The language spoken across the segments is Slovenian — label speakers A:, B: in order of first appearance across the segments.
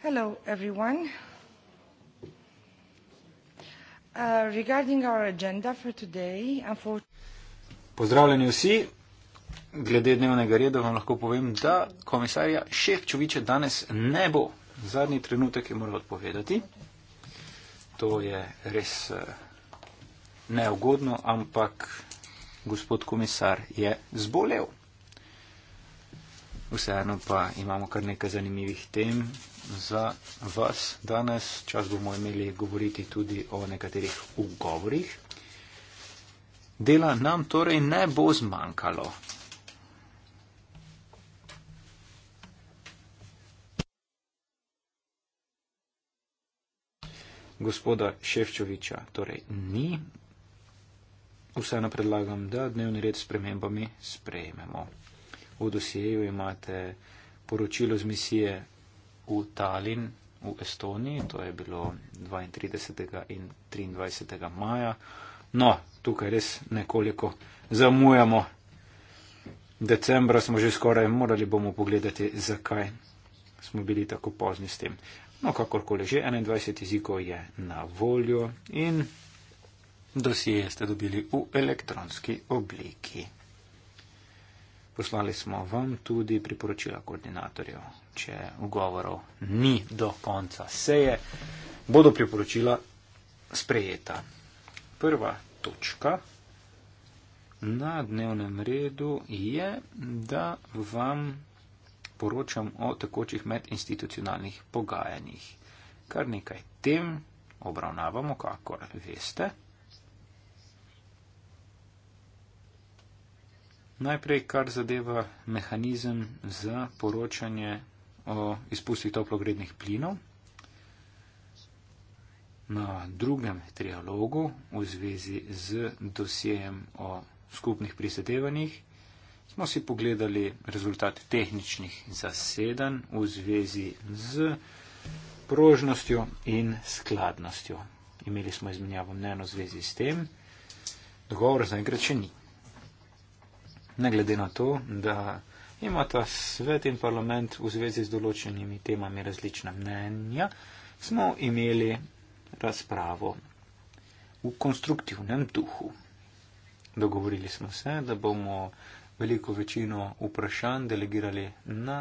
A: Hello, everyone.
B: Uh, regarding our agenda for today, unfortunately.
C: Pozdravljeni vsi. Glede dnevnega reda vam lahko povem, da komisarja Šefčoviča danes ne bo. Zadnji trenutek je moral odpovedati. To je res uh, neugodno, ampak gospod komisar je zbolel vseeno pa imamo kar nekaj zanimivih tem za vas danes. Čas bomo imeli govoriti tudi o nekaterih ugovorih. Dela nam torej ne bo zmanjkalo. Gospoda Ševčoviča torej ni. Vseeno predlagam, da dnevni red s premembami sprejmemo v dosjeju imate poročilo z misije v Talin v Estoniji, to je bilo 32. in 23. maja. No, tukaj res nekoliko zamujamo. Decembra smo že skoraj, morali bomo pogledati, zakaj smo bili tako pozni s tem. No, kakorkoli že, 21 jezikov je na voljo in dosije ste dobili v elektronski obliki poslali smo vam tudi priporočila koordinatorjev. Če ugovorov ni do konca seje, bodo priporočila sprejeta. Prva točka na dnevnem redu je, da vam poročam o tekočih medinstitucionalnih pogajanjih. Kar nekaj tem obravnavamo, kakor veste. Najprej, kar zadeva mehanizem za poročanje o izpustih toplogrednih plinov. Na drugem trialogu v zvezi z dosjejem o skupnih prisedevanjih smo si pogledali rezultat tehničnih zasedanj v zvezi z prožnostjo in skladnostjo. Imeli smo izmenjavo mnenja v zvezi s tem. Dogovor zaenkrat še ni ne glede na to, da imata svet in parlament v zvezi z določenimi temami različna mnenja, smo imeli razpravo v konstruktivnem duhu. Dogovorili smo se, da bomo veliko večino vprašanj delegirali na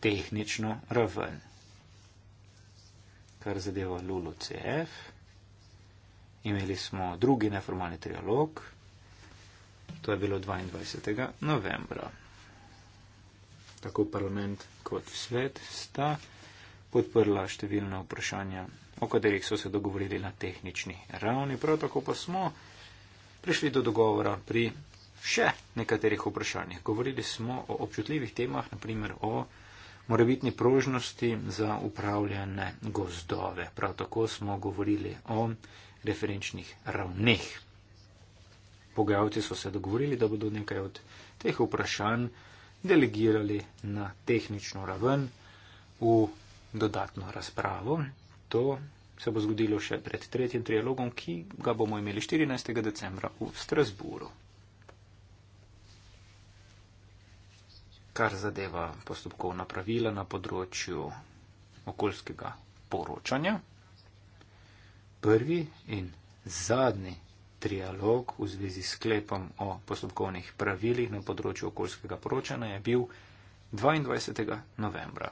C: tehnično raven. Kar zadeva Lulu CF, imeli smo drugi neformalni trialog, To je bilo 22. novembra. Tako parlament kot svet sta podprla številna vprašanja, o katerih so se dogovorili na tehnični ravni. Prav tako pa smo prišli do dogovora pri še nekaterih vprašanjih. Govorili smo o občutljivih temah, naprimer o morebitni prožnosti za upravljanje gozdove. Prav tako smo govorili o referenčnih ravneh pogajalci so se dogovorili, da bodo nekaj od teh vprašanj delegirali na tehnično raven v dodatno razpravo. To se bo zgodilo še pred tretjim trialogom, ki ga bomo imeli 14. decembra v Strasburu. Kar zadeva postopkovna pravila na področju okoljskega poročanja. Prvi in zadnji trialog v zvezi s sklepom o postopkovnih pravilih na področju okoljskega poročanja je bil 22. novembra.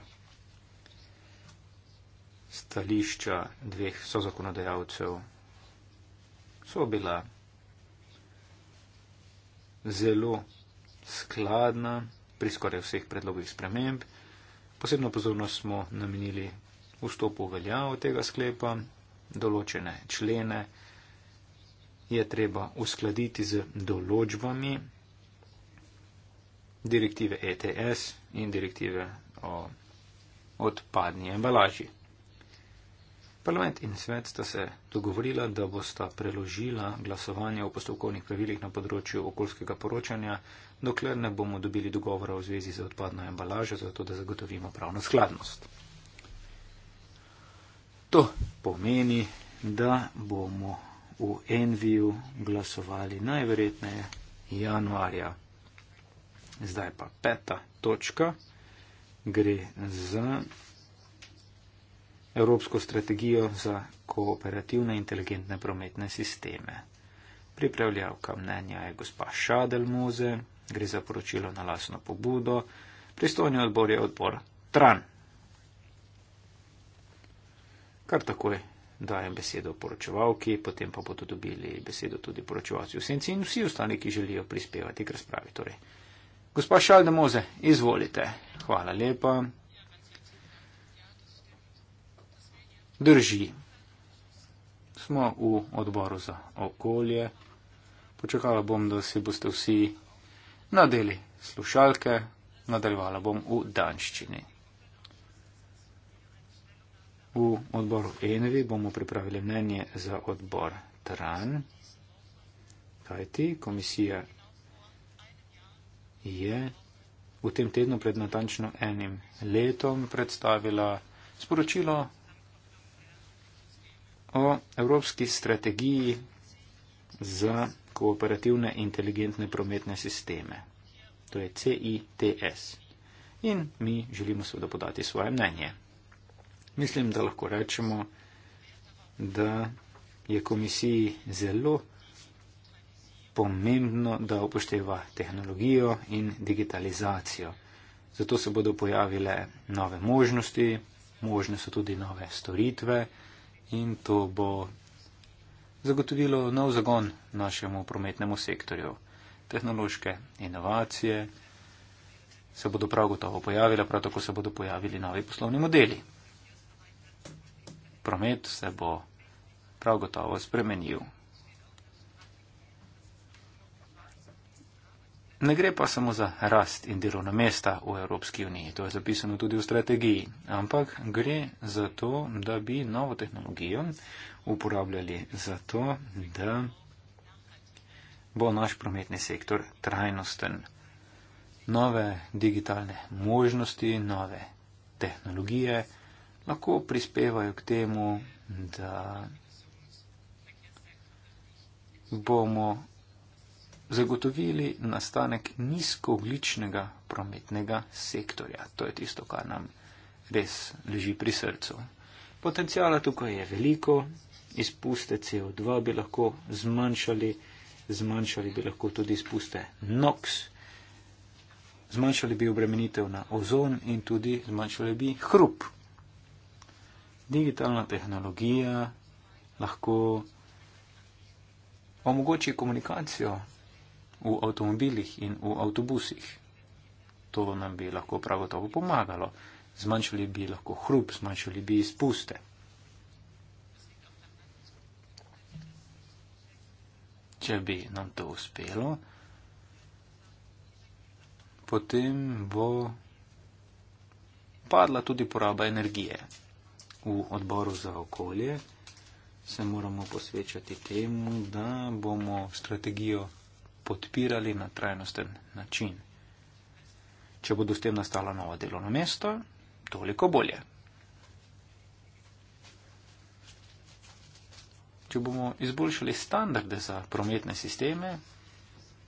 C: Stališča dveh sozakonodajalcev so bila zelo skladna pri skoraj vseh predlogih sprememb. Posebno pozornost smo namenili vstopu v veljavo tega sklepa, določene člene, je treba uskladiti z določbami direktive ETS in direktive o odpadni embalaži. Parlament in svet sta se dogovorila, da bosta preložila glasovanje o postopkovnih pravilih na področju okoljskega poročanja, dokler ne bomo dobili dogovora v zvezi z odpadno embalažo, zato da zagotovimo pravno skladnost. To pomeni, da bomo v Enviju glasovali najverjetneje januarja. Zdaj pa peta točka gre za Evropsko strategijo za kooperativne inteligentne prometne sisteme. Pripravljavka mnenja je gospa Šadelmoze, gre za poročilo na lasno pobudo, pristojni odbor je odbor Tran. Kar takoj dajem besedo poročevalki, potem pa bodo dobili besedo tudi poročevalci v senci in vsi ostali, ki želijo prispevati k razpravi. Torej. Gospa Šaldemoze, izvolite. Hvala lepa. Drži. Smo v odboru za okolje. Počakala bom, da se boste vsi nadeli slušalke. Nadaljevala bom v danščini. V odboru Envi bomo pripravili mnenje za odbor Tran, kajti komisija je v tem tednu pred natančno enim letom predstavila sporočilo o evropski strategiji za kooperativne inteligentne prometne sisteme. To je CITS. In mi želimo seveda podati svoje mnenje. Mislim, da lahko rečemo, da je komisiji zelo pomembno, da upošteva tehnologijo in digitalizacijo. Zato se bodo pojavile nove možnosti, možne so tudi nove storitve in to bo zagotovilo nov zagon našemu prometnemu sektorju. Tehnološke inovacije se bodo prav gotovo pojavile, prav tako se bodo pojavili novi poslovni modeli promet se bo prav gotovo spremenil. Ne gre pa samo za rast in delovna mesta v Evropski uniji, to je zapisano tudi v strategiji, ampak gre za to, da bi novo tehnologijo uporabljali za to, da bo naš prometni sektor trajnosten. Nove digitalne možnosti, nove tehnologije, lahko prispevajo k temu, da bomo zagotovili nastanek nizkogličnega prometnega sektorja. To je tisto, kar nam res leži pri srcu. Potencijala tukaj je veliko, izpuste CO2 bi lahko zmanjšali, zmanjšali bi lahko tudi izpuste NOx, zmanjšali bi obremenitev na ozon in tudi zmanjšali bi hrup digitalna tehnologija lahko omogoči komunikacijo v avtomobilih in v avtobusih. To nam bi lahko prav gotovo pomagalo. Zmanjšali bi lahko hrup, zmanjšali bi izpuste. Če bi nam to uspelo, potem bo padla tudi poraba energije v odboru za okolje, se moramo posvečati temu, da bomo strategijo podpirali na trajnosten način. Če bodo s tem nastala nova delovna mesta, toliko bolje. Če bomo izboljšali standarde za prometne sisteme,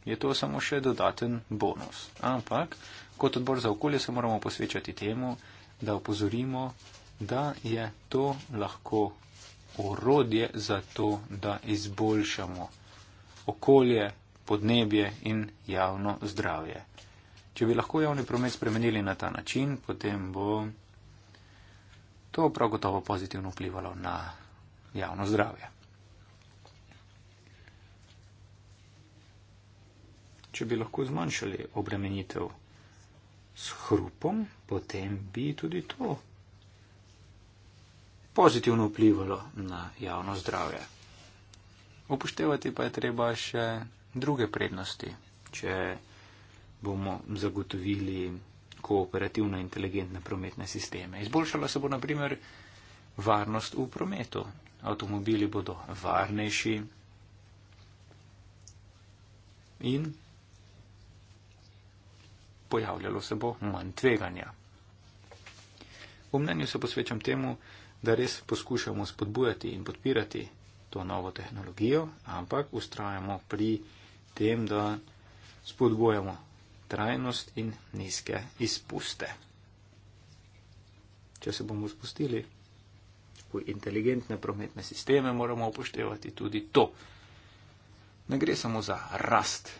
C: je to samo še dodaten bonus. Ampak, kot odbor za okolje se moramo posvečati temu, da opozorimo da je to lahko urodje za to, da izboljšamo okolje, podnebje in javno zdravje. Če bi lahko javni promet spremenili na ta način, potem bo to prav gotovo pozitivno vplivalo na javno zdravje. Če bi lahko zmanjšali obremenitev s hrupom, potem bi tudi to pozitivno vplivalo na javno zdravje. Upoštevati pa je treba še druge prednosti, če bomo zagotovili kooperativno inteligentne prometne sisteme. Izboljšala se bo naprimer varnost v prometu. Avtomobili bodo varnejši in pojavljalo se bo manj tveganja. V mnenju se posvečam temu, da res poskušamo spodbujati in podpirati to novo tehnologijo, ampak ustrajamo pri tem, da spodbujamo trajnost in nizke izpuste. Če se bomo spustili v inteligentne prometne sisteme, moramo upoštevati tudi to. Ne gre samo za rast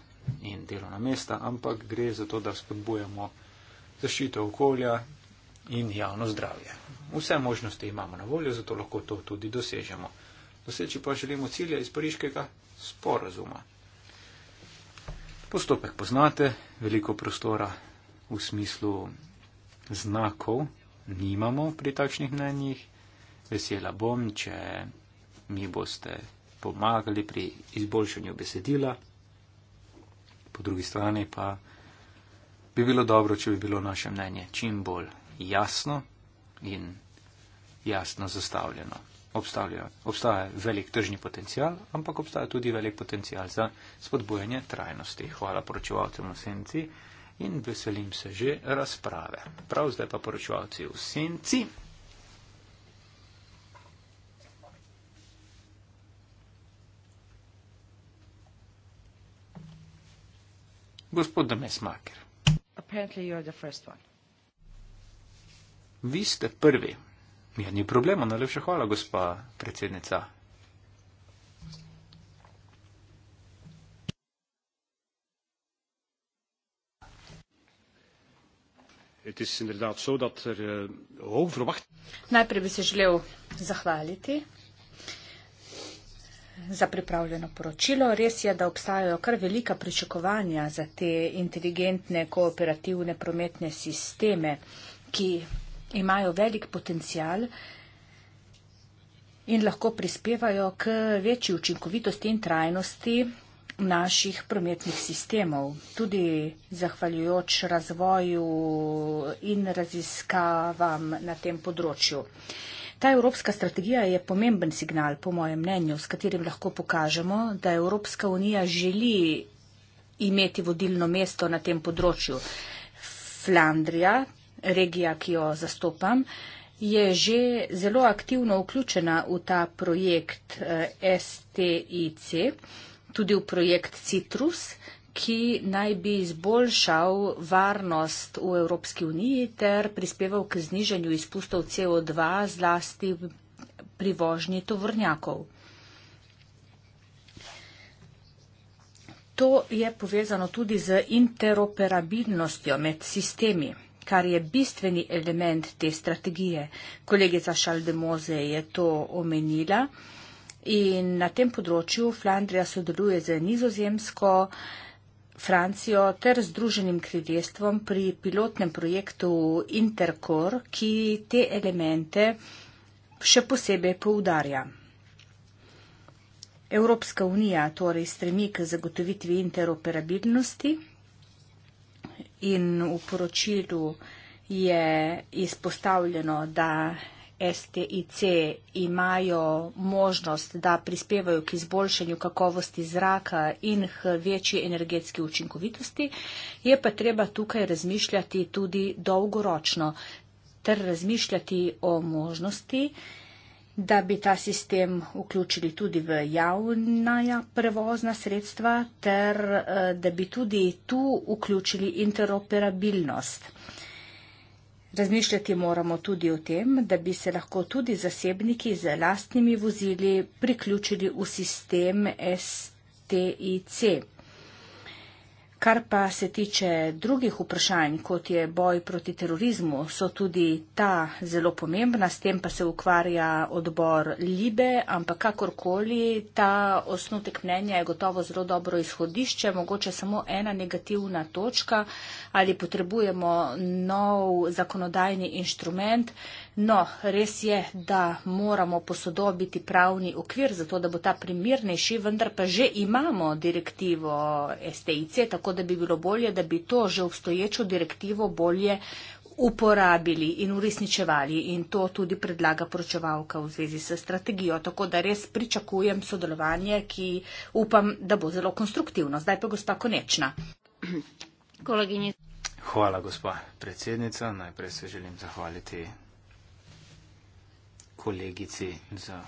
C: in delovna mesta, ampak gre za to, da spodbujamo zaščito okolja in javno zdravje. Vse možnosti imamo na voljo, zato lahko to tudi dosežemo. Doseči pa želimo cilja iz pariškega sporazuma. Postopek poznate, veliko prostora v smislu znakov nimamo pri takšnih mnenjih. Vesela bom, če mi boste pomagali pri izboljšanju besedila. Po drugi strani pa bi bilo dobro, če bi bilo naše mnenje čim bolj jasno, in jasno zastavljeno. Obstavlja, obstaja velik tržni potencial, ampak obstaja tudi velik potencial za spodbojanje trajnosti. Hvala poročevalcem v senci in veselim se že razprave. Prav zdaj pa poročevalci v senci. Gospod Demesmaker.
A: Apparently you are the first one.
C: Vi ste prvi. Ja, ni problema, najlepša hvala, gospa predsednica. Er, eh,
A: Najprej bi se želel zahvaliti za pripravljeno poročilo. Res je, da obstajajo kar velika pričakovanja za te inteligentne kooperativne prometne sisteme, ki imajo velik potencial in lahko prispevajo k večji učinkovitosti in trajnosti naših prometnih sistemov. Tudi zahvaljujoč razvoju in raziskavam na tem področju. Ta evropska strategija je pomemben signal, po mojem mnenju, s katerim lahko pokažemo, da Evropska unija želi imeti vodilno mesto na tem področju. Flandrija, regija, ki jo zastopam, je že zelo aktivno vključena v ta projekt eh, STIC, tudi v projekt Citrus, ki naj bi izboljšal varnost v Evropski uniji ter prispeval k znižanju izpustov CO2 zlasti pri vožnji tovrnjakov. To je povezano tudi z interoperabilnostjo med sistemi kar je bistveni element te strategije. Kolegica Šaldemoze je to omenila in na tem področju Flandrija sodeluje z nizozemsko, Francijo ter Združenim kriljestvom pri pilotnem projektu Intercore, ki te elemente še posebej poudarja. Evropska unija torej stremi k zagotovitvi interoperabilnosti in v poročilu je izpostavljeno, da STIC imajo možnost, da prispevajo k izboljšanju kakovosti zraka in k večji energetski učinkovitosti, je pa treba tukaj razmišljati tudi dolgoročno ter razmišljati o možnosti, da bi ta sistem vključili tudi v javna ja, prevozna sredstva ter eh, da bi tudi tu vključili interoperabilnost. Razmišljati moramo tudi o tem, da bi se lahko tudi zasebniki z lastnimi vozili priključili v sistem STIC. Kar pa se tiče drugih vprašanj, kot je boj proti terorizmu, so tudi ta zelo pomembna, s tem pa se ukvarja odbor Libe, ampak kakorkoli ta osnutek mnenja je gotovo zelo dobro izhodišče, mogoče samo ena negativna točka ali potrebujemo nov zakonodajni inštrument, No, res je, da moramo posodobiti pravni okvir, zato da bo ta primernejši, vendar pa že imamo direktivo STIC, tako da bi bilo bolje, da bi to že obstoječo direktivo bolje uporabili in uresničevali. In to tudi predlaga poročevalka v zvezi s strategijo. Tako da res pričakujem sodelovanje, ki upam, da bo zelo konstruktivno. Zdaj pa gospa Konečna. Koleginje.
C: Hvala, gospa predsednica. Najprej se želim zahvaliti kolegici za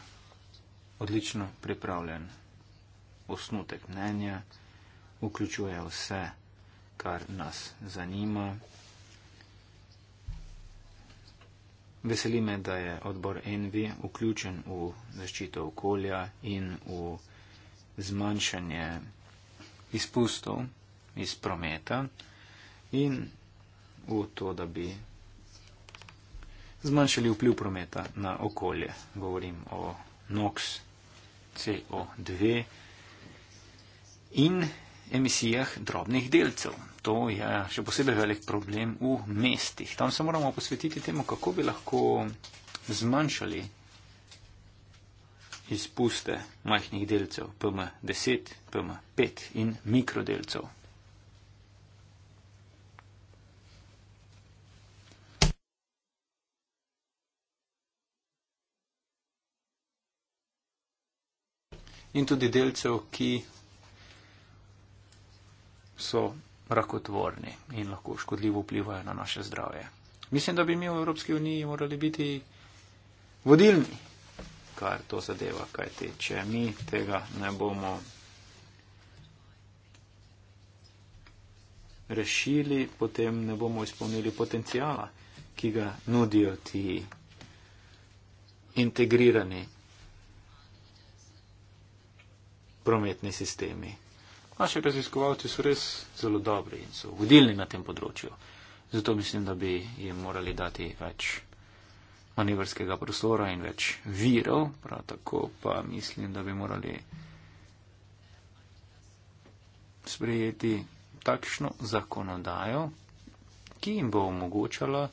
C: odlično pripravljen osnutek mnenja, vključuje vse, kar nas zanima. Veseli me, da je odbor Envi vključen v zaščito okolja in v zmanjšanje izpustov iz prometa in v to, da bi zmanjšali vpliv prometa na okolje. Govorim o NOx, CO2 in emisijah drobnih delcev. To je še posebej velik problem v mestih. Tam se moramo posvetiti temu, kako bi lahko zmanjšali izpuste majhnih delcev PM10, PM5 in mikrodelcev. in tudi delcev, ki so rakotvorni in lahko škodljivo vplivajo na naše zdravje. Mislim, da bi mi v Evropski uniji morali biti vodilni, kar to zadeva, kaj te, če mi tega ne bomo rešili, potem ne bomo izpolnili potencijala, ki ga nudijo ti integrirani prometni sistemi. Naši raziskovalci so res zelo dobri in so vodilni na tem področju. Zato mislim, da bi jim morali dati več manevrskega prostora in več virov, prav tako pa mislim, da bi morali sprejeti takšno zakonodajo, ki jim bo omogočala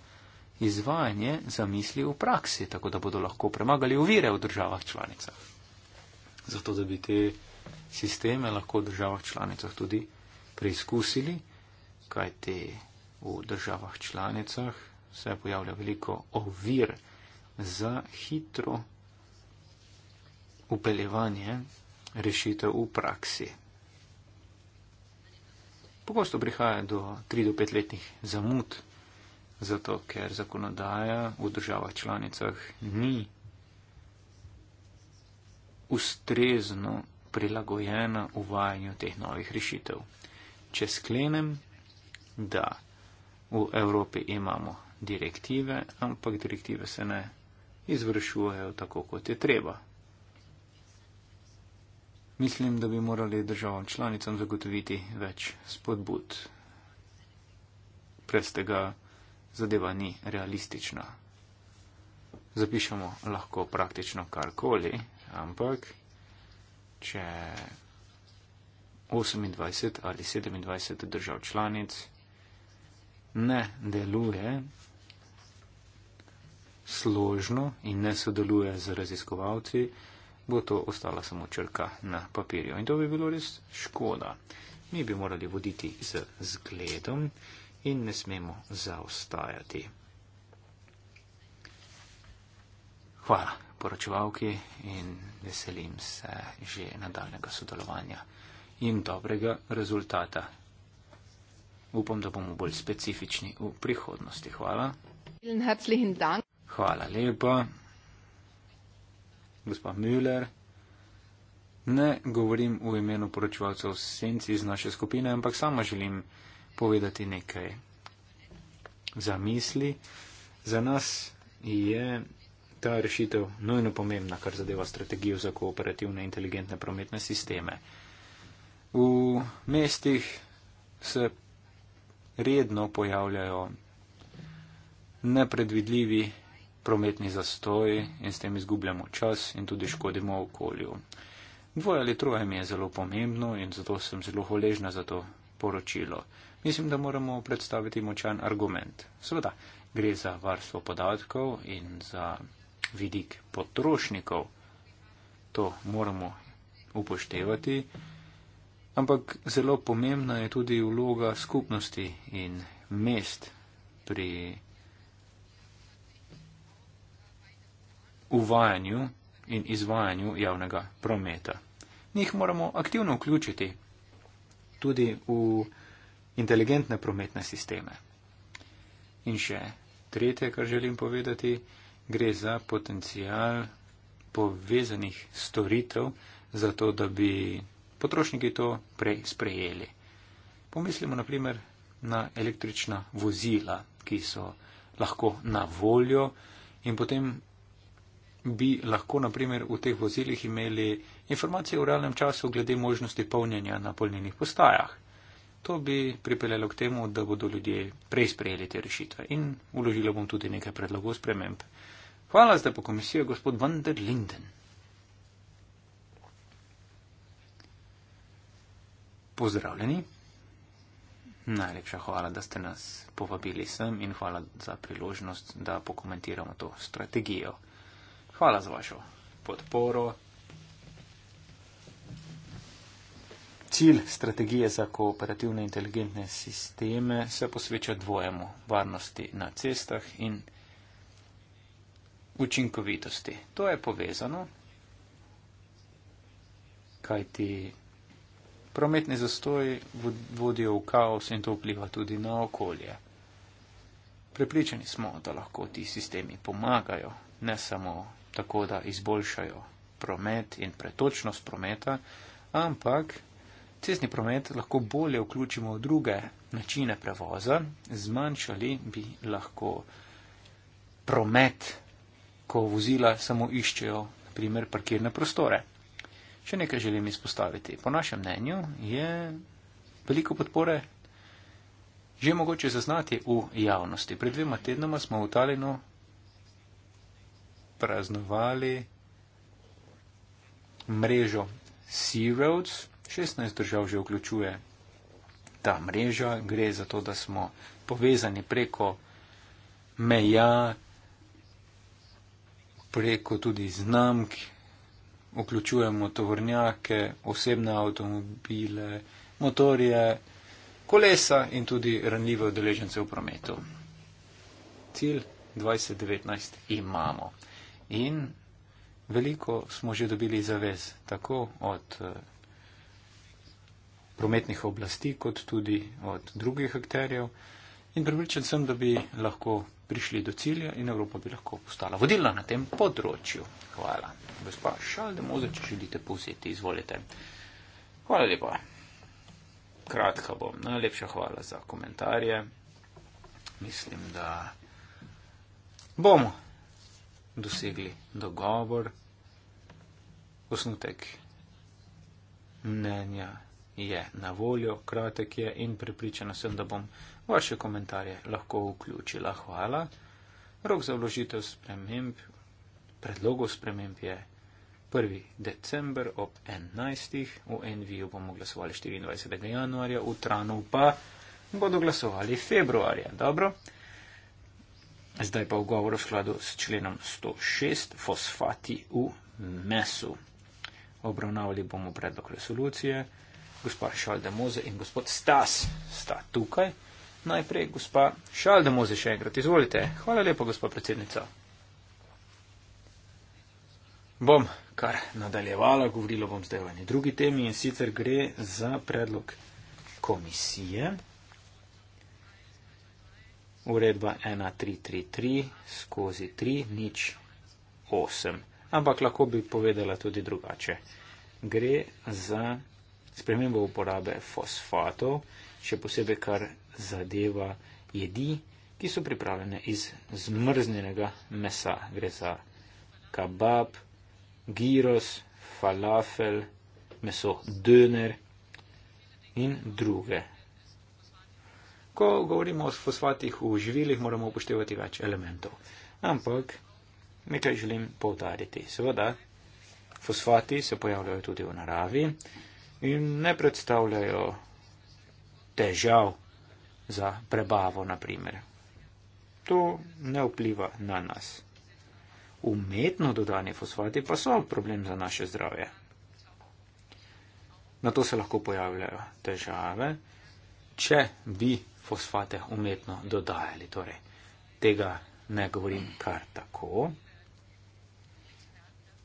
C: izvajanje zamisli v praksi, tako da bodo lahko premagali uvire v državah članicah. Zato, da bi te sisteme lahko v državah članicah tudi preizkusili, kaj te v državah članicah se pojavlja veliko ovir za hitro upeljevanje rešitev v praksi. Pogosto prihaja do 3 do 5 letnih zamud, zato ker zakonodaja v državah članicah ni ustrezno prilagojena uvajanju teh novih rešitev. Če sklenem, da v Evropi imamo direktive, ampak direktive se ne izvršujejo tako, kot je treba. Mislim, da bi morali državam članicam zagotoviti več spodbud. Prez tega zadeva ni realistična. Zapišemo lahko praktično karkoli, ampak če 28 ali 27 držav članic ne deluje složno in ne sodeluje z raziskovalci, bo to ostala samo črka na papirju. In to bi bilo res škoda. Mi bi morali voditi z zgledom in ne smemo zaostajati. Hvala poročevalki in veselim se že nadaljnega sodelovanja in dobrega rezultata. Upam, da bomo bolj specifični v prihodnosti. Hvala. Hvala lepa. Gospod Müller, ne govorim v imenu poročevalcev senci iz naše skupine, ampak sama želim povedati nekaj zamisli. Za nas je ta rešitev nujno pomembna, kar zadeva strategijo za kooperativne inteligentne prometne sisteme. V mestih se redno pojavljajo nepredvidljivi prometni zastoji in s tem izgubljamo čas in tudi škodimo okolju. Dvoje ali troje mi je zelo pomembno in zato sem zelo hvaležna za to poročilo. Mislim, da moramo predstaviti močan argument. Sveda, gre za varstvo podatkov in za vidik potrošnikov. To moramo upoštevati, ampak zelo pomembna je tudi vloga skupnosti in mest pri uvajanju in izvajanju javnega prometa. Njih moramo aktivno vključiti tudi v inteligentne prometne sisteme. In še tretje, kar želim povedati, gre za potencial povezanih storitev, zato da bi potrošniki to prej sprejeli. Pomislimo naprimer na električna vozila, ki so lahko na voljo in potem bi lahko naprimer v teh vozilih imeli informacije v realnem času glede možnosti polnjenja na polnjenih postajah. To bi pripeljalo k temu, da bodo ljudje prej sprejeli te rešitve in uložilo bom tudi nekaj predlogov sprememb. Hvala, zdaj po komisijo, gospod Van der Linden. Pozdravljeni. Najlepša hvala, da ste nas povabili sem in hvala za priložnost, da pokomentiramo to strategijo. Hvala za vašo podporo. Cilj strategije za kooperativne inteligentne sisteme se posveča dvojemu varnosti na cestah in učinkovitosti. To je povezano, kajti prometni zastoji vodijo v kaos in to vpliva tudi na okolje. Prepričani smo, da lahko ti sistemi pomagajo, ne samo tako, da izboljšajo promet in pretočnost prometa, ampak cestni promet lahko bolje vključimo v druge načine prevoza, zmanjšali bi lahko promet ko vozila samo iščejo, naprimer, parkirne prostore. Še nekaj želim izpostaviti. Po našem mnenju je veliko podpore že mogoče zaznati v javnosti. Pred dvema tednoma smo v Talinu praznovali mrežo Sea Roads. 16 držav že vključuje ta mreža. Gre za to, da smo povezani preko meja, preko tudi znamk, vključujemo tovornjake, osebne avtomobile, motorje, kolesa in tudi ranljive odeležence v prometu. Cilj 2019 imamo. In veliko smo že dobili zavez, tako od eh, prometnih oblasti, kot tudi od drugih akterjev. In pripričan sem, da bi lahko prišli do cilja in Evropa bi lahko postala vodilna na tem področju. Hvala. Gospa Šaldemoza, če želite povzeti, izvolite. Hvala lepa. Kratka bom. Najlepša hvala za komentarje. Mislim, da bomo dosegli dogovor, osnutek mnenja je na voljo, kratek je in pripričana sem, da bom vaše komentarje lahko vključila. Hvala. Rok za vložitev sprememb, predlogov sprememb je 1. december ob 11. V NVU bomo glasovali 24. januarja, v Tranu pa bodo glasovali februarja. Dobro. Zdaj pa v govoru v skladu s členom 106 fosfati v mesu. Obravnavali bomo predlog resolucije gospa Šaldemoze in gospod Stas sta tukaj. Najprej gospa Šaldemoze še enkrat, izvolite. Hvala lepa, gospa predsednica. Bom kar nadaljevala, govorila bom zdaj o eni drugi temi in sicer gre za predlog komisije. Uredba 1333 skozi 3 nič 8. Ampak lahko bi povedala tudi drugače. Gre za spremembo uporabe fosfatov, še posebej kar zadeva jedi, ki so pripravljene iz zmrznjenega mesa. Gre za kabab, giros, falafel, meso döner in druge. Ko govorimo o fosfatih v živilih, moramo upoštevati več elementov. Ampak nekaj želim povdariti. Seveda, fosfati se pojavljajo tudi v naravi in ne predstavljajo težav za prebavo, naprimer. To ne vpliva na nas. Umetno dodani fosfati pa so problem za naše zdravje. Na to se lahko pojavljajo težave, če bi fosfate umetno dodajali. Torej, tega ne govorim kar tako.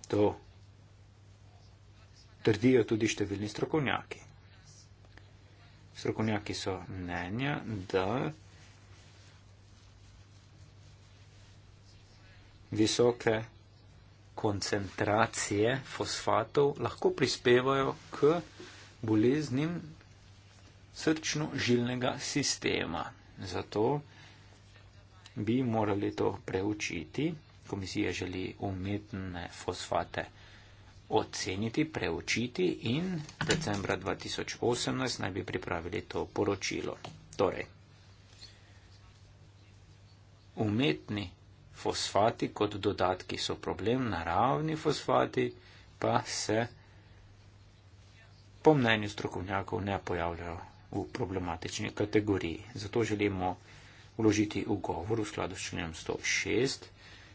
C: To trdijo tudi številni strokovnjaki. Strokovnjaki so mnenja, da visoke koncentracije fosfatov lahko prispevajo k boleznim srčno-žilnega sistema. Zato bi morali to preučiti. Komisija želi umetne fosfate oceniti, preučiti in decembra 2018 naj bi pripravili to poročilo. Torej, umetni fosfati kot dodatki so problem, naravni fosfati pa se po mnenju strokovnjakov ne pojavljajo v problematični kategoriji. Zato želimo vložiti ugovor v skladu s členom 106,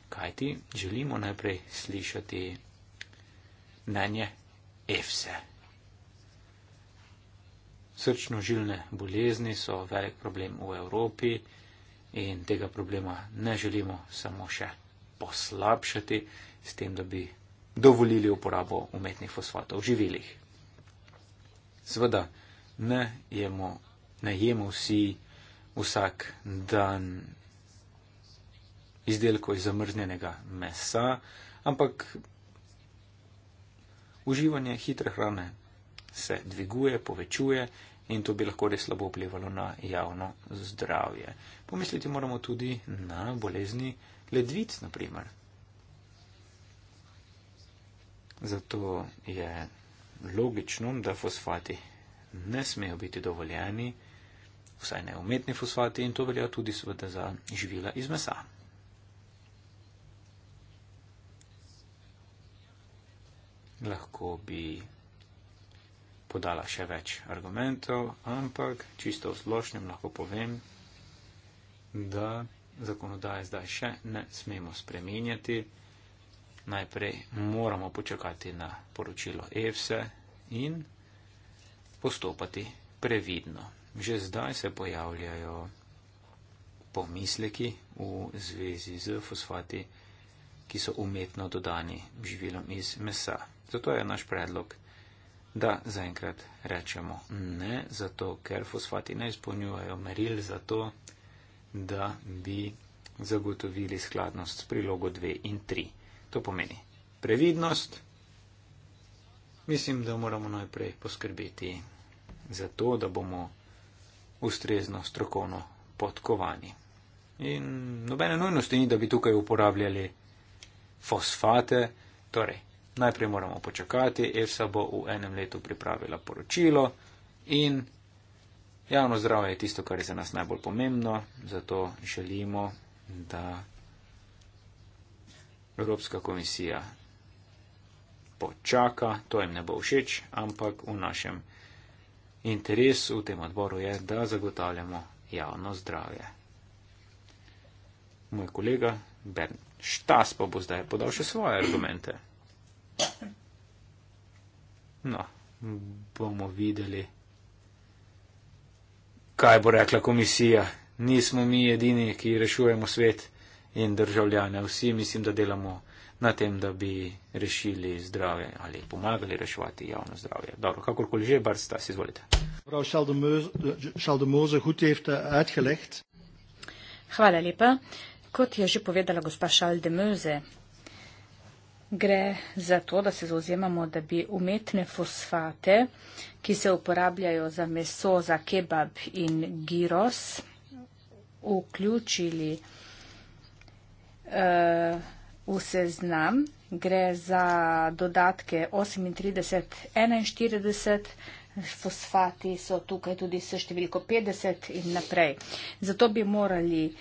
C: kajti želimo najprej slišati mnenje EFSE. Srčno-žilne bolezni so velik problem v Evropi in tega problema ne želimo samo še poslabšati s tem, da bi dovolili uporabo umetnih fosfatov v živilih. Sveda ne jemo, ne jemo vsi vsak dan izdelkov iz zamrznjenega mesa, ampak uživanje hitre hrane se dviguje, povečuje in to bi lahko res slabo vplivalo na javno zdravje. Pomisliti moramo tudi na bolezni ledvic, naprimer. Zato je logično, da fosfati ne smejo biti dovoljeni, vsaj ne umetni fosfati in to velja tudi seveda za živila iz mesa. lahko bi podala še več argumentov, ampak čisto v splošnem lahko povem, da zakonodaje zdaj še ne smemo spreminjati. Najprej moramo počakati na poročilo EFSE in postopati previdno. Že zdaj se pojavljajo pomisleki v zvezi z fosfati ki so umetno dodani živilom iz mesa. Zato je naš predlog, da zaenkrat rečemo ne, zato ker fosfati ne izpolnjujejo meril za to, da bi zagotovili skladnost s prilogo 2 in 3. To pomeni previdnost. Mislim, da moramo najprej poskrbeti za to, da bomo ustrezno strokovno podkovani. In nobene nujnosti ni, da bi tukaj uporabljali fosfate. Torej, najprej moramo počakati, EFSA bo v enem letu pripravila poročilo in javno zdravje je tisto, kar je za nas najbolj pomembno, zato želimo, da Evropska komisija počaka, to jim ne bo všeč, ampak v našem interesu v tem odboru je, da zagotavljamo javno zdravje. Moj kolega Bernd. Štas pa bo zdaj podal še svoje argumente. No, bomo videli, kaj bo rekla komisija. Nismo mi edini, ki rešujemo svet in državljane. Vsi mislim, da delamo na tem, da bi rešili zdravje ali pomagali reševati javno zdravje. Dobro, kakorkoli že, bar stas, izvolite.
A: Eh, Hvala lepa. Kot je že povedala gospa Charles de Meuse, gre za to, da se zauzemamo, da bi umetne fosfate, ki se uporabljajo za meso, za kebab in giros, vključili uh, v seznam. Gre za dodatke 38-41, fosfati so tukaj tudi s številko 50 in naprej. Zato bi morali uh,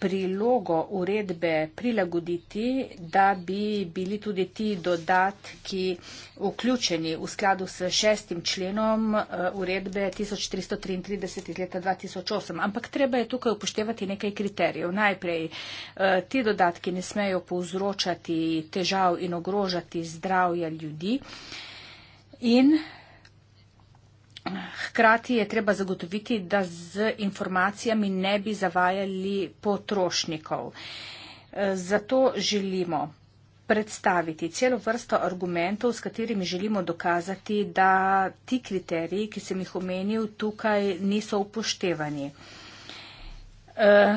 A: prilogo uredbe prilagoditi, da bi bili tudi ti dodatki vključeni v skladu s šestim členom eh, uredbe 1333 iz leta 2008. Ampak treba je tukaj upoštevati nekaj kriterijev. Najprej, eh, ti dodatki ne smejo povzročati težav in ogrožati zdravja ljudi. In Hkrati je treba zagotoviti, da z informacijami ne bi zavajali potrošnikov. E, zato želimo predstaviti celo vrsto argumentov, s katerimi želimo dokazati, da ti kriteriji, ki sem jih omenil, tukaj niso upoštevani. E,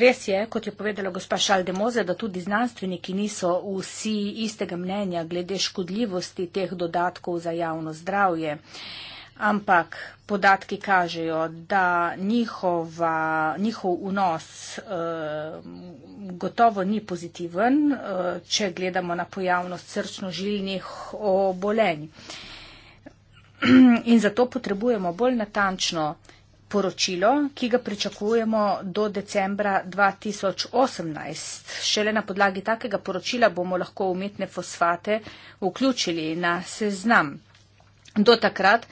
A: res je, kot je povedala gospa Šaldemoze, da tudi znanstveniki niso vsi istega mnenja glede škodljivosti teh dodatkov za javno zdravje ampak podatki kažejo, da njihova, njihov unos uh, eh, gotovo ni pozitiven, uh, če gledamo na pojavnost srčno-žilnih obolenj. In zato potrebujemo bolj natančno poročilo, ki ga pričakujemo do decembra 2018. Šele na podlagi takega poročila bomo lahko umetne fosfate vključili na seznam. Do takrat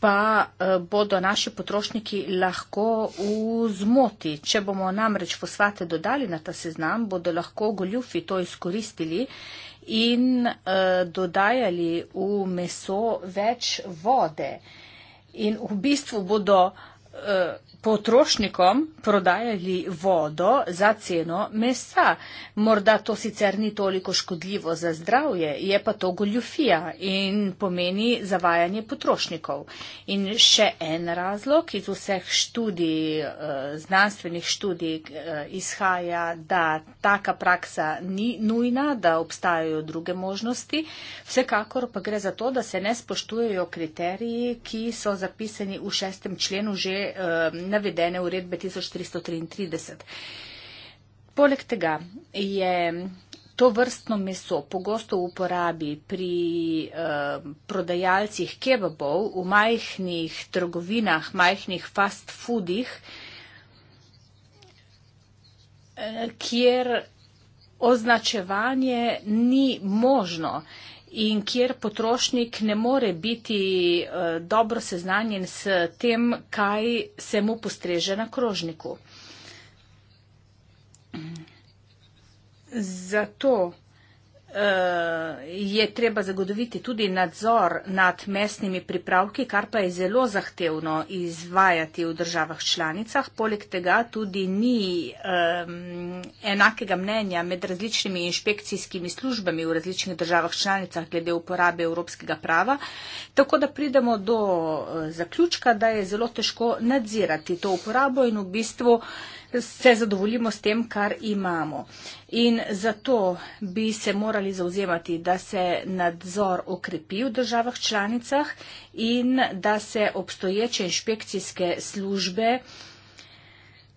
A: pa eh, bodo naši potrošniki lahko v zmoti. Če bomo namreč fosfate dodali na ta seznam, bodo lahko goljufi to izkoristili in uh, dodajali v meso več vode. In v bistvu bodo. Uh, potrošnikom prodajali vodo za ceno mesa. Morda to sicer ni toliko škodljivo za zdravje, je pa to goljufija in pomeni zavajanje potrošnikov. In še en razlog iz vseh študij, eh, znanstvenih študij eh, izhaja, da taka praksa ni nujna, da obstajajo druge možnosti. Vsekakor pa gre za to, da se ne spoštujejo kriteriji, ki so zapisani v šestem členu že na eh, navedene uredbe 1333. Poleg tega je to vrstno meso pogosto v uporabi pri eh, prodajalcih kebabov v majhnih trgovinah, majhnih fast foodih, eh, kjer označevanje ni možno in kjer potrošnik ne more biti eh, dobro seznanjen s tem, kaj se mu postreže na krožniku. Zato Eh, je treba zagotoviti tudi nadzor nad mesnimi pripravki, kar pa je zelo zahtevno izvajati v državah članicah. Poleg tega tudi ni um, enakega mnenja med različnimi inšpekcijskimi službami v različnih državah članicah glede uporabe evropskega prava. Tako da pridemo do uh, zaključka, da je zelo težko nadzirati to uporabo in v bistvu uh, se zadovoljimo s tem, kar imamo. In zato bi se morali zauzemati, da se nadzor okrepi v državah članicah in da se obstoječe inšpekcijske službe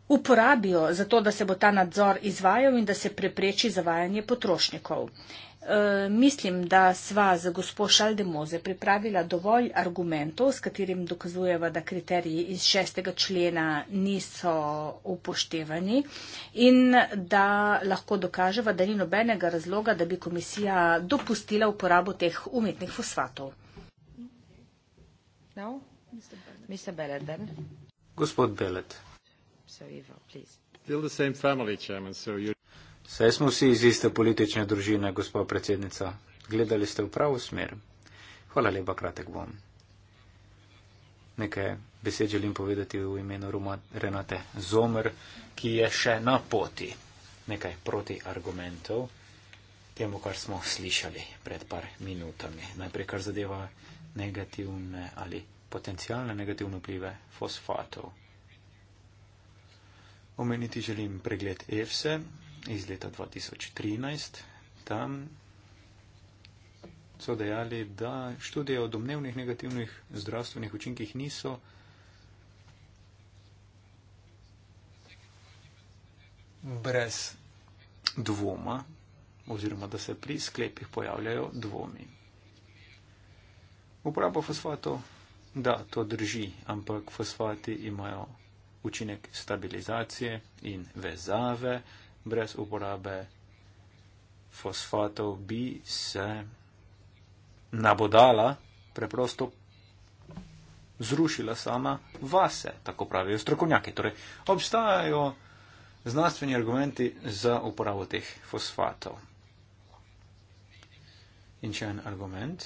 A: uporabijo za to, da se bo ta nadzor izvajal in da se prepreči zavajanje potrošnikov. Eh, mislim, da sva z gospo Šaldemoze pripravila dovolj argumentov, s katerim dokazujeva, da kriteriji iz šestega člena niso upoštevani in da lahko dokaževa, da ni nobenega razloga, da bi komisija dopustila uporabo teh umetnih fosfatov. No?
C: Gospod Belet. Vse smo vsi iz iste politične družine, gospod predsednica. Gledali ste v pravo smer. Hvala lepa, kratek bom. Nekaj besed želim povedati v imenu Roma Renate Zomer, ki je še na poti. Nekaj proti argumentov temu, kar smo slišali pred par minutami. Najprej, kar zadeva negativne ali potencijalne negativne vplive fosfatov. Omeniti želim pregled EFSE, iz leta 2013. Tam so dejali, da študije o domnevnih negativnih zdravstvenih učinkih niso brez dvoma oziroma da se pri sklepih pojavljajo dvomi. Uporabo fosfato, da, to drži, ampak fosfati imajo učinek stabilizacije in vezave brez uporabe fosfatov bi se nabodala, preprosto zrušila sama vase, tako pravijo strokovnjaki. Torej, obstajajo znanstveni argumenti za uporabo teh fosfatov. In še en argument.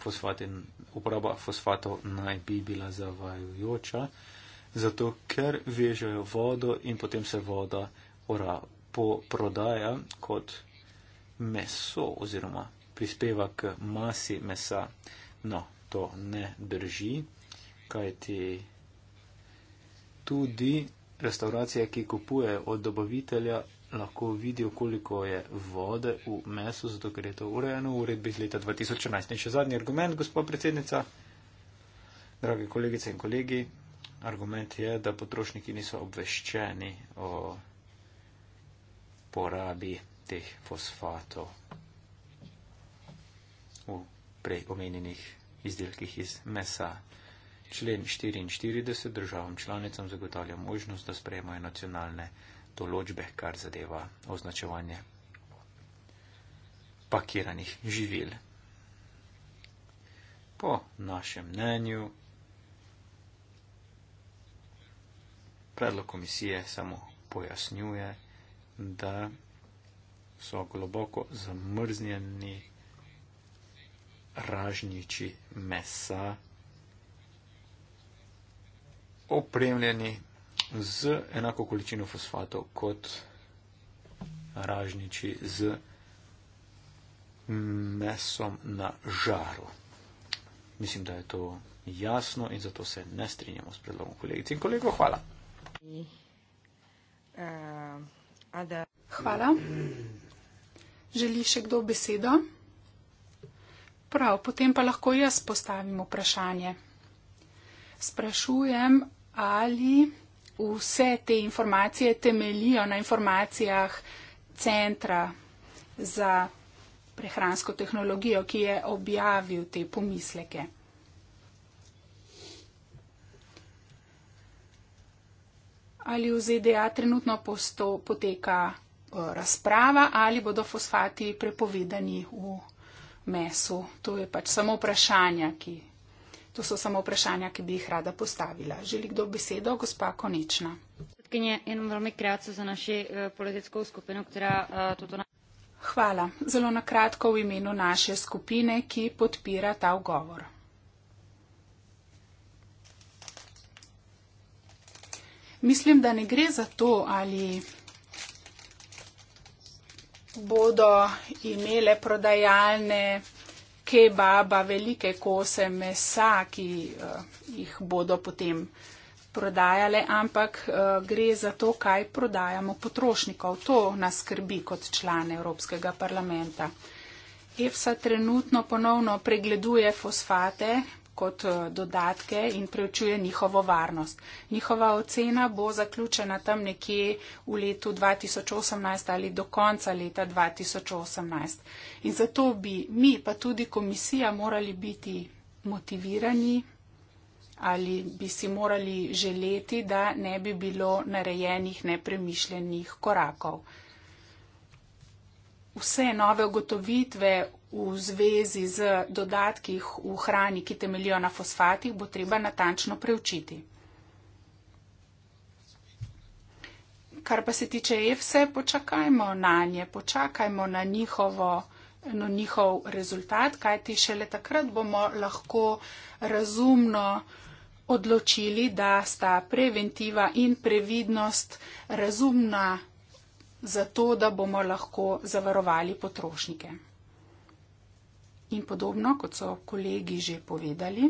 C: Fosfati, uporaba fosfatov naj bi bila zavajujoča zato ker vežejo vodo in potem se voda ora poprodaja kot meso oziroma prispeva k masi mesa. No, to ne drži, kajti tudi restauracije, ki kupujejo od dobavitelja, lahko vidijo, koliko je vode v mesu, zato ker je to urejeno v uredbi iz leta 2011. In še zadnji argument, gospod predsednica, dragi kolegice in kolegi argument je, da potrošniki niso obveščeni o porabi teh fosfatov v prej omenjenih izdelkih iz mesa. Člen 44 državam članicam zagotavlja možnost, da sprejemajo nacionalne določbe, kar zadeva označevanje pakiranih živil. Po našem mnenju predlog komisije samo pojasnjuje, da so globoko zamrznjeni ražniči mesa opremljeni z enako količino fosfatov kot ražniči z mesom na žaru. Mislim, da je to jasno in zato se ne strinjamo s predlogom kolegic in kolegov. Hvala.
A: Hvala.
B: Želi še kdo besedo? Prav, potem pa lahko jaz postavim vprašanje. Sprašujem, ali vse te informacije temelijo na informacijah centra za prehransko tehnologijo, ki je objavil te pomisleke. ali v ZDA trenutno posto, poteka uh, razprava, ali bodo fosfati prepovedani v mesu. To, je pač samo ki, to so samo vprašanja, ki bi jih rada postavila. Želi kdo besedo? Gospa Konečna.
A: Eh, eh, Hvala.
B: Zelo nakratko v imenu naše skupine, ki podpira ta ugovor. Mislim, da ne gre za to, ali bodo imele prodajalne kebaba velike kose mesa, ki uh, jih bodo potem prodajale, ampak uh, gre za to, kaj prodajamo potrošnikov. To nas skrbi kot člane Evropskega parlamenta. EFSA trenutno ponovno pregleduje fosfate, kot eh, dodatke in preučuje njihovo varnost. Njihova ocena bo zaključena tam nekje v letu 2018 ali do konca leta 2018. In zato bi mi, pa tudi komisija, morali biti motivirani ali bi si morali želeti, da ne bi bilo narejenih nepremišljenih korakov. Vse nove ugotovitve, v zvezi z dodatki v hrani, ki temeljijo na fosfatih, bo treba natančno preučiti. Kar pa se tiče EFSE, počakajmo na nje, počakajmo na, njihovo, na njihov rezultat, kajti šele takrat bomo lahko razumno odločili, da sta preventiva in previdnost razumna zato, da bomo lahko zavarovali potrošnike. In podobno, kot so kolegi že povedali,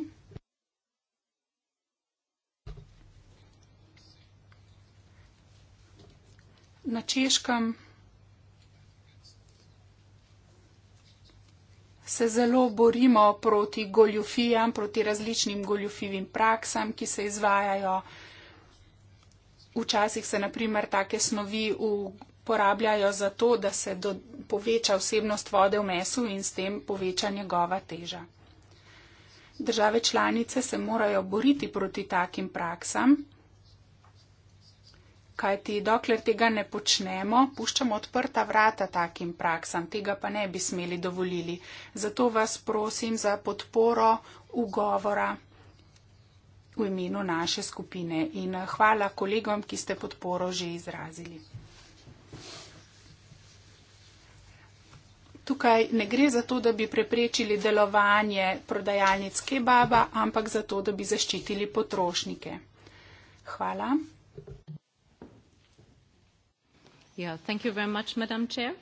B: na češkem se zelo borimo proti goljufijam, proti različnim goljufivim praksam, ki se izvajajo. Včasih se naprimer take snovi v porabljajo za to, da se do, poveča vsebnost vode v mesu in s tem poveča njegova teža. Države članice se morajo boriti proti takim praksam, kajti dokler tega ne počnemo, puščamo odprta vrata takim praksam, tega pa ne bi smeli dovolili. Zato vas prosim za podporo ugovora v imenu naše skupine in hvala kolegom, ki ste podporo že izrazili. Tukaj ne gre za to, da bi preprečili delovanje prodajalnic kebaba, ampak za to, da bi zaščitili potrošnike. Hvala. Ja, thank you very much, Madam Chair.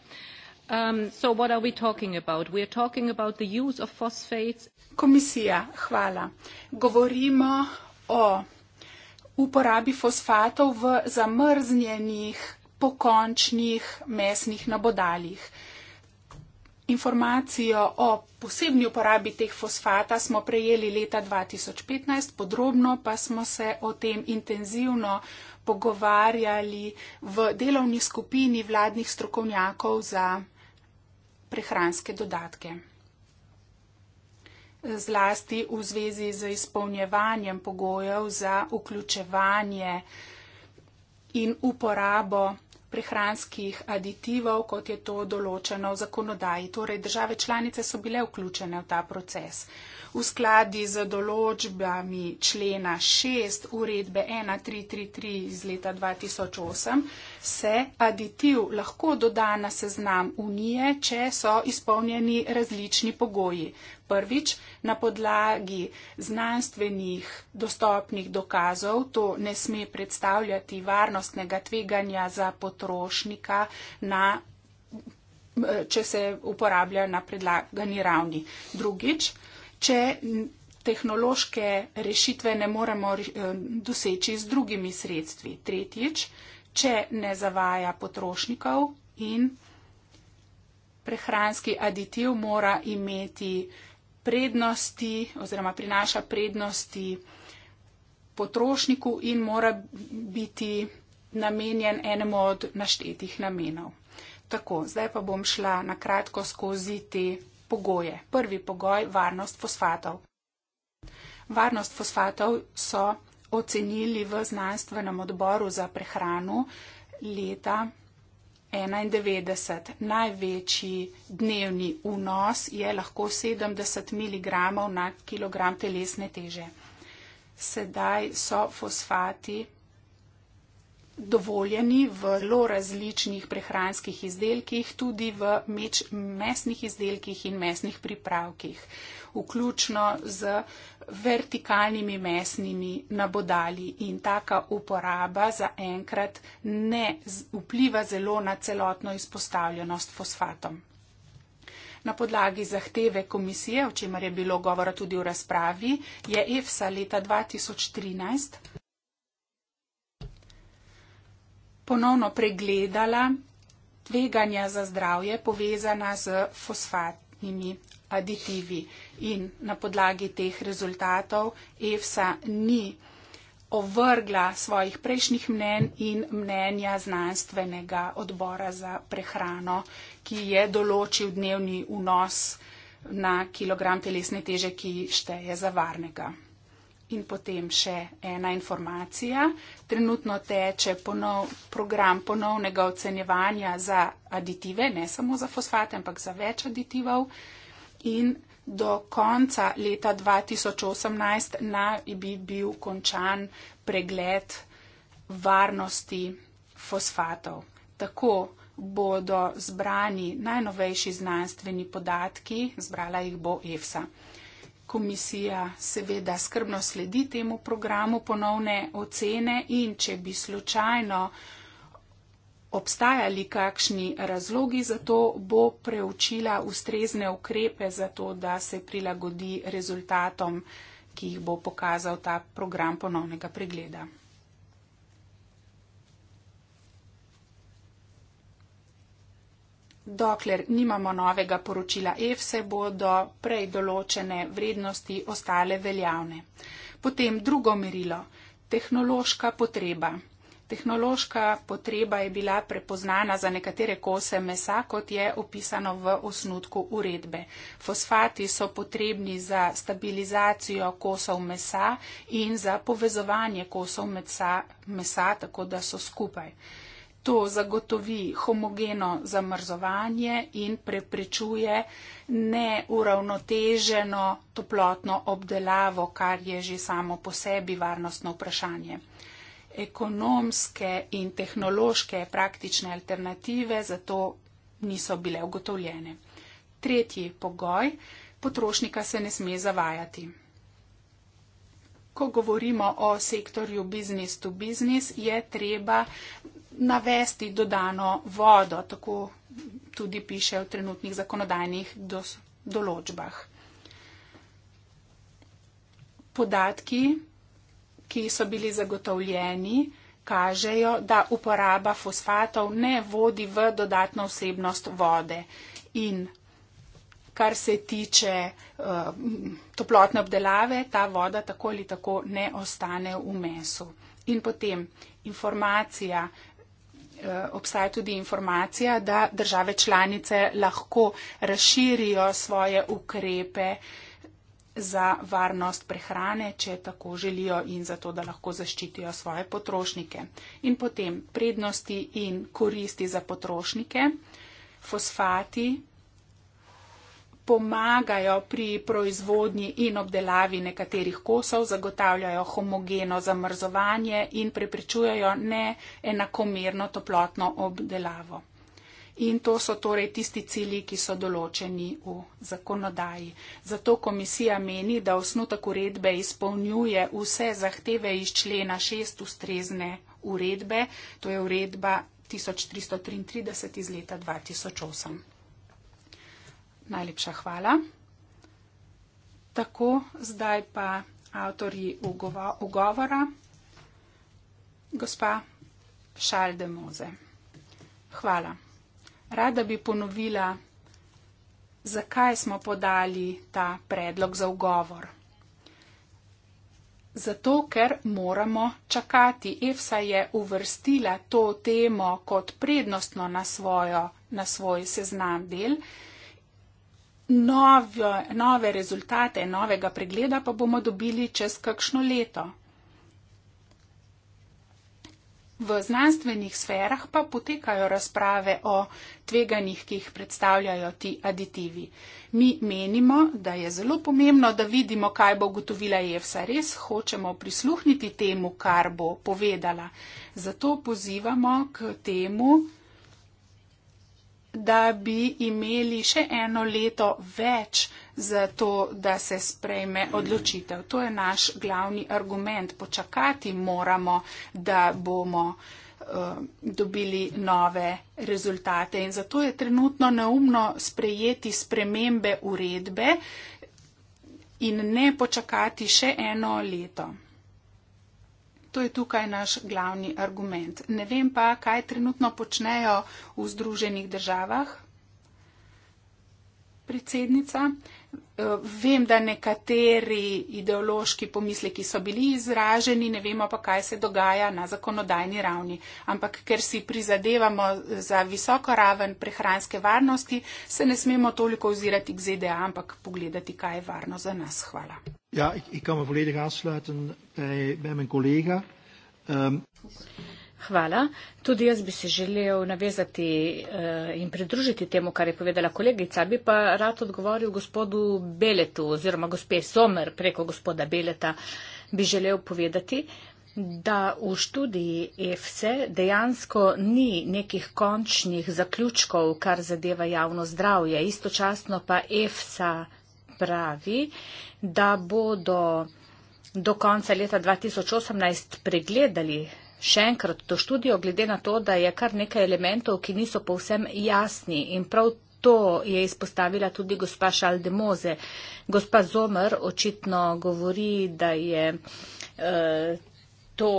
B: Um, so what are we talking about? We are talking about the use of phosphates. Komisija, hvala. Govorimo o uporabi fosfatov v zamrznjenih pokončnih mesnih nabodalih. Informacijo o posebni uporabi teh fosfata smo prejeli leta 2015, podrobno pa smo se o tem intenzivno pogovarjali v delovni skupini vladnih strokovnjakov za prehranske dodatke. Zlasti v zvezi z izpolnjevanjem pogojev za vključevanje in uporabo prehranskih aditivov, kot je to določeno v zakonodaji. Torej, države članice so bile vključene v ta proces. V skladi z določbami člena 6 uredbe 1333 iz leta 2008 se aditiv lahko doda na seznam unije, če so izpolnjeni različni pogoji prvič na podlagi znanstvenih dostopnih dokazov, to ne sme predstavljati varnostnega tveganja za potrošnika, na, če se uporablja na predlagani ravni. Drugič, če tehnološke rešitve ne moremo eh, doseči z drugimi sredstvi. Tretjič, če ne zavaja potrošnikov in prehranski aditiv mora imeti uh, prednosti oziroma prinaša prednosti potrošniku in mora biti namenjen enemu od naštetih namenov. Tako, zdaj pa bom šla na kratko skozi te pogoje. Prvi pogoj - varnost fosfatov. Varnost fosfatov so ocenili v znanstvenem odboru za prehrano leta 91. Največji dnevni vnos je lahko 70 mg na kilogram telesne teže. Sedaj so fosfati dovoljeni v zelo različnih prehranskih izdelkih, tudi v meč, mesnih izdelkih in mesnih pripravkih, vključno z vertikalnimi mesnimi nabodali in taka uporaba za enkrat ne vpliva zelo na celotno izpostavljenost fosfatom. Na podlagi zahteve komisije, o čemer je bilo govora tudi v razpravi, je EFSA leta 2013 ponovno pregledala tveganja za zdravje povezana z fosfatnimi aditivi in na podlagi teh rezultatov EFSA ni ovrgla svojih prejšnjih mnen in mnenja znanstvenega odbora za prehrano, ki je določil dnevni vnos na kilogram telesne teže, ki šteje za varnega. In potem še ena informacija. Trenutno teče ponov, program ponovnega ocenjevanja za aditive, ne samo za fosfate, ampak za več aditivov. In do konca leta 2018 naj bi bil končan pregled varnosti fosfatov. Tako bodo zbrani najnovejši znanstveni podatki, zbrala jih bo EFSA komisija seveda skrbno sledi temu programu ponovne ocene in če bi slučajno obstajali kakšni razlogi za to, bo preučila ustrezne ukrepe za to, da se prilagodi rezultatom, ki jih bo pokazal ta program ponovnega pregleda. Dokler nimamo novega poročila EFSE, bodo prej določene vrednosti ostale veljavne. Potem drugo merilo, tehnološka potreba. Tehnološka potreba je bila prepoznana za nekatere kose mesa, kot je opisano v osnutku uredbe. Fosfati so potrebni za stabilizacijo kosov mesa in za povezovanje kosov mesa, mesa tako da so skupaj. To zagotovi homogeno zamrzovanje in preprečuje neuravnoteženo toplotno obdelavo, kar je že samo po sebi varnostno vprašanje. Ekonomske in tehnološke praktične alternative zato niso bile ugotovljene. Tretji pogoj, potrošnika se ne sme zavajati. Ko govorimo o sektorju business to business, je treba navesti dodano vodo, tako tudi piše v trenutnih zakonodajnih dos, določbah. Podatki, ki so bili zagotovljeni, kažejo, da uporaba fosfatov ne vodi v dodatno vsebnost vode. In kar se tiče uh, toplotne obdelave, ta voda tako ali tako ne ostane v mesu. In potem informacija, Eh, obstaja tudi informacija, da države članice lahko razširijo svoje ukrepe za varnost prehrane, če tako želijo in zato, da lahko zaščitijo svoje potrošnike. In potem prednosti in koristi za potrošnike. Fosfati pomagajo pri proizvodnji in obdelavi nekaterih kosov, zagotavljajo homogeno zamrzovanje in preprečujejo neenakomerno toplotno obdelavo. In to so torej tisti cilji, ki so določeni v zakonodaji. Zato komisija meni, da osnutek uredbe izpolnjuje vse zahteve iz člena 6 ustrezne uredbe, to je uredba 1333 iz leta 2008. Najlepša hvala. Tako, zdaj pa avtorji ugovora, gospa Šalde Moze. Hvala. Rada bi ponovila, zakaj smo podali ta predlog za ugovor. Zato, ker moramo čakati. EFSA je uvrstila to temo kot prednostno na, svojo, na svoj seznam del novjo, nove rezultate, novega pregleda pa bomo dobili čez kakšno leto. V znanstvenih sferah pa potekajo razprave o tveganjih, ki jih predstavljajo ti aditivi. Mi menimo, da je zelo pomembno, da vidimo, kaj bo ugotovila Jevsa. Res hočemo prisluhniti temu, kar bo povedala. Zato pozivamo k temu, da da bi imeli še eno leto več za to, da se sprejme odločitev. To je naš glavni argument. Počakati moramo, da bomo eh, dobili nove rezultate. In zato je trenutno neumno sprejeti spremembe uredbe in ne počakati še eno leto. To je tukaj naš glavni argument. Ne vem pa, kaj trenutno počnejo v Združenih državah. Predsednica, Eh, vem, da nekateri ideološki pomisleki so bili izraženi, ne vemo pa, kaj se dogaja na zakonodajni ravni. Ampak ker si prizadevamo eh, za visoko raven prehranske varnosti, se ne smemo toliko ozirati k ZDA, ampak pogledati, kaj je varno za nas. Hvala.
C: Ja, ik, ik kan me volledig aansluiten bij, bij mijn collega. Um...
A: Hvala. Tudi jaz bi se želel navezati eh, in pridružiti temu, kar je povedala kolegica. Bi pa rad odgovoril gospodu Beletu oziroma gospe Somer preko gospoda Beleta. Bi želel povedati, da v študiji EFSE dejansko ni nekih končnih zaključkov, kar zadeva javno zdravje. Istočasno pa EFSA pravi, da bodo do konca leta 2018 pregledali še enkrat to študijo, glede na to, da je kar nekaj elementov, ki niso povsem jasni in prav. To je izpostavila tudi gospa Šaldemoze. Gospa Zomer očitno govori, da je eh, to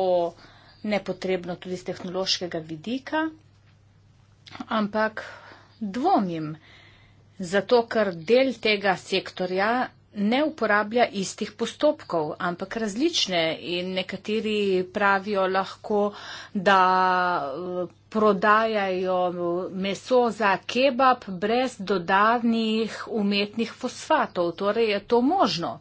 A: nepotrebno tudi z tehnološkega vidika, ampak dvomim, zato ker del tega sektorja ne uporablja istih postopkov, ampak različne in nekateri pravijo lahko, da eh, prodajajo meso za kebab brez dodatnih umetnih fosfatov. Torej je to možno.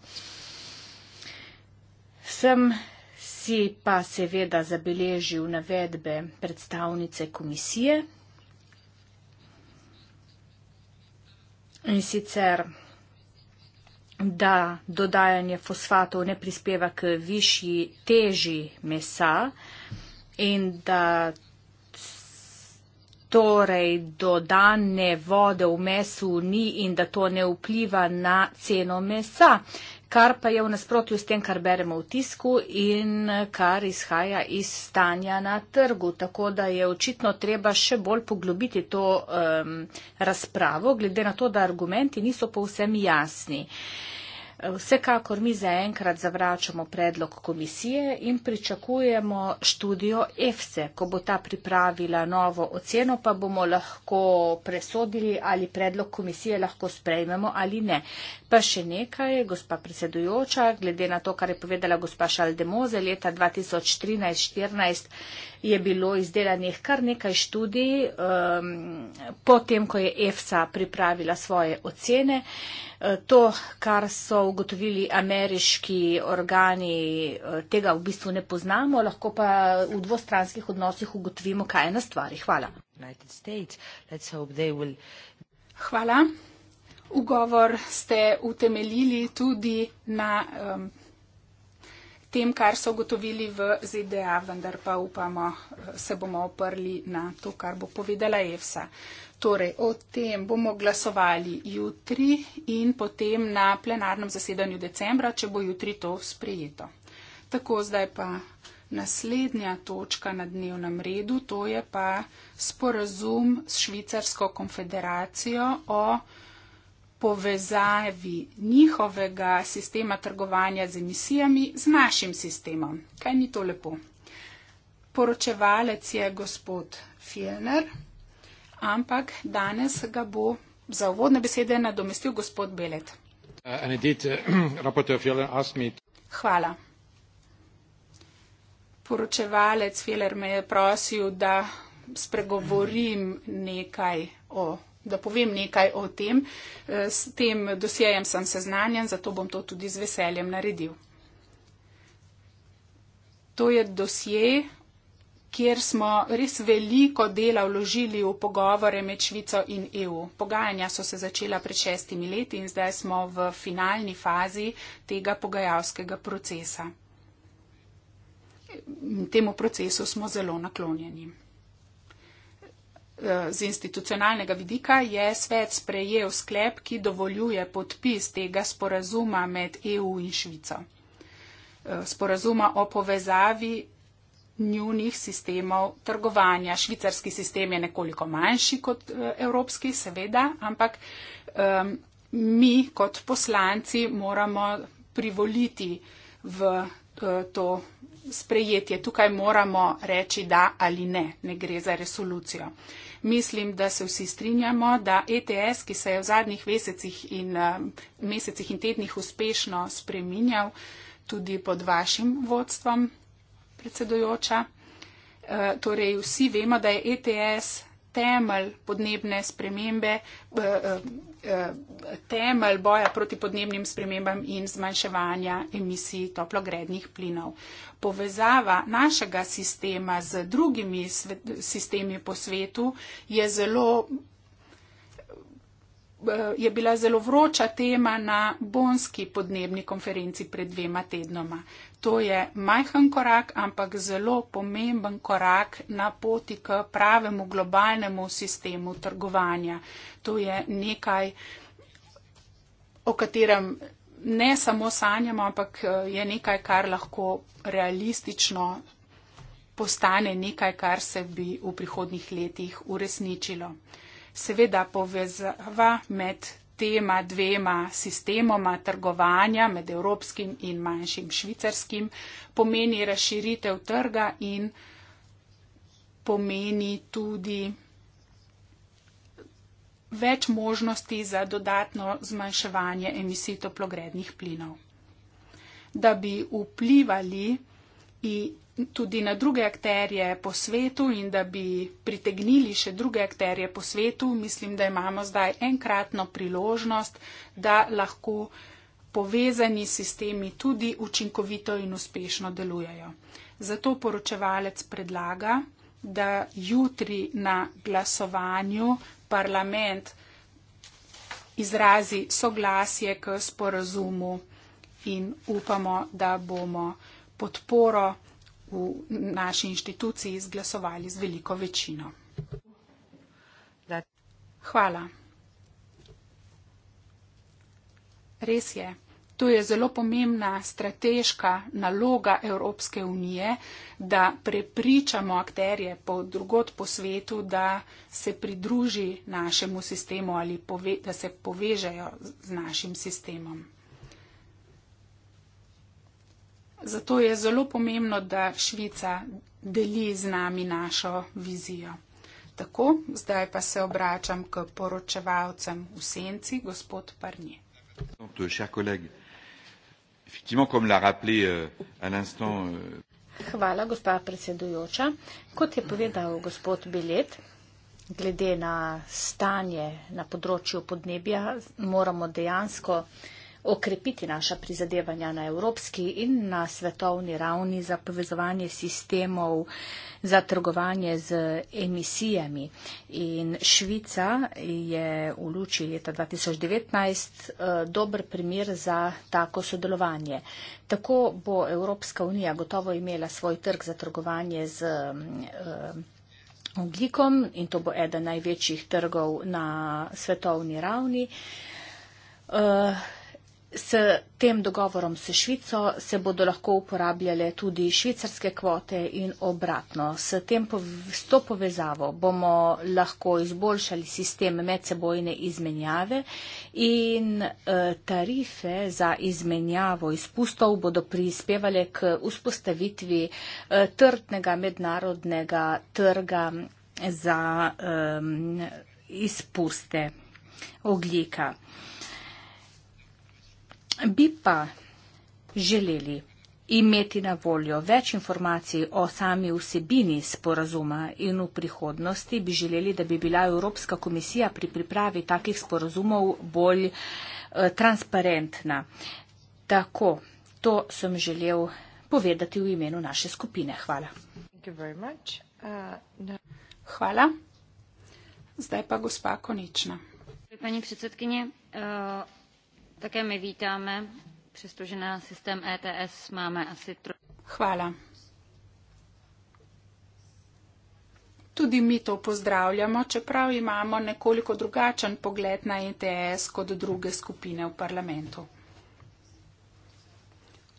A: Sem si pa seveda zabeležil navedbe predstavnice komisije. In sicer da dodajanje fosfatov ne prispeva k višji teži mesa in da torej dodane vode v mesu ni in da to ne vpliva na ceno mesa, kar pa je v nasprotju s tem, kar beremo v tisku in kar izhaja iz stanja na trgu. Tako da je očitno treba še bolj poglobiti to um, razpravo, glede na to, da argumenti niso povsem jasni. Uh, Vsekakor mi zaenkrat zavračamo predlog komisije in pričakujemo študijo EFSE. Ko bo ta pripravila novo oceno, pa bomo lahko presodili, ali predlog komisije lahko sprejmemo ali ne. Pa še nekaj, gospa predsedujoča, glede na to, kar je povedala gospa Šaldemoze leta 2013-2014 je bilo izdelanih kar nekaj študij, um, potem ko je EFSA pripravila svoje ocene. Uh, to, kar so ugotovili ameriški organi, uh, tega v bistvu ne poznamo, lahko pa v dvostranskih odnosih ugotovimo, kaj je na stvari. Hvala. Hvala.
B: Ugovor ste utemeljili tudi na. Um, tem, kar so ugotovili v ZDA, vendar pa upamo, eh, se bomo oprli na to, kar bo povedala EFSA. Torej, o tem bomo glasovali jutri in potem na plenarnem zasedanju decembra, če bo jutri to sprejeto. Tako zdaj pa naslednja točka na dnevnem redu, to je pa sporazum s Švicarsko konfederacijo o povezavi njihovega sistema trgovanja z emisijami z našim sistemom. Kaj ni to lepo? Poročevalec je gospod Filner, ampak danes ga bo za uvodne besede nadomestil gospod Belet.
C: Uh, uh,
B: Hvala. Poročevalec Filner me je prosil, da spregovorim nekaj o da povem nekaj o tem. E, s tem dosjejem sem seznanjen, zato bom to tudi z veseljem naredil. To je dosje, kjer smo res veliko dela vložili v pogovore med Švico in EU. Pogajanja so se začela pred šestimi leti in zdaj smo v finalni fazi tega pogajalskega procesa. Temu procesu smo zelo naklonjeni z institucionalnega vidika je svet sprejel sklep, ki dovoljuje podpis tega sporazuma med EU in Švico. E, sporazuma o povezavi njunih sistemov trgovanja. Švicarski sistem je nekoliko manjši kot e, evropski, seveda, ampak um, mi kot poslanci moramo privoliti v uh, to sprejetje. Tukaj moramo reči da ali ne, ne gre za resolucijo. Uh, mislim, da se vsi strinjamo, da ETS, ki se je v zadnjih mesecih in, um, mesecih in tednih uspešno spreminjal, tudi pod vašim vodstvom, predsedujoča. Eh, torej, vsi vemo, da je ETS temelj podnebne spremembe, eh, eh, Eh, temelj boja proti podnebnim spremembam in zmanjševanja emisij toplogrednih plinov. Povezava našega sistema z drugimi sistemi po svetu je zelo eh, je bila zelo vroča tema na Bonski podnebni konferenci pred dvema tednoma to je majhen korak, ampak zelo pomemben korak na poti k pravemu globalnemu sistemu trgovanja. To je nekaj, o katerem ne samo sanjamo, ampak eh, je nekaj, kar lahko realistično postane nekaj, kar se bi v prihodnih letih uresničilo. Seveda povezava med tema dvema sistemoma trgovanja med evropskim in manjšim švicarskim, pomeni razširitev trga in pomeni tudi več možnosti za dodatno zmanjševanje emisij toplogrednih plinov. Da bi vplivali tudi na druge akterje po svetu in da bi pritegnili še druge akterje po svetu, mislim, da imamo zdaj enkratno priložnost, da lahko povezani sistemi tudi učinkovito in uspešno delujejo. Zato poročevalec predlaga, da jutri na glasovanju parlament izrazi soglasje k sporazumu in upamo, da bomo podporo v naši inštituciji izglasovali z veliko večino. Hvala. Res je, to je zelo pomembna strateška naloga Evropske unije, da prepričamo akterje po drugot po svetu, da se pridruži našemu sistemu ali pove, da se povežejo z našim sistemom. Zato je zelo pomembno, da Švica deli z nami našo vizijo. Tako, zdaj pa se obračam k poročevalcem v senci,
A: gospod Parnje.
C: Euh, euh,
A: Hvala, gospa predsedujoča. Kot je povedal gospod Bilet, glede na stanje na področju podnebja, moramo dejansko okrepiti naša prizadevanja na evropski in na svetovni ravni za povezovanje sistemov za trgovanje z emisijami. In Švica je v luči leta 2019 eh, dober primer za tako sodelovanje. Tako bo Evropska unija gotovo imela svoj trg za trgovanje z eh, oglikom in to bo eden največjih trgov na svetovni ravni. Uh, S tem dogovorom s Švico se bodo lahko uporabljale tudi švicarske kvote in obratno. S, tem, s to povezavo bomo lahko izboljšali sistem medsebojne izmenjave in eh, tarife za izmenjavo izpustov bodo prispevale k vzpostavitvi eh, trdnega mednarodnega trga za um, izpuste oglika bi pa želeli imeti na voljo več informacij o sami vsebini sporazuma in v prihodnosti bi želeli, da bi bila Evropska komisija pri pripravi takih sporazumov bolj eh, transparentna. Tako, to sem želel povedati v imenu naše skupine. Hvala. Uh, no.
B: Hvala. Zdaj pa gospa Konična.
A: Pani predsednikinje. Uh také my vítáme, přestože na systém ETS máme asi trochu. Hvala. Tudi
B: mi to pozdravljamo, čeprav imamo nekoliko drugačen pogled na ETS kot druge skupine v parlamentu.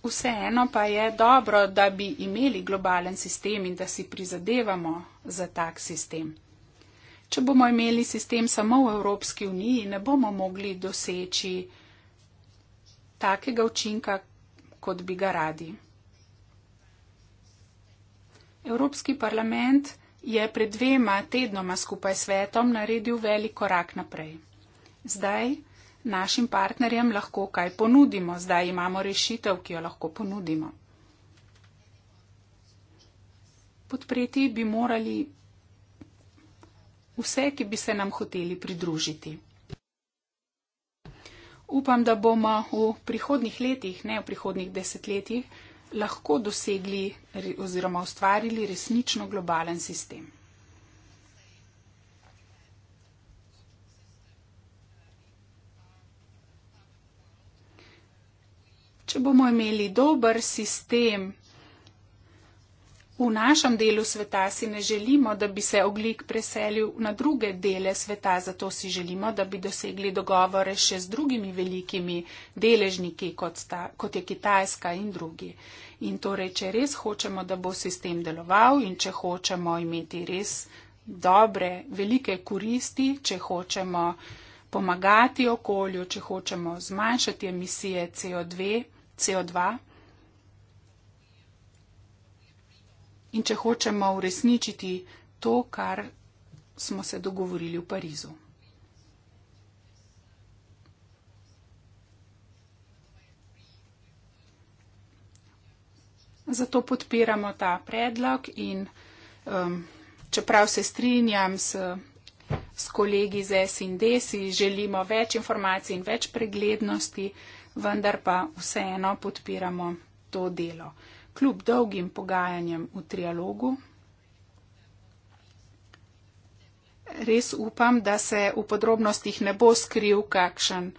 B: Vseeno pa je dobro, da bi imeli globalen sistem in da si prizadevamo za tak sistem. Če bomo imeli sistem samo v Evropski uniji, ne bomo mogli doseči takega učinka, kot bi ga radi. Evropski parlament je pred dvema tednoma skupaj s svetom naredil velik korak naprej. Zdaj našim partnerjem lahko kaj ponudimo, zdaj imamo rešitev, ki jo lahko ponudimo. Podpreti bi morali vse, ki bi se nam hoteli pridružiti upam, da bomo v prihodnih letih, ne v prihodnih desetletjih, lahko dosegli oziroma ustvarili resnično globalen sistem. Če bomo imeli dober sistem V našem delu sveta si ne želimo, da bi se oglik preselil na druge dele sveta, zato si želimo, da bi dosegli dogovore še z drugimi velikimi deležniki, kot, sta, kot je Kitajska in drugi. In torej, če res hočemo, da bo sistem deloval in če hočemo imeti res dobre, velike koristi, če hočemo pomagati okolju, če hočemo zmanjšati emisije CO2, CO2 in če hočemo uresničiti to, kar smo se dogovorili v Parizu. Zato podpiramo ta predlog in um, čeprav se strinjam s, s kolegi iz SND-si, želimo več informacij in več preglednosti, vendar pa vseeno podpiramo to delo kljub dolgim pogajanjem v trialogu. Res upam, da se v podrobnostih ne bo skril kakšen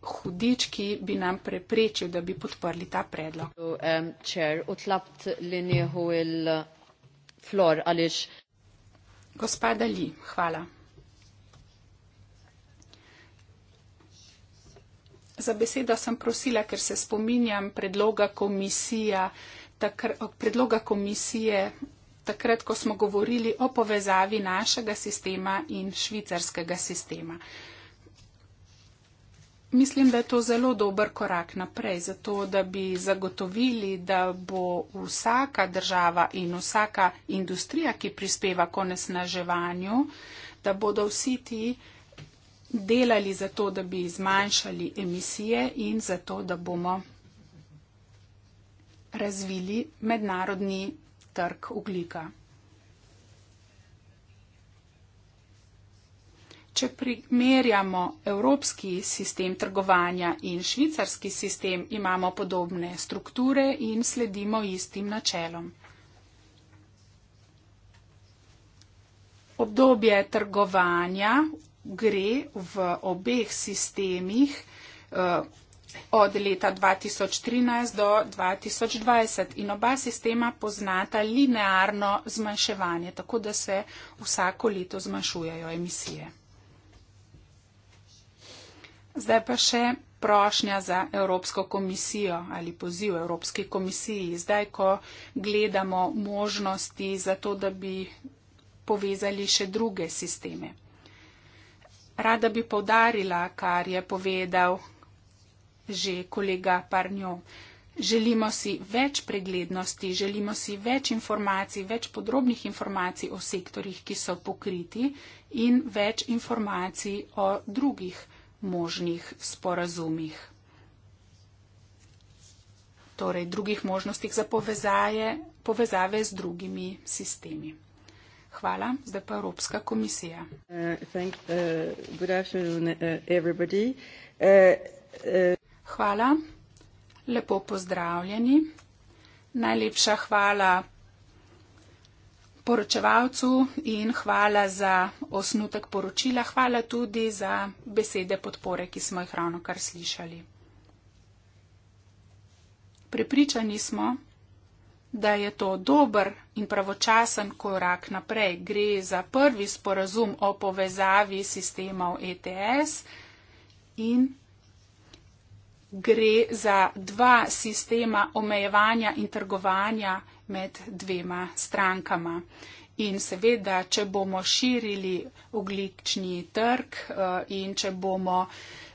B: hudič, ki bi nam preprečil, da bi podprli ta predlog. Um,
A: uh, Gospoda Li, hvala.
B: Za besedo sem prosila, ker se spominjam predloga komisija takr, predloga komisije, takrat, ko smo govorili o povezavi našega sistema in švicarskega sistema. Mislim, da je to zelo dober korak naprej, zato da bi zagotovili, da bo vsaka država in vsaka industrija, ki prispeva k onesnaževanju, da bodo vsi ti delali za to, da bi zmanjšali emisije in za to, da bomo razvili mednarodni trg oglika. Če primerjamo evropski sistem trgovanja in švicarski sistem, imamo podobne strukture in sledimo istim načelom. Obdobje trgovanja gre v obeh sistemih eh, od leta 2013 do 2020 in oba sistema poznata linearno zmanjševanje, tako da se vsako leto zmanjšujejo emisije. Zdaj pa še prošnja za Evropsko komisijo ali poziv Evropski komisiji. Zdaj, ko gledamo možnosti za to, da bi povezali še druge sisteme. Rada bi povdarila, kar je povedal že kolega Parnjo. Želimo si več preglednosti, želimo si več informacij, več podrobnih informacij o sektorjih, ki so pokriti in več informacij o drugih možnih sporazumih. Torej, drugih možnostih za povezave, povezave z drugimi sistemi. Hvala, zdaj pa Evropska komisija. Uh, thank, uh, Hvala. Lepo pozdravljeni. Najlepša hvala poročevalcu in hvala za osnutek poročila. Hvala tudi za besede podpore, ki smo jih ravno kar slišali. Prepričani smo, da je to dober in pravočasen korak naprej. Gre za prvi sporazum o povezavi sistemov ETS in gre za dva sistema omejevanja in trgovanja med dvema strankama. In seveda, če bomo širili oglični trg eh, in če bomo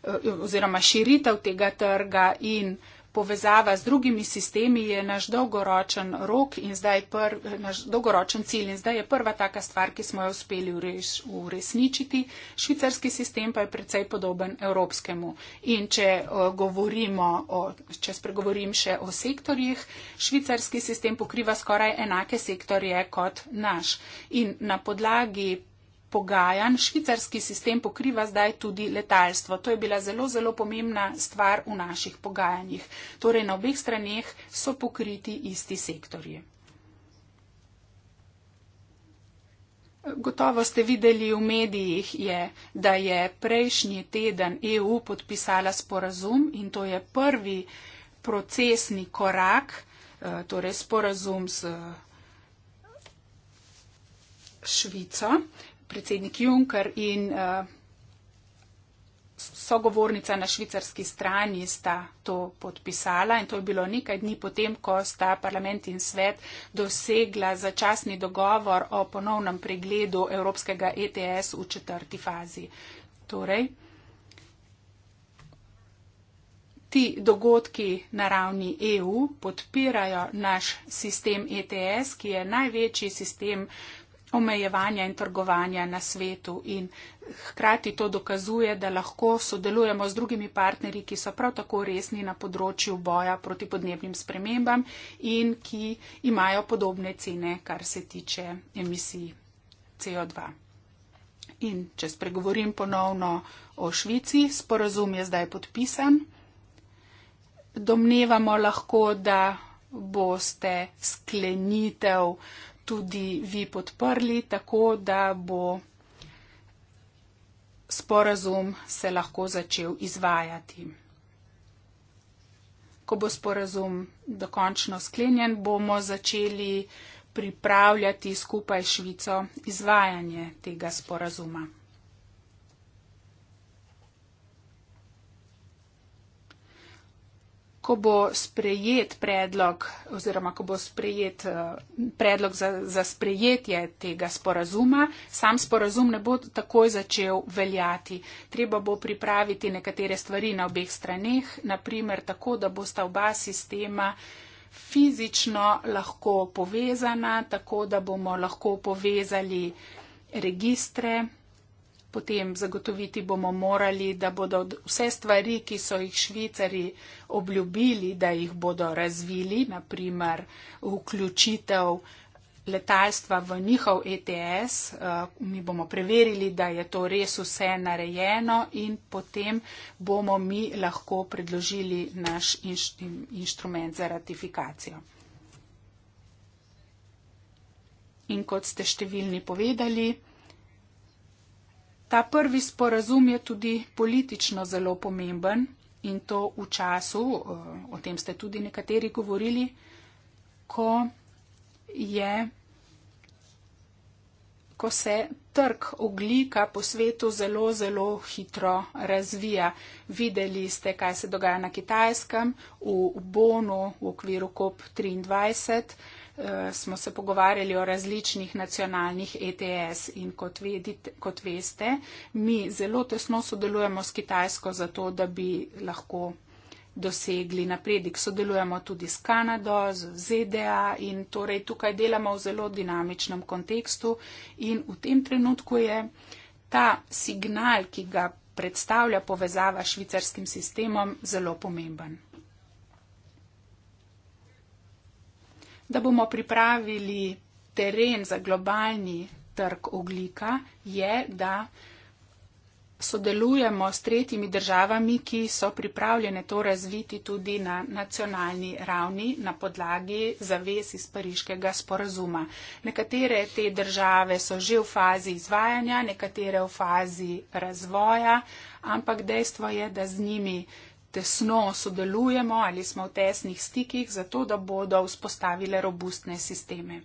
B: eh, oziroma širitev tega trga in povezava z drugimi sistemi je naš dolgoročen rok in zdaj pr, naš dolgoročen cilj in zdaj je prva taka stvar, ki smo jo uspeli ureš, uresničiti. Švicarski sistem pa je precej podoben evropskemu. In če govorimo, o, če spregovorim še o sektorjih, švicarski sistem pokriva skoraj enake sektorje kot naš. In na podlagi pogajanj švicarski sistem pokriva zdaj tudi letalstvo. To je bila zelo, zelo pomembna stvar v naših pogajanjih. Torej na obeh straneh so pokriti isti sektorji. Gotovo ste videli v medijih, je, da je prejšnji teden EU podpisala sporazum in to je prvi procesni korak, eh, torej sporazum s Švico predsednik Juncker in uh, sogovornica na švicarski strani sta to podpisala in to je bilo nekaj dni potem, ko sta parlament in svet dosegla začasni dogovor o ponovnem pregledu evropskega ETS v četrti fazi. Torej, ti dogodki na ravni EU podpirajo naš sistem ETS, ki je največji sistem omejevanja in trgovanja na svetu in hkrati to dokazuje, da lahko sodelujemo z drugimi partnerji, ki so prav tako resni na področju boja proti podnebnim spremembam in ki imajo podobne cene, kar se tiče emisij CO2. In če spregovorim ponovno o Švici, sporazum je zdaj podpisan. Domnevamo lahko, da boste sklenitev tudi vi podprli, tako da bo sporazum se lahko začel izvajati. Ko bo sporazum dokončno sklenjen, bomo začeli pripravljati skupaj s Švico izvajanje tega sporazuma. ko bo sprejet predlog oziroma ko bo sprejet eh, predlog za, za sprejetje tega sporazuma, sam sporazum ne bo takoj začel veljati. Treba bo pripraviti nekatere stvari na obeh straneh, naprimer tako, da bosta oba sistema fizično lahko povezana, tako da bomo lahko povezali registre, potem zagotoviti bomo morali, da bodo vse stvari, ki so jih švicari obljubili, da jih bodo razvili, naprimer vključitev letalstva v njihov ETS, eh, mi bomo preverili, da je to res vse narejeno in potem bomo mi lahko predložili naš inštrument za ratifikacijo. In kot ste številni povedali, Ta prvi sporazum je tudi politično zelo pomemben in to v času, eh, o tem ste tudi nekateri govorili, ko, je, ko se trg oglika po svetu zelo, zelo hitro razvija. Videli ste, kaj se dogaja na kitajskem, v Bonu v okviru COP23. Eh, smo se pogovarjali o različnih nacionalnih ETS in kot, vedite, kot veste, mi zelo tesno sodelujemo s Kitajsko za to, da bi lahko dosegli napredek. Sodelujemo tudi s Kanado, z ZDA in torej tukaj delamo v zelo dinamičnem kontekstu in v tem trenutku je ta signal, ki ga predstavlja povezava s švicarskim sistemom, zelo pomemben. da bomo pripravili teren za globalni trg oglika, je, da sodelujemo s tretjimi državami, ki so pripravljene to razviti tudi na nacionalni ravni na podlagi zavez iz Pariškega sporazuma. Nekatere te države so že v fazi izvajanja, nekatere v fazi razvoja, ampak dejstvo je, da z njimi tesno sodelujemo ali smo v tesnih stikih, zato da bodo vzpostavile robustne sisteme.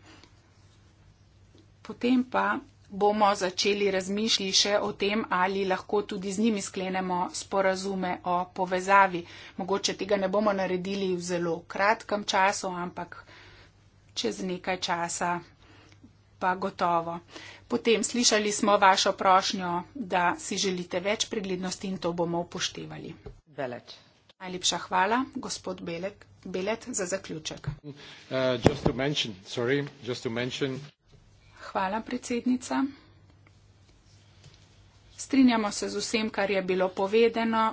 B: Potem pa bomo začeli razmišljati še o tem, ali lahko tudi z njimi sklenemo sporazume o povezavi. Mogoče tega ne bomo naredili v zelo kratkem času, ampak čez nekaj časa pa gotovo. Potem slišali smo vašo prošnjo, da si želite več preglednosti in to bomo upoštevali. Belet. Najlepša hvala, gospod Belek, Belet, za zaključek.
C: Uh, mention, sorry,
B: hvala, predsednica. Strinjamo se z vsem, kar je bilo povedeno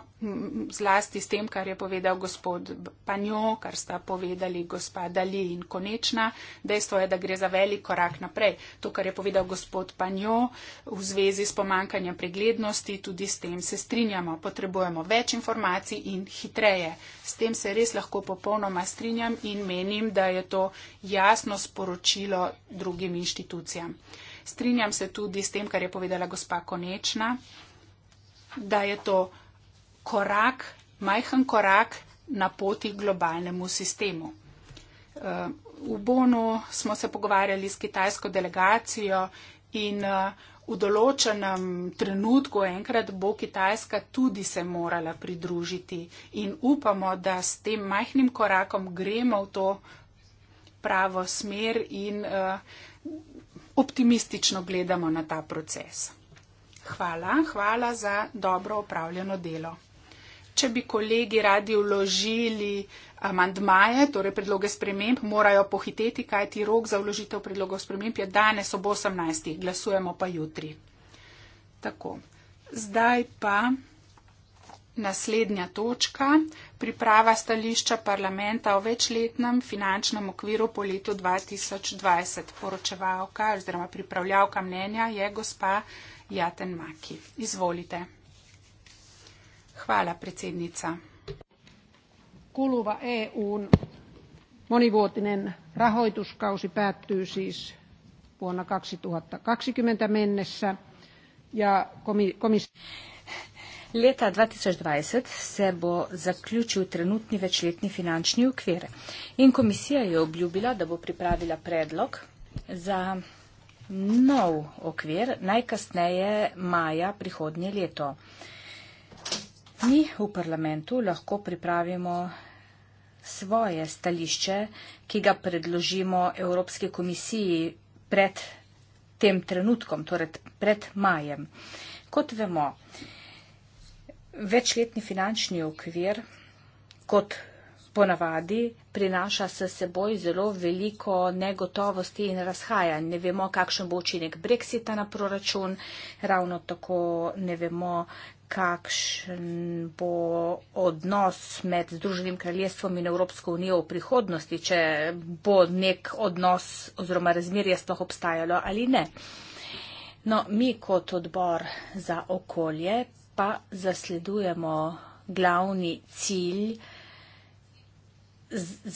B: zlasti s tem, kar je povedal gospod Panjo, kar sta povedali gospa Dali in Konečna. Dejstvo je, da gre za velik korak naprej. To, kar je povedal gospod Panjo v zvezi s pomankanjem preglednosti, tudi s tem se strinjamo. Potrebujemo več informacij in hitreje. S tem se res lahko popolnoma strinjam in menim, da je to jasno sporočilo drugim inštitucijam. Strinjam se tudi s tem, kar je povedala gospa Konečna, da je to korak, majhen korak na poti globalnemu sistemu. Eh, v Bonu smo se pogovarjali s kitajsko delegacijo in eh, v določenem trenutku enkrat bo Kitajska tudi se morala pridružiti in upamo, da s tem majhnim korakom gremo v to pravo smer in eh, optimistično gledamo na ta proces. Hvala, hvala za dobro upravljeno delo če bi kolegi radi vložili amandmaje, torej predloge sprememb, morajo pohiteti, kaj ti rok za vložitev predlogov sprememb je danes ob 18. Glasujemo pa jutri. Tako. Zdaj pa naslednja točka. Priprava stališča parlamenta o večletnem finančnem okviru po letu 2020. Poročevalka oziroma pripravljavka mnenja je gospa Jaten Maki. Izvolite. Hvala, predsednica. Kuluva EUn monivuotinen rahoituskausi päättyy siis vuonna 2020 mennessä
A: ja komissio... Leta 2020 se bo zaključil trenutni večletni finančni ukvir in komisija je obljubila, da bo pripravila predlog za nov okvir najkasneje maja prihodnje leto. Mi v parlamentu lahko pripravimo svoje stališče, ki ga predložimo Evropski komisiji pred tem trenutkom, torej pred majem. Kot vemo, večletni finančni okvir, kot ponavadi, prinaša s seboj zelo veliko negotovosti in razhajanj. Ne vemo, kakšen bo učinek Brexita na proračun, ravno tako ne vemo, kakšen bo odnos med Združenim kraljestvom in Evropsko unijo v prihodnosti, če bo nek odnos oziroma razmerje sploh obstajalo ali ne. No, mi kot odbor za okolje pa zasledujemo glavni cilj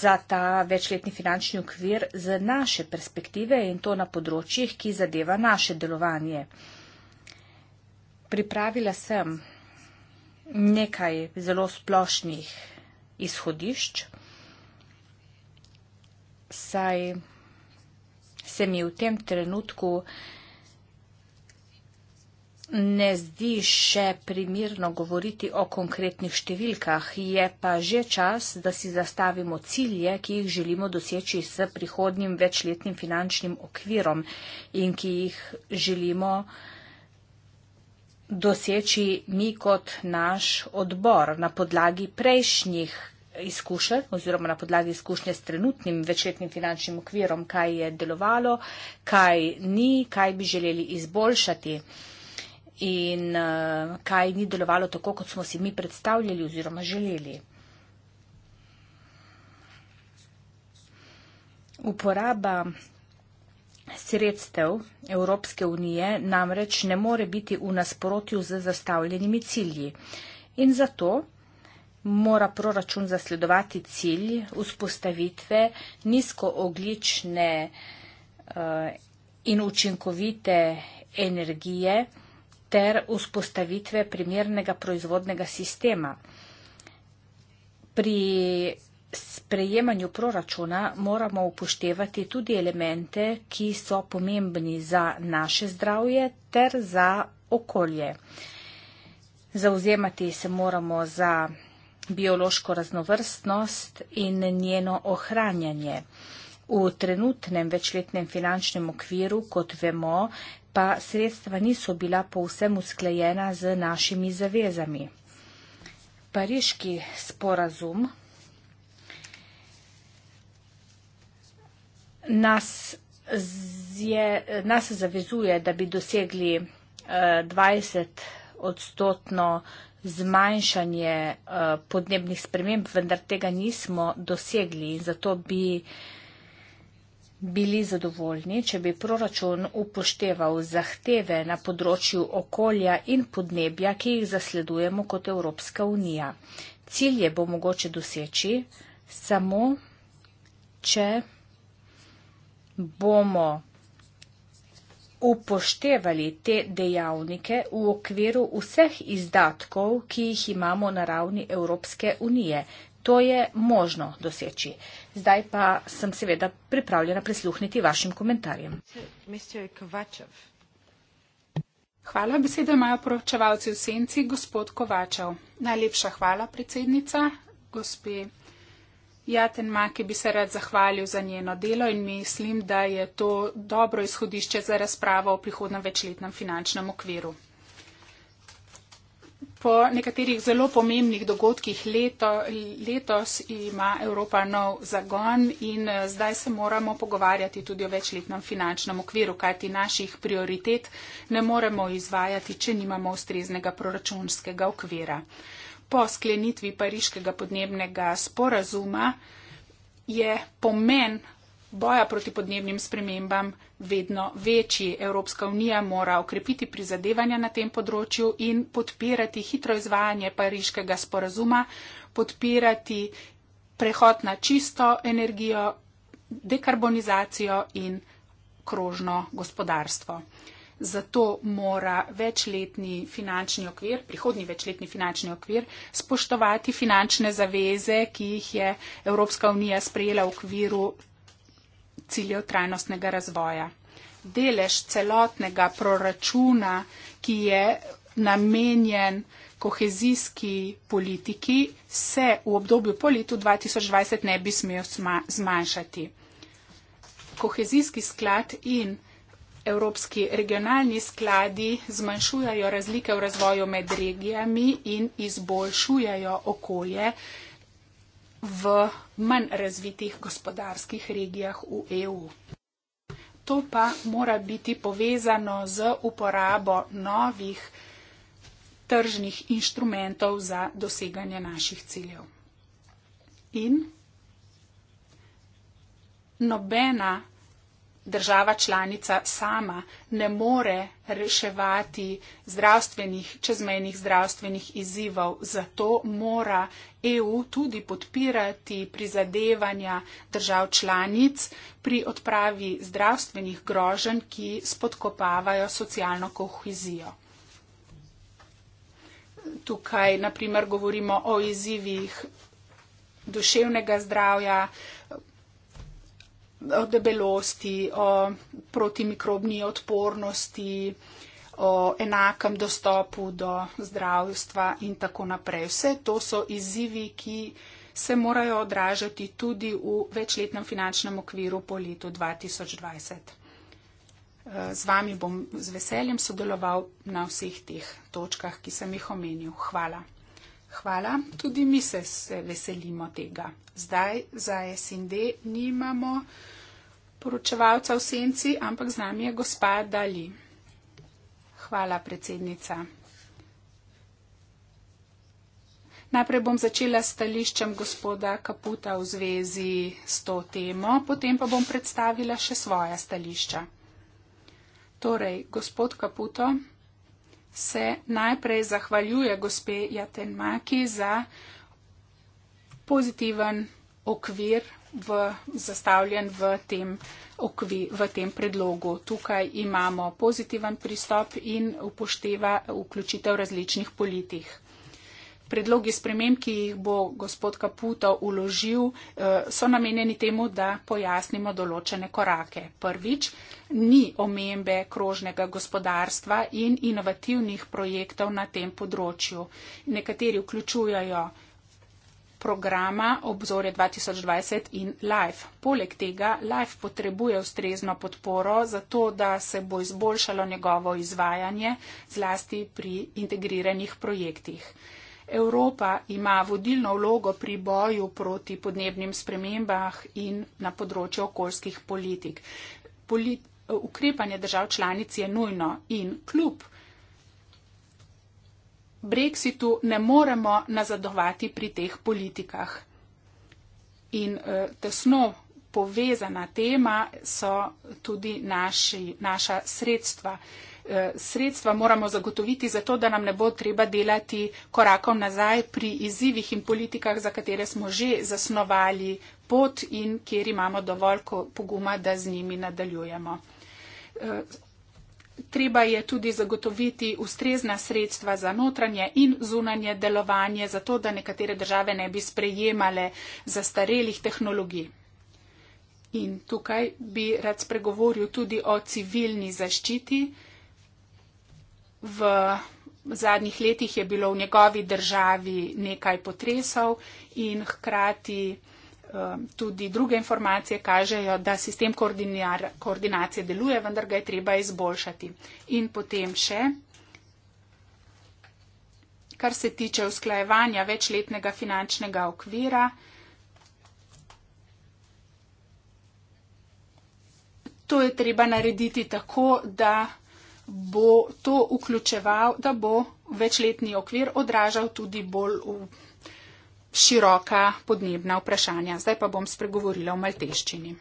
A: za ta večletni finančni okvir z naše perspektive in to na področjih, ki zadeva naše delovanje. Pripravila sem nekaj zelo splošnih izhodišč, saj se mi v tem trenutku ne zdi še primirno govoriti o konkretnih številkah, je pa že čas, da si zastavimo cilje, ki jih želimo doseči s prihodnim večletnim finančnim okvirom in ki jih želimo doseči doseči mi kot naš odbor na podlagi prejšnjih izkušenj oziroma na podlagi izkušnje s trenutnim večletnim finančnim okvirom, kaj je delovalo, kaj ni, kaj bi želeli izboljšati in eh, kaj ni delovalo tako, kot smo si mi predstavljali oziroma želeli. Uporaba sredstev Evropske unije namreč ne more biti v nasprotju z zastavljenimi cilji. In zato mora proračun zasledovati cilj vzpostavitve nizkooglične uh, in učinkovite energije ter vzpostavitve primernega proizvodnega sistema. Pri sprejemanju proračuna moramo upoštevati tudi elemente, ki so pomembni za naše zdravje ter za okolje. Zauzemati se moramo za biološko raznovrstnost in njeno ohranjanje. V trenutnem večletnem finančnem okviru, kot vemo, pa sredstva niso bila povsem usklejena z našimi zavezami. Pariški sporazum nas, je, nas zavezuje, da bi dosegli 20 eh, odstotno zmanjšanje eh, podnebnih sprememb, vendar tega nismo dosegli in zato bi bili zadovoljni, če bi proračun upošteval zahteve na področju okolja in podnebja, ki jih zasledujemo kot Evropska unija. Cilje bo mogoče doseči samo, če bomo upoštevali te dejavnike v okviru vseh izdatkov, ki jih imamo na ravni Evropske unije. To je možno doseči. Zdaj pa sem seveda pripravljena prisluhniti vašim komentarjem.
B: Hvala, besedo imajo poročevalci v senci, gospod Kovačev. Najlepša hvala, predsednica, gospe Jaten Maki bi se rad zahvalil za njeno delo in mislim, da je to dobro izhodišče za razpravo o prihodnem večletnem finančnem okviru. Po nekaterih zelo pomembnih dogodkih leto, letos ima Evropa nov zagon in eh, zdaj se moramo pogovarjati tudi o večletnem finančnem okviru, kajti naših prioritet ne moremo izvajati, če nimamo ustreznega proračunskega okvira po sklenitvi pariškega podnebnega sporazuma je pomen boja proti podnebnim spremembam vedno večji. Evropska unija mora okrepiti prizadevanja na tem področju in podpirati hitro izvajanje pariškega sporazuma, podpirati prehod na čisto energijo, dekarbonizacijo in krožno gospodarstvo zato mora večletni finančni okvir, prihodni večletni finančni okvir, spoštovati finančne zaveze, ki jih je Evropska unija sprejela v okviru ciljev trajnostnega razvoja. Delež celotnega proračuna, ki je namenjen kohezijski politiki, se v obdobju po letu 2020 ne bi smel zmanjšati. Kohezijski sklad in Evropski regionalni skladi zmanjšujajo razlike v razvoju med regijami in izboljšujajo okolje v manj razvitih gospodarskih regijah v EU. To pa mora biti povezano z uporabo novih tržnih inštrumentov za doseganje naših ciljev. In nobena država članica sama ne more reševati zdravstvenih, čezmejnih zdravstvenih izzivov. Zato mora EU tudi podpirati prizadevanja držav članic pri odpravi zdravstvenih grožen, ki spodkopavajo socialno kohezijo. Tukaj naprimer govorimo o izzivih duševnega zdravja, o debelosti, o protimikrobni odpornosti, o enakem dostopu do zdravstva in tako naprej. Vse to so izzivi, ki se morajo odražati tudi v večletnem finančnem okviru po letu 2020. Eh, z vami bom z veseljem sodeloval na vseh teh točkah, ki sem jih omenil. Hvala. Hvala, tudi mi se, se veselimo tega. Zdaj za SND nimamo poročevalca v senci, ampak z nami je gospa Dali. Hvala, predsednica. Najprej bom začela s stališčem gospoda Kaputa v zvezi s to temo, potem pa bom predstavila še svoja stališča. Torej, gospod Kaputo se najprej zahvaljuje gospe Jatenmaki za pozitiven okvir v, zastavljen v tem, okvi, v tem predlogu. Tukaj imamo pozitiven pristop in upošteva vključitev različnih politik. Predlogi sprememb, ki jih bo gospod Kaputo uložil, eh, so namenjeni temu, da pojasnimo določene korake. Prvič, ni omembe krožnega gospodarstva in inovativnih projektov na tem področju. Nekateri vključujajo programa obzorje 2020 in Life. Poleg tega Life potrebuje ustrezno podporo za to, da se bo izboljšalo njegovo izvajanje, zlasti pri integriranih projektih. Evropa ima vodilno vlogo pri boju proti podnebnim spremembah in na področju okoljskih politik. Polit Ukrepanje držav članic je nujno in kljub Brexitu ne moremo nazadovati pri teh politikah. In eh, tesno povezana tema so tudi naši, naša sredstva. Eh, sredstva moramo zagotoviti zato, da nam ne bo treba delati korakov nazaj pri izzivih in politikah, za katere smo že zasnovali pot in kjer imamo dovolj poguma, da z njimi nadaljujemo. Eh, Treba je tudi zagotoviti ustrezna sredstva za notranje in zunanje delovanje, zato da nekatere države ne bi sprejemale zastarelih tehnologij. In tukaj bi rad spregovoril tudi o civilni zaščiti. V zadnjih letih je bilo v njegovi državi nekaj potresov in hkrati Um, tudi druge informacije kažejo, da sistem koordinacije deluje, vendar ga je treba izboljšati. In potem še, kar se tiče usklajevanja večletnega finančnega okvira, to je treba narediti tako, da bo to vključeval, da bo večletni okvir odražal tudi bolj v široka podnebna vprašanja. Zdaj pa bom spregovorila v malteščini.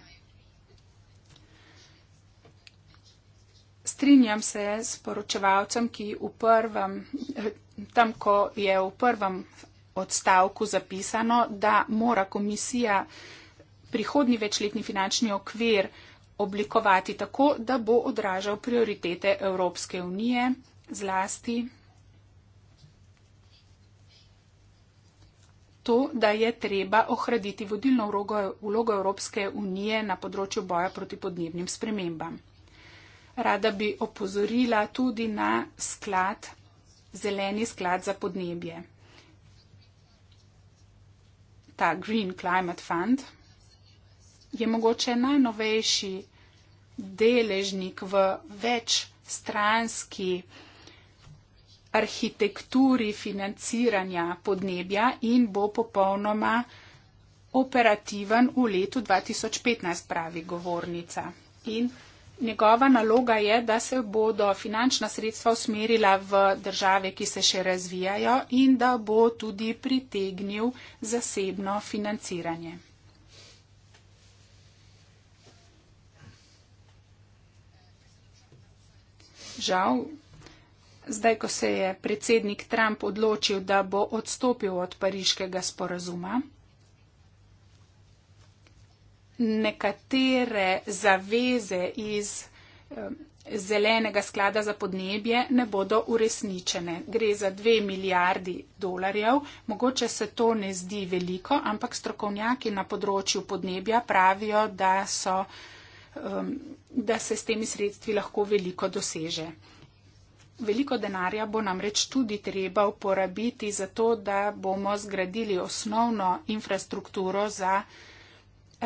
B: Strinjam se s poročevalcem, ki v prvem, tam, ko je v prvem odstavku zapisano, da mora komisija prihodni večletni finančni okvir oblikovati tako, da bo odražal prioritete Evropske unije, zlasti to, da je treba ohraditi vodilno vlogo, vlogo Evropske unije na področju boja proti podnebnim spremembam. Rada bi opozorila tudi na sklad, zeleni sklad za podnebje. Ta Green Climate Fund je mogoče najnovejši deležnik v večstranski arhitekturi financiranja podnebja in bo popolnoma operativen v letu 2015, pravi govornica. In njegova naloga je, da se bodo finančna sredstva usmerila v države, ki se še razvijajo in da bo tudi pritegnil zasebno financiranje. Žal, zdaj, ko se je predsednik Trump odločil, da bo odstopil od pariškega sporazuma, nekatere zaveze iz eh, zelenega sklada za podnebje ne bodo uresničene. Gre za dve milijardi dolarjev. Mogoče se to ne zdi veliko, ampak strokovnjaki na področju podnebja pravijo, da, so, ehm, da se s temi sredstvi lahko veliko doseže. Veliko denarja bo namreč tudi treba uporabiti za to, da bomo zgradili osnovno infrastrukturo za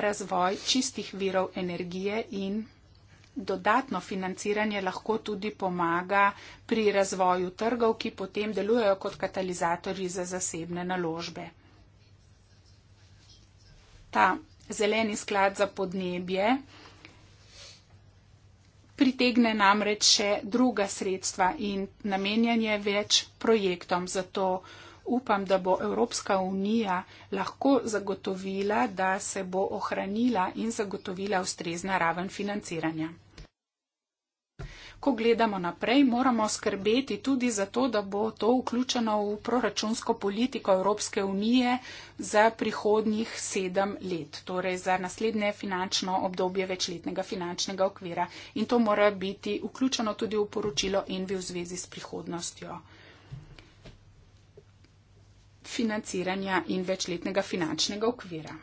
B: razvoj čistih virov energije in dodatno financiranje lahko tudi pomaga pri razvoju trgov, ki potem delujejo kot katalizatorji za zasebne naložbe. Ta zeleni sklad za podnebje pritegne namreč še druga sredstva in namenjanje več projektom. Zato upam, da bo Evropska unija lahko zagotovila, da se bo ohranila in zagotovila ustrezna raven financiranja ko gledamo naprej, moramo skrbeti tudi za to, da bo to vključeno v proračunsko politiko Evropske unije za prihodnjih sedem let, torej za naslednje finančno obdobje večletnega finančnega okvira. In to mora biti vključeno tudi v poročilo Envi v zvezi s prihodnostjo financiranja in večletnega finančnega okvira.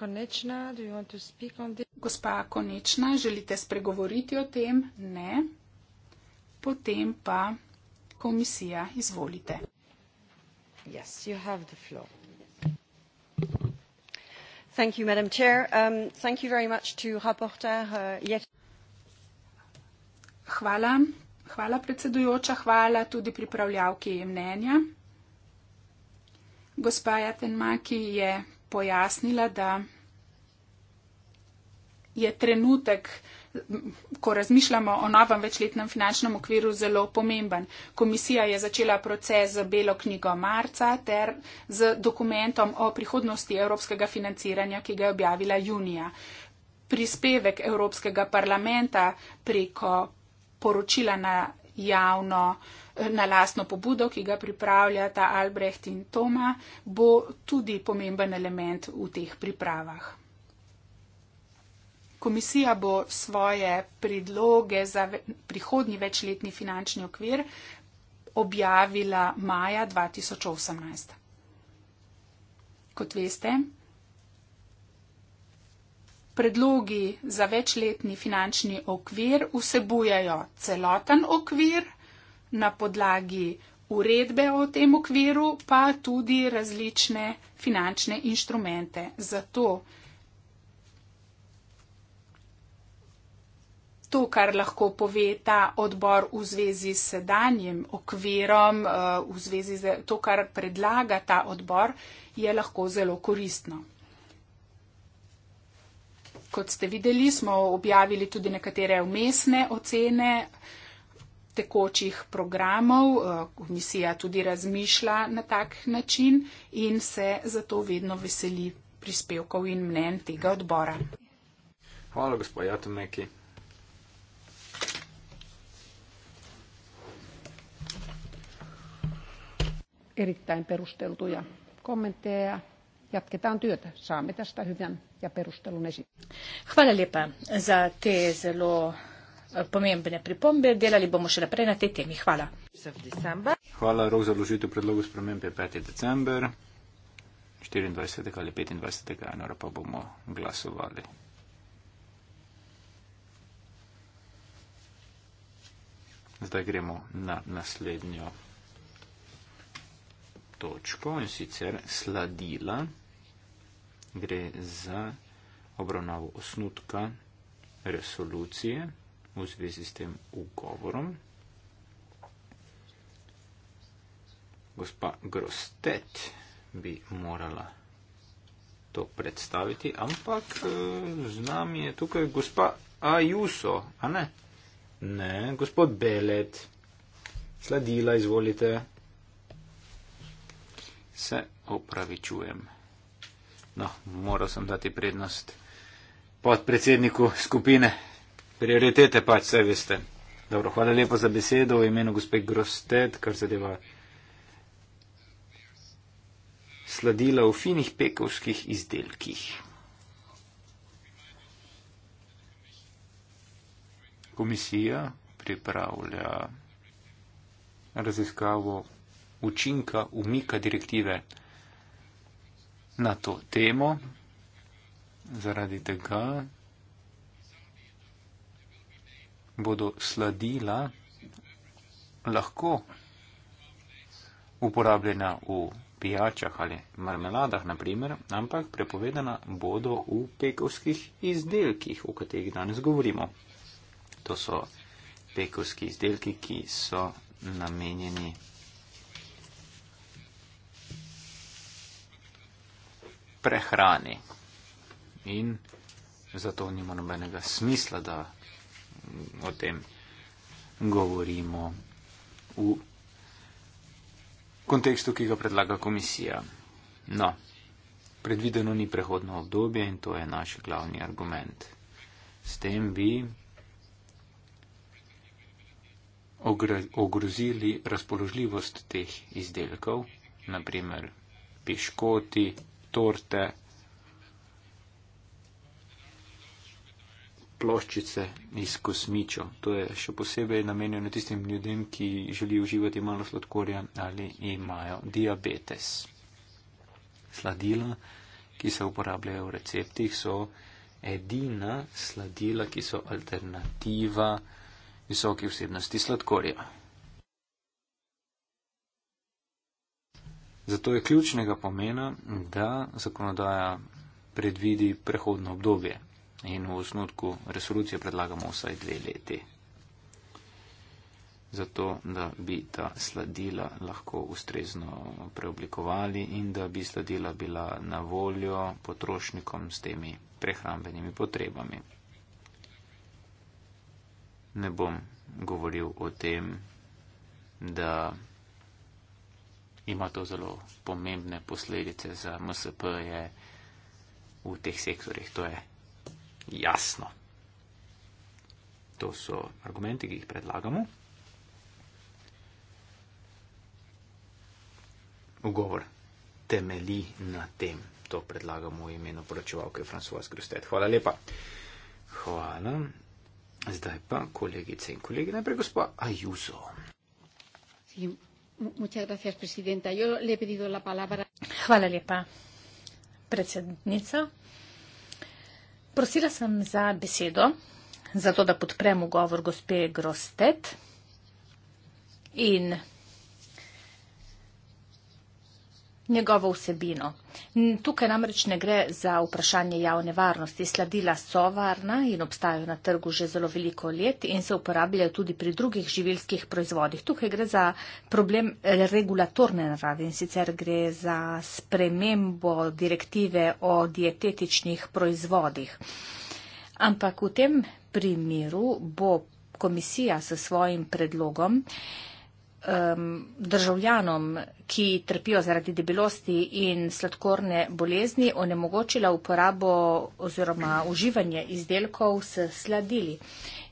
B: Konečna, Gospa Konečna, želite spregovoriti o tem? Ne potem pa komisija izvolite. Yes, you have the floor. Thank you, Madam Chair. Um, thank you very much to rapporteur. Uh, yet... Hvala. Hvala, predsedujoča. Hvala tudi pripravljavki mnenja. Gospa Jatenmaki je pojasnila, da je trenutek, ko razmišljamo o novem večletnem finančnem okviru, zelo pomemben. Komisija je začela proces z Belo knjigo marca ter z dokumentom o prihodnosti evropskega financiranja, ki ga je objavila junija. Prispevek Evropskega parlamenta preko poročila na javno, na lastno pobudo, ki ga pripravljata Albrecht in Toma, bo tudi pomemben element v teh pripravah. Komisija bo svoje predloge za prihodnji večletni finančni okvir objavila maja 2018. Kot veste, predlogi za večletni finančni okvir vsebujajo celoten okvir na podlagi uredbe o tem okviru, pa tudi različne finančne inštrumente. Zato to, kar lahko pove ta odbor v zvezi s sedanjem okvirom, eh, v zvezi z to, kar predlaga ta odbor, je lahko zelo koristno. Kot ste videli, smo objavili tudi nekatere umestne ocene tekočih programov. Eh, komisija tudi razmišlja na tak način in se zato vedno veseli prispevkov in mnen tega odbora.
A: Hvala, gospod
C: Jatomeki.
B: erittäin perusteltuja kommentteja ja
A: jatketaan työtä. Saamme tästä hyvän ja perustelun esiin. Hvala lepa za te zelo eh, pomembne pripombe. Delali bomo še naprej na te temi. Hvala.
C: Hvala, rok za vložitev predlogu sprememb je 5. december. 24. ali 25. januara pa bomo glasovali. Zdaj gremo na naslednjo točko in sicer sladila gre za obravnavo osnutka resolucije v zvezi s tem ugovorom. Gospa Grostet bi morala to predstaviti, ampak e, z nami je tukaj gospa Ajuso, a ne? Ne, gospod Belet. Sladila, izvolite se opravičujem. No, moral sem dati prednost podpredsedniku skupine. Prioritete pač, vse veste. Dobro, hvala lepa za besedo v imenu gospe Grosted, kar zadeva sladila v finih pekovskih izdelkih. Komisija pripravlja raziskavo učinka umika direktive na to temo. Zaradi tega bodo sladila lahko uporabljena v pijačah ali marmeladah, naprimer, ampak prepovedana bodo v pekovskih izdelkih, o katerih danes govorimo. To so pekovski izdelki, ki so namenjeni prehrani. In zato nima nobenega smisla, da o tem govorimo v kontekstu, ki ga predlaga komisija. No, predvideno ni prehodno obdobje in to je naš glavni argument. S tem bi ogrozili razpoložljivost teh izdelkov, naprimer piškoti, torte, ploščice iz kosmičo. To je še posebej namenjeno tistim ljudem, ki želijo uživati malo sladkorja ali imajo diabetes. Sladila, ki se uporabljajo v receptih, so edina sladila, ki so alternativa visoki vsebnosti sladkorja. Zato je ključnega pomena, da zakonodaja predvidi prehodno obdobje in v osnutku resolucije predlagamo vsaj dve leti. Zato, da bi ta sladila lahko ustrezno preoblikovali in da bi sladila bila na voljo potrošnikom s temi prehrambenimi potrebami. Ne bom govoril o tem, da ima to zelo pomembne posledice za MSP-je v teh sektorjih. To je jasno. To so argumenti, ki jih predlagamo. Ugovor temeli na tem. To predlagamo v imenu poročevalke Francois Grustet. Hvala lepa. Hvala. Zdaj pa kolegice in kolegi. Najprej gospod Ajuso.
A: Muchas gracias, presidenta. Yo le he pedido la palabra. Hvala lepa, predsednica. Prosila sem za besedo, zato da podprem ugovor gospe Grostet in njegovo vsebino. Tukaj namreč ne gre za vprašanje javne varnosti. Sladila so varna in obstajajo na trgu že zelo veliko let in se uporabljajo tudi pri drugih živilskih proizvodih. Tukaj gre za problem eh, regulatorne narave in sicer gre za spremembo direktive o dietetičnih proizvodih. Ampak v tem primeru bo komisija s svojim predlogom um, državljanom, ki trpijo zaradi debelosti in sladkorne bolezni, onemogočila uporabo oziroma uživanje izdelkov s sladili.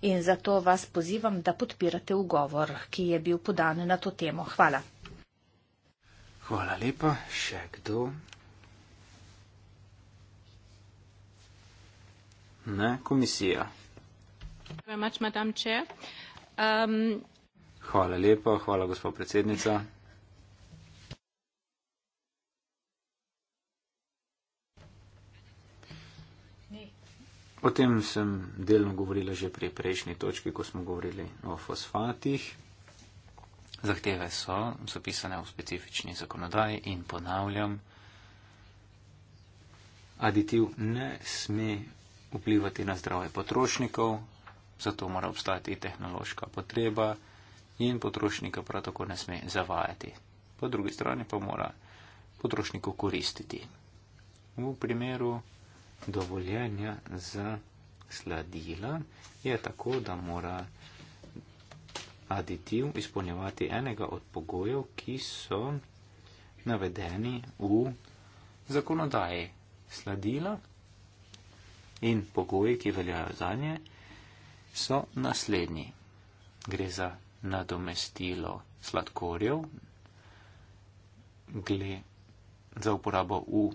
A: In zato vas pozivam, da podpirate ugovor, ki je bil podan na to temo. Hvala.
C: Hvala lepa. Še kdo? Ne, komisija.
B: Very much, Madam Chair. Um,
C: Hvala lepa, hvala gospod predsednica. O tem sem delno govorila že pri prejšnji točki, ko smo govorili o fosfatih. Zahteve so zapisane v specifični zakonodaji in ponavljam, aditiv ne sme vplivati na zdravje potrošnikov, zato mora obstati tehnološka potreba in potrošnika prav tako ne sme zavajati. Po drugi strani pa mora potrošniku koristiti. V primeru dovoljenja za sladila je tako, da mora aditiv izpolnjevati enega od pogojev, ki so navedeni v zakonodaji. Sladila in pogoji, ki veljajo za nje, so naslednji. Gre za nadomestilo sladkorjev gle za uporabo v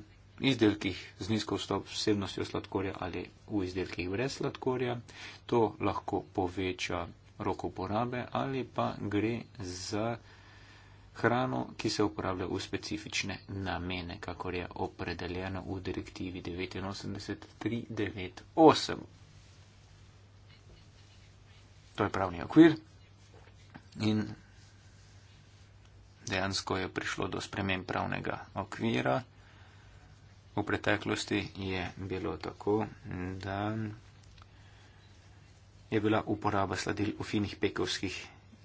C: izdelkih z nizko vsebnostjo sladkorja ali v izdelkih brez sladkorja. To lahko poveča rok uporabe ali pa gre za hrano, ki se uporablja v specifične namene, kakor je opredeljeno v direktivi 89398. To je pravni okvir in dejansko je prišlo do sprememb pravnega okvira. V preteklosti je bilo tako, da je bila uporaba sladil v finih pekovskih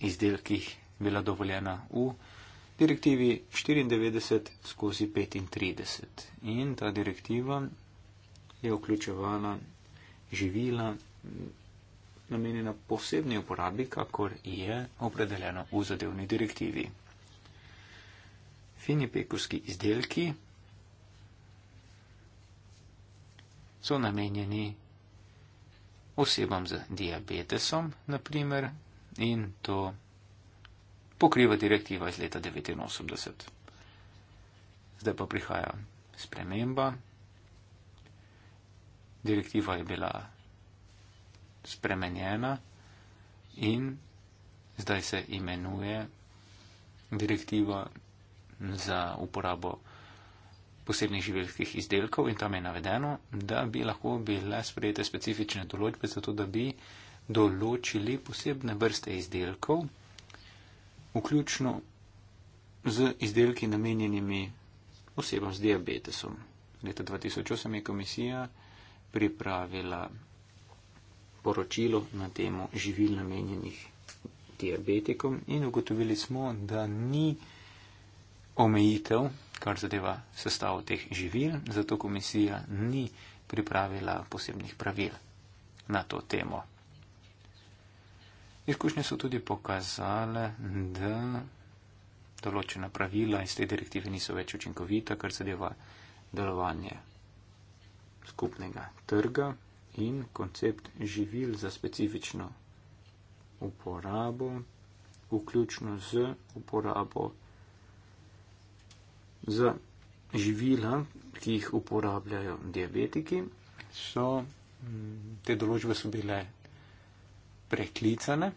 C: izdelkih bila dovoljena v direktivi 94 skozi 35. In ta direktiva je vključevala živila namenjena posebni uporabi, kakor je opredeljeno v zadevni direktivi. Fini pekurski izdelki so namenjeni osebam z diabetesom, naprimer, in to pokriva direktiva iz leta 1989. Zdaj pa prihaja sprememba. Direktiva je bila spremenjena in zdaj se imenuje direktiva za uporabo posebnih živelskih izdelkov in tam je navedeno, da bi lahko bile sprejete specifične določbe zato, da bi določili posebne vrste izdelkov, vključno z izdelki namenjenimi osebam z diabetesom. Leta 2008 je komisija pripravila poročilo na temo živil namenjenih diabetikom in ugotovili smo, da ni omejitev, kar zadeva sestavo teh živil, zato komisija ni pripravila posebnih pravil na to temo. Izkušnje so tudi pokazale, da določena pravila iz te direktive niso več učinkovita, kar zadeva delovanje skupnega trga in koncept živil za specifično uporabo, vključno z uporabo za živila, ki jih uporabljajo diabetiki, so mm, te določbe so bile preklicane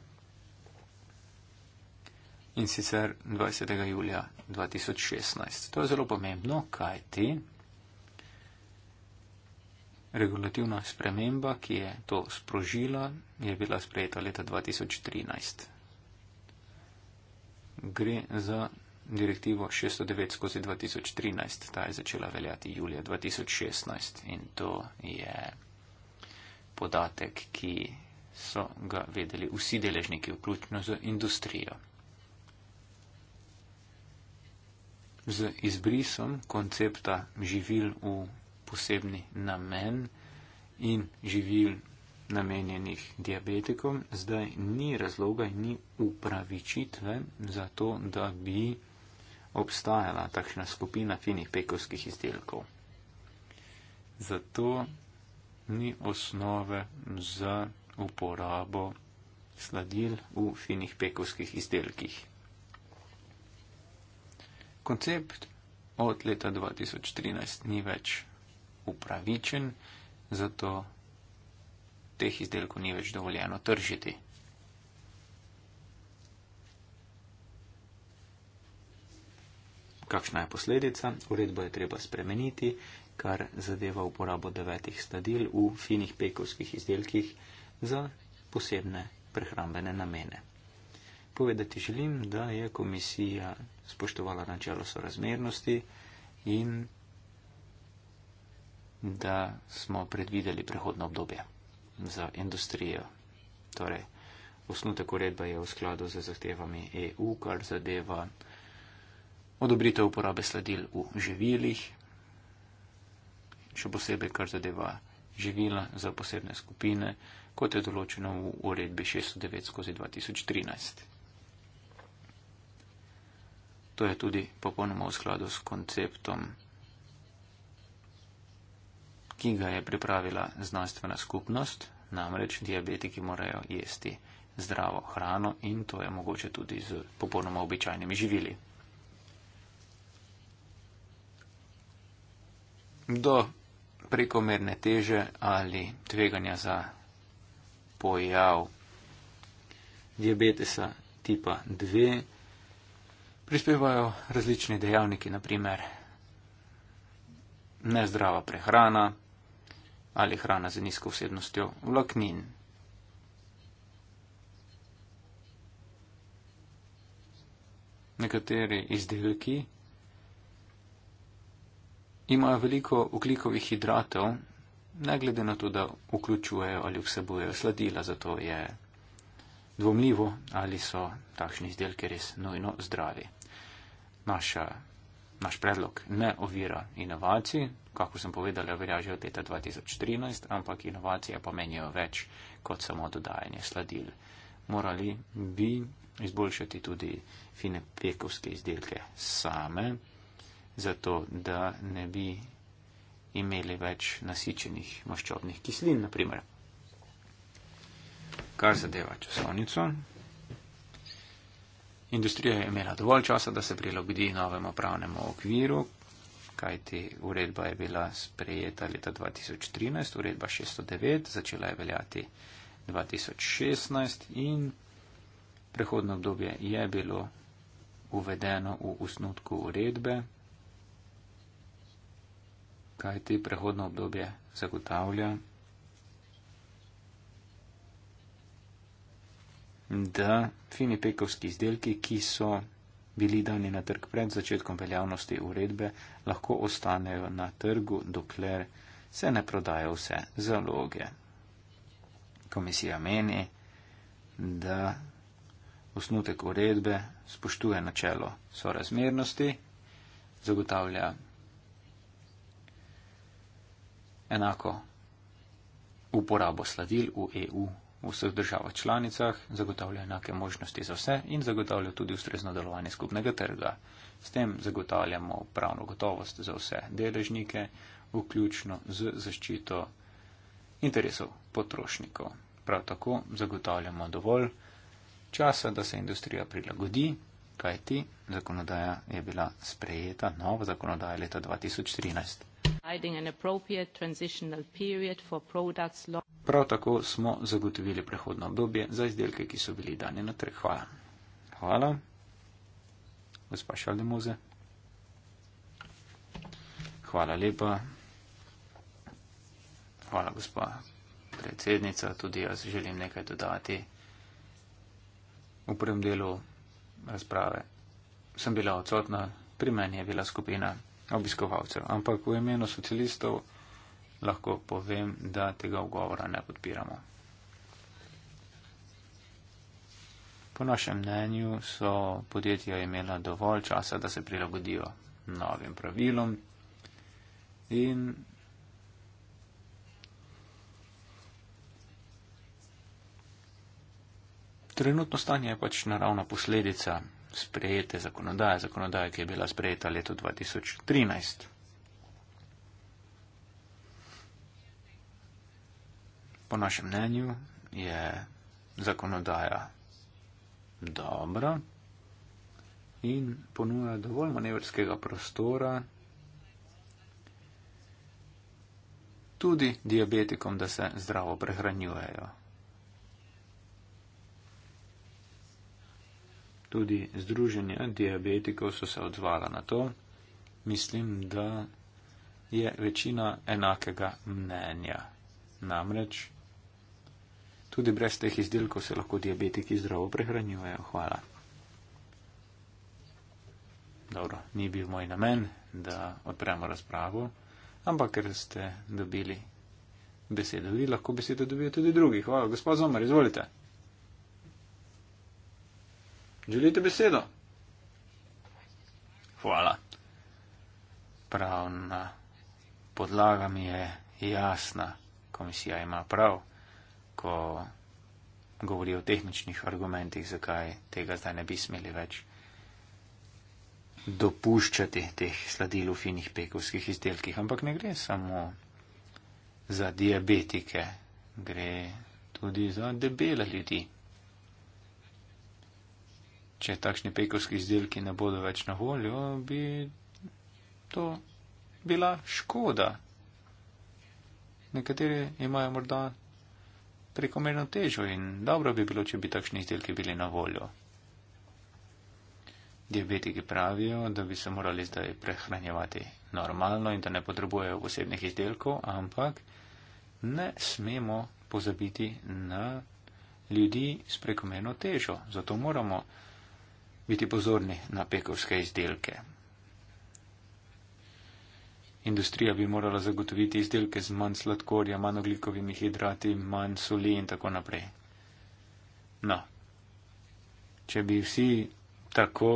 C: in sicer 20. julija 2016. To je zelo pomembno, kaj ti regulativna sprememba, ki je to sprožila, je bila sprejeta leta 2013. Gre za direktivo 609 skozi 2013, ta je začela veljati julija 2016 in to je podatek, ki so ga vedeli vsi deležniki, vključno z industrijo. Z izbrisom koncepta živil v posebni namen in živil namenjenih diabetikom, zdaj ni razloga in ni upravičitve za to, da bi obstajala takšna skupina finih pekovskih izdelkov. Zato ni osnove za uporabo sladil v finih pekovskih izdelkih. Koncept od leta 2013 ni več upravičen, zato teh izdelkov ni več dovoljeno tržiti. Kakšna je posledica? Uredbo je treba spremeniti, kar zadeva uporabo devetih stadil v finih pekovskih izdelkih za posebne prehrambene namene. Povedati želim, da je komisija spoštovala načelo sorazmernosti in da smo predvideli prehodno obdobje za industrijo. Torej, osnutek uredbe je v skladu z zahtevami EU, kar zadeva odobritev uporabe sladil v živilih, še posebej kar zadeva živila za posebne skupine, kot je določeno v uredbi 609 skozi 2013. To je tudi popolnoma v skladu s konceptom ki ga je pripravila znanstvena skupnost, namreč diabetiki morajo jesti zdravo hrano in to je mogoče tudi z popolnoma običajnimi živili. Do prekomerne teže ali tveganja za pojav diabetesa tipa 2 prispevajo različni dejavniki, naprimer nezdrava prehrana, ali hrana z nizko vsebnostjo vlaknin. Nekateri izdelki imajo veliko uglikovih hidratov, ne glede na to, da vključujejo ali vsebujejo sladila, zato je dvomljivo, ali so takšni izdelki res nujno zdravi. Naša, naš predlog ne ovira inovacij, kako sem povedala, velja že od leta 2013, ampak inovacije pomenijo več kot samo dodajanje sladil. Morali bi izboljšati tudi fine pekovske izdelke same, zato da ne bi imeli več nasičenih maščobnih kislin, naprimer. Kar zadeva časovnico. Industrija je imela dovolj časa, da se prilagodi novemu pravnemu okviru, kajti uredba je bila sprejeta leta 2013, uredba 609, začela je veljati 2016 in prehodno obdobje je bilo uvedeno v usnutku uredbe, kajti prehodno obdobje zagotavlja, da finipekovski izdelki, ki so bili dani na trg pred začetkom veljavnosti uredbe, lahko ostanejo na trgu, dokler se ne prodajo vse zaloge. Komisija meni, da osnutek uredbe spoštuje načelo sorazmernosti, zagotavlja enako uporabo sladil v EU v vseh državah članicah, zagotavlja enake možnosti za vse in zagotavlja tudi ustrezno delovanje skupnega trga. S tem zagotavljamo pravno gotovost za vse deležnike, vključno z zaščito interesov potrošnikov. Prav tako zagotavljamo dovolj časa, da se industrija prilagodi, kajti zakonodaja je bila sprejeta, nova zakonodaja leta
A: 2013.
C: Prav tako smo zagotovili prehodno obdobje za izdelke, ki so bili dani na trg. Hvala. Hvala. Gospa Šaldemoze. Hvala lepa. Hvala, gospa predsednica. Tudi jaz želim nekaj dodati. V prvem delu razprave sem bila odsotna, pri meni je bila skupina obiskovalcev, ampak v imenu socialistov lahko povem, da tega ugovora ne podpiramo. Po našem mnenju so podjetja imela dovolj časa, da se prilagodijo novim pravilom in trenutno stanje je pač naravna posledica sprejete zakonodaje, zakonodaje, ki je bila sprejeta leto 2013. Po našem mnenju je zakonodaja dobra in ponuja dovolj manevrskega prostora tudi diabetikom, da se zdravo prehranjujejo. Tudi združenja diabetikov so se odzvala na to. Mislim, da je večina enakega mnenja. Namreč Tudi brez teh izdelkov se lahko diabetiki zdravo prehranjujejo. Hvala. Dobro, ni bil moj namen, da odpremo razpravo, ampak ker ste dobili besedo vi, lahko besedo dobijo tudi drugi. Hvala, gospod Zomar, izvolite. Želite besedo? Hvala. Pravna podlaga mi je jasna. Komisija ima prav ko govori o tehničnih argumentih, zakaj tega zdaj ne bi smeli več dopuščati teh sladil v finih pekovskih izdelkih. Ampak ne gre samo za diabetike, gre tudi za debele ljudi. Če takšni pekovski izdelki ne bodo več na voljo, bi to bila škoda. Nekateri imajo morda prekomerno težo in dobro bi bilo, če bi takšni izdelki bili na voljo. Diabetiki pravijo, da bi se morali zdaj prehranjevati normalno in da ne potrebujejo posebnih izdelkov, ampak ne smemo pozabiti na ljudi s prekomerno težo. Zato moramo biti pozorni na pekovske izdelke industrija bi morala zagotoviti izdelke z manj sladkorja, manj oglikovimi hidrati, manj soli in tako naprej. No, če bi vsi tako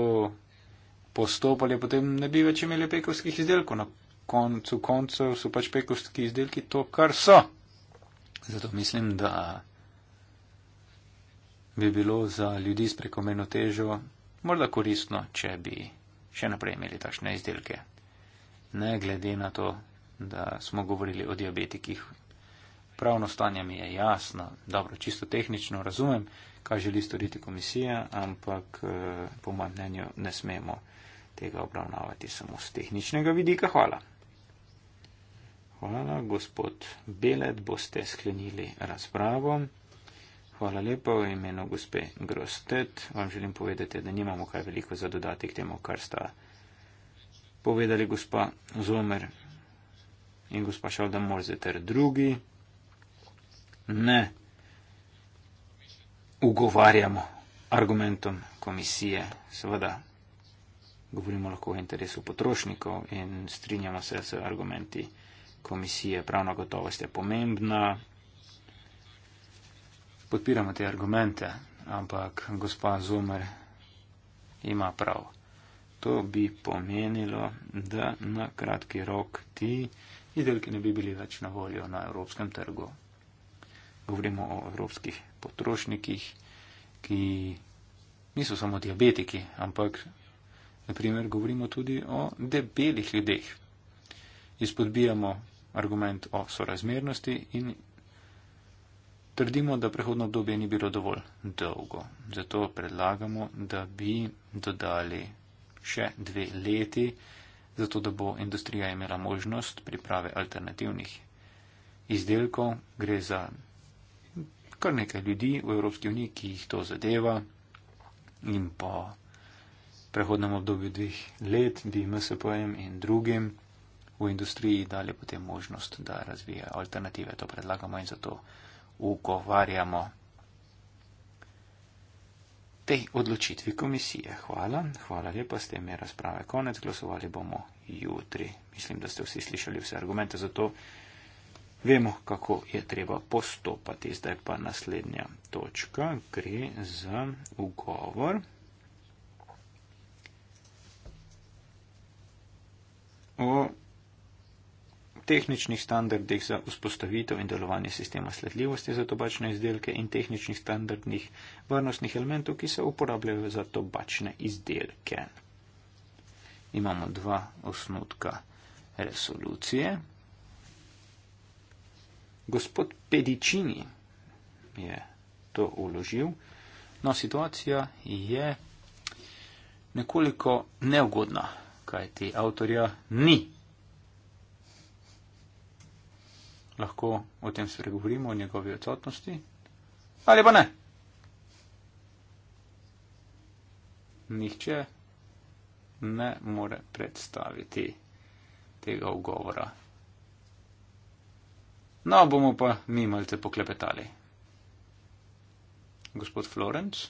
C: postopali, potem ne bi več imeli pekovskih izdelkov. Na koncu koncev so pač pekovski izdelki to, kar so. Zato mislim, da bi bilo za ljudi s prekomeno težo morda koristno, če bi še naprej imeli takšne izdelke ne glede na to, da smo govorili o diabetikih. Pravno stanje mi je jasno, dobro, čisto tehnično razumem, kaj želi storiti komisija, ampak eh, po mojem mnenju ne smemo tega obravnavati samo z tehničnega vidika. Hvala. Hvala, gospod Belet, boste sklenili razpravo. Hvala lepa v imenu gospe Grostet. Vam želim povedati, da nimamo kaj veliko za dodati k temu, kar sta povedali gospa Zomer in gospa Šalda Morze ter drugi, ne ugovarjamo argumentom komisije, seveda govorimo lahko o interesu potrošnikov in strinjamo se s argumenti komisije, pravna gotovost je pomembna, podpiramo te argumente, ampak gospa Zomer ima prav. To bi pomenilo, da na kratki rok ti izdelki ne bi bili več na voljo na evropskem trgu. Govorimo o evropskih potrošnikih, ki niso samo diabetiki, ampak naprimer govorimo tudi o debelih ljudeh. Izpodbijamo argument o sorazmernosti in trdimo, da prehodno obdobje ni bilo dovolj dolgo. Zato predlagamo, da bi dodali še dve leti, zato da bo industrija imela možnost priprave alternativnih izdelkov. Gre za kar nekaj ljudi v Evropski uniji, ki jih to zadeva in po prehodnem obdobju dveh let bi MSP-jem in drugim v industriji dali potem možnost, da razvije alternative. To predlagamo in zato ugovarjamo tej odločitvi komisije. Hvala, hvala lepa, s tem je razprave konec, glasovali bomo jutri. Mislim, da ste vsi slišali vse argumente za to. Vemo, kako je treba postopati. Zdaj pa naslednja točka gre za ugovor. O tehničnih standardih za vzpostavitev in delovanje sistema sledljivosti za tobačne izdelke in tehničnih standardnih varnostnih elementov, ki se uporabljajo za tobačne izdelke. Imamo dva osnutka resolucije. Gospod Pedicini je to uložil. No, situacija je nekoliko neugodna, kajti avtorja ni lahko o tem spregovorimo, o njegovi odsotnosti ali pa ne. Nihče ne more predstaviti tega ugovora. No, bomo pa mi malce poklepetali. Gospod Florence.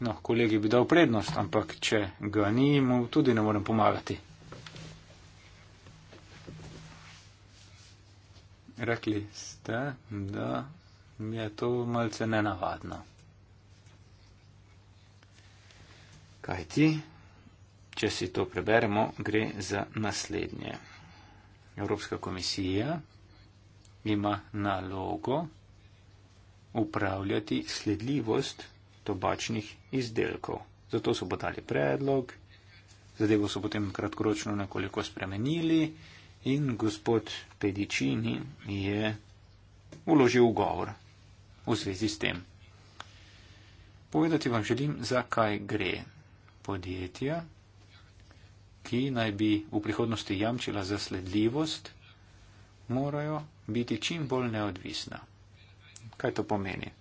C: No, kolegi bi dal prednost, ampak če ga ni, mu tudi ne morem pomagati. rekli ste, da je to malce nenavadno. Kaj ti, če si to preberemo, gre za naslednje. Evropska komisija ima nalogo upravljati sledljivost tobačnih izdelkov. Zato so podali predlog, zadevo so potem kratkoročno nekoliko spremenili. In gospod Pedicini je uložil govor v zvezi s tem. Povedati vam želim, zakaj gre podjetja, ki naj bi v prihodnosti jamčila zasledljivost, morajo biti čim bolj neodvisna. Kaj to pomeni?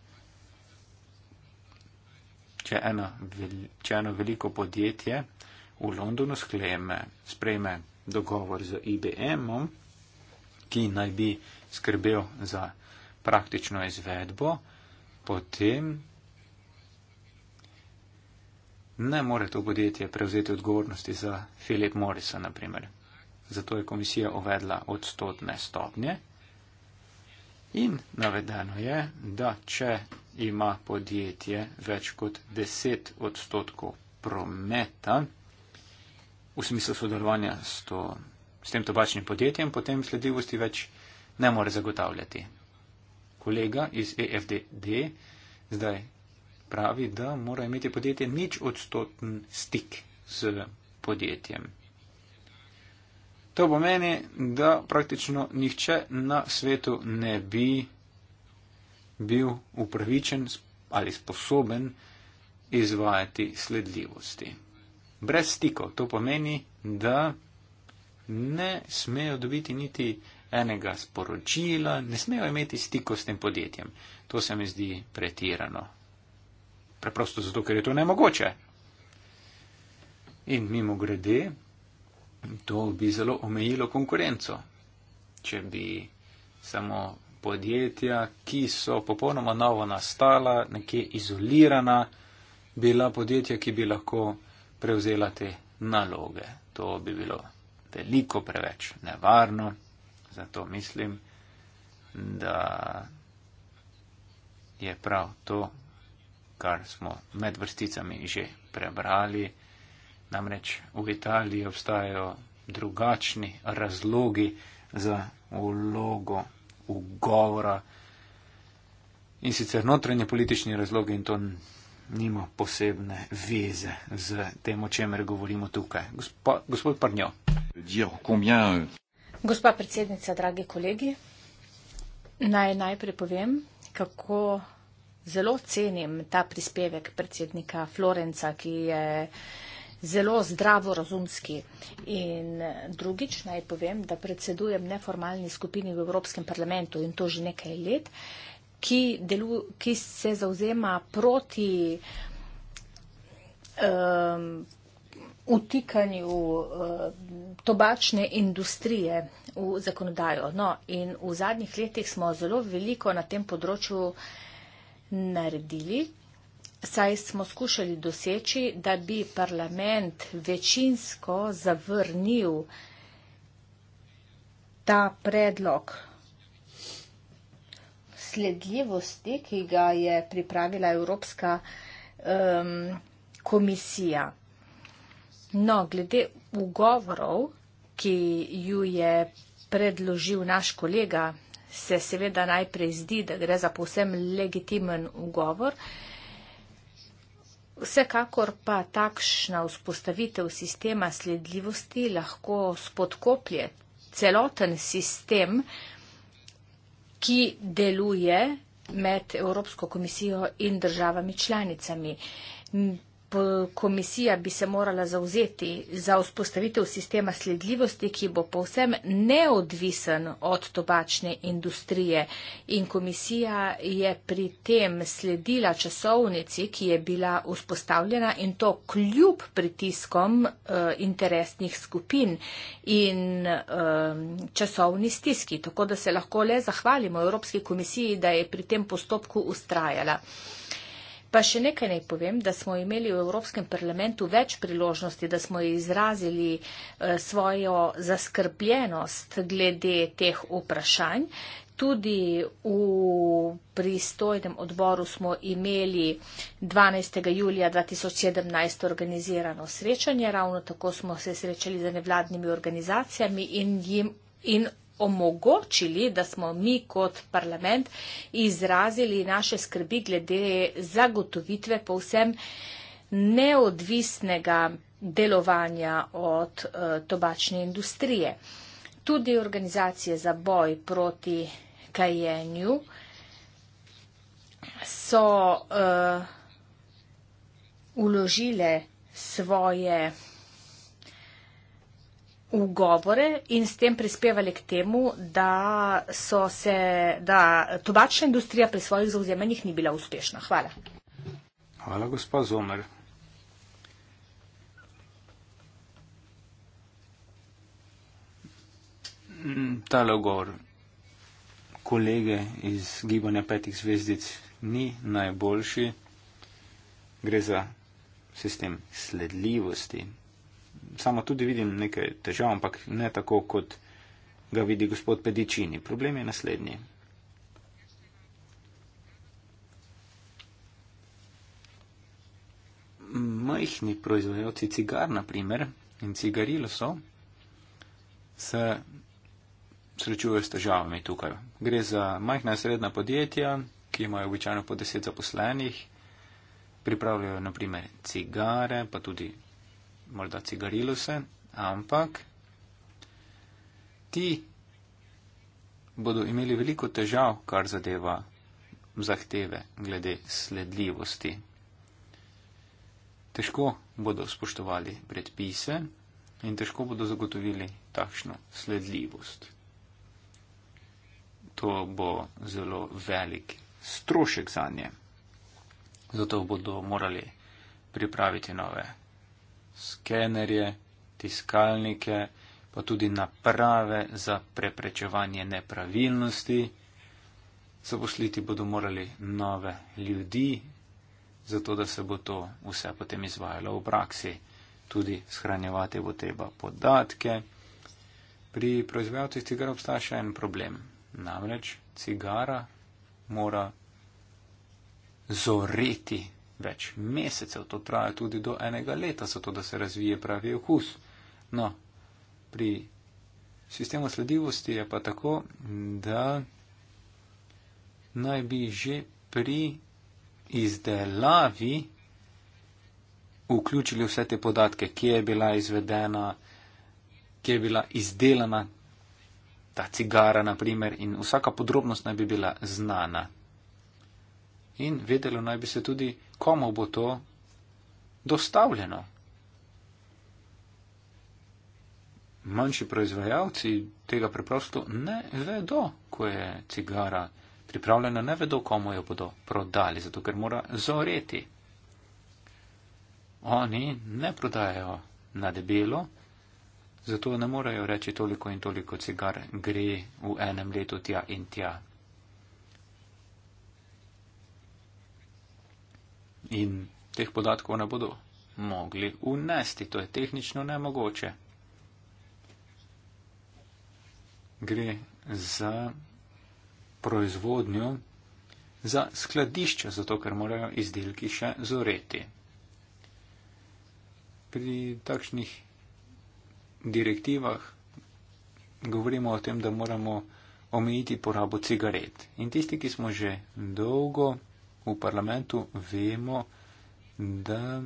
C: Če eno, če eno veliko podjetje v Londonu skleme, sprejme dogovor z IBM-om, ki naj bi skrbel za praktično izvedbo, potem ne more to podjetje prevzeti odgovornosti za Philip Morrisa, naprimer. Zato je komisija uvedla odstotne stopnje in navedeno je, da če ima podjetje več kot 10 odstotkov prometa, v smislu sodelovanja s, to, s tem tobačnim podjetjem, potem sledljivosti več ne more zagotavljati. Kolega iz EFDD zdaj pravi, da mora imeti podjetje nič odstoten stik z podjetjem. To pomeni, da praktično nihče na svetu ne bi bil upravičen ali sposoben izvajati sledljivosti brez stikov. To pomeni, da ne smejo dobiti niti enega sporočila, ne smejo imeti stikov s tem podjetjem. To se mi zdi pretirano. Preprosto zato, ker je to nemogoče. In mimo grede, to bi zelo omejilo konkurenco. Če bi samo podjetja, ki so popolnoma novo nastala, nekje izolirana, bila podjetja, ki bi lahko prevzela te naloge. To bi bilo veliko preveč nevarno, zato mislim, da je prav to, kar smo med vrsticami že prebrali. Namreč v Italiji obstajajo drugačni razlogi za vlogo ugovora in sicer notranje politični razlogi in to nima posebne veze z tem, o čemer govorimo tukaj. Gospa, gospod Parnjo. Euh,
A: Gospa predsednica, dragi kolegi, naj najprej povem, kako zelo cenim ta prispevek predsednika Florenca, ki je zelo zdravo razumski. In drugič naj povem, da predsedujem neformalni skupini v Evropskem parlamentu in to že nekaj let ki, delu, ki se zauzema proti um, utikanju um, tobačne industrije v zakonodajo. No, in v zadnjih letih smo zelo veliko na tem področju naredili, saj smo skušali doseči, da bi parlament večinsko zavrnil ta predlog sledljivosti, ki ga je pripravila Evropska um, komisija. No, glede ugovorov, ki ju je predložil naš kolega, se seveda najprej zdi, da gre za povsem legitimen ugovor. Vsekakor pa takšna vzpostavitev sistema sledljivosti lahko spodkoplje celoten sistem uh, ki deluje med Evropsko komisijo in državami članicami komisija bi se morala zauzeti za vzpostavitev sistema sledljivosti, ki bo povsem neodvisen od tobačne industrije. In komisija je pri tem sledila časovnici, ki je bila vzpostavljena in to kljub pritiskom uh, interesnih skupin in uh, časovni stiski. Tako da se lahko le zahvalimo Evropski komisiji, da je pri tem postopku ustrajala. Pa še nekaj naj povem, da smo imeli v Evropskem parlamentu več priložnosti, da smo izrazili eh, svojo zaskrbljenost glede teh vprašanj. Tudi v pristojnem odboru smo imeli 12. julija 2017 organizirano srečanje, ravno tako smo se srečali z nevladnimi organizacijami in jim. In omogočili, da smo mi kot parlament izrazili naše skrbi glede zagotovitve povsem neodvisnega delovanja od uh, tobačne industrije. Tudi organizacije za boj proti kajenju so uh, uložile svoje uh, ugovore in s tem prispevali k temu, da, se, da tobačna industrija pri svojih zauzemanjih ni bila uspešna. Hvala.
C: Hvala, gospod Zomer. Mm, tale ugovor kolege iz gibanja petih zvezdic ni najboljši. Gre za sistem sledljivosti, samo tudi vidim nekaj težav, ampak ne tako, kot ga vidi gospod Pedičini. Problem je naslednji. Majhni proizvajalci cigar, na primer, in cigarilo so, se srečujejo s težavami tukaj. Gre za majhna in srednja podjetja, ki imajo običajno po deset zaposlenih, pripravljajo naprimer cigare, pa tudi morda cigariluse, ampak ti bodo imeli veliko težav, kar zadeva zahteve glede sledljivosti. Težko bodo spoštovali predpise in težko bodo zagotovili takšno sledljivost. To bo zelo velik strošek za nje. Zato bodo morali pripraviti nove skenerje, tiskalnike, pa tudi naprave za preprečevanje nepravilnosti. Zaposliti bodo morali nove ljudi, zato da se bo to vse potem izvajalo v praksi. Tudi shranjevati bo treba podatke. Pri proizvajalcih cigara obstaja še en problem. Namreč cigara mora zoreti več mesecev, to traja tudi do enega leta, zato da se razvije pravi okus. No, pri sistemu sledljivosti je pa tako, da naj bi že pri izdelavi vključili vse te podatke, kje je bila izvedena, kje je bila izdelana ta cigara, naprimer, in vsaka podrobnost naj bi bila znana in vedelo naj bi se tudi, komu bo to dostavljeno. Manjši proizvajalci tega preprosto ne vedo, ko je cigara pripravljena, ne vedo, komu jo bodo prodali, zato ker mora zoreti. Oni ne prodajajo na debelo, zato ne morejo reči toliko in toliko cigar gre v enem letu tja in tja. in teh podatkov ne bodo mogli unesti, to je tehnično nemogoče. Gre za proizvodnjo, za skladišče, zato ker morajo izdelki še zoreti. Pri takšnih direktivah govorimo o tem, da moramo omejiti porabo cigaret. In tisti, ki smo že dolgo v parlamentu, vemo, da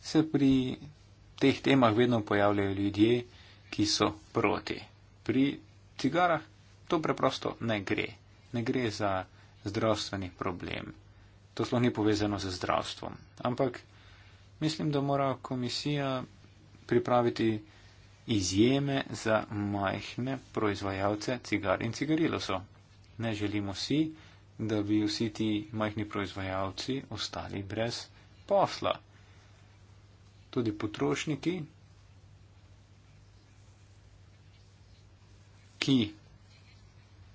C: se pri teh temah vedno pojavljajo ljudje, ki so proti. Pri cigarah to preprosto ne gre. Ne gre za zdravstveni problem. To sloh ni povezano z zdravstvom. Ampak mislim, da mora komisija pripraviti izjeme za majhne proizvajalce cigar in cigarilosov. Ne želimo si, da bi vsi ti majhni proizvajalci ostali brez posla. Tudi potrošniki, ki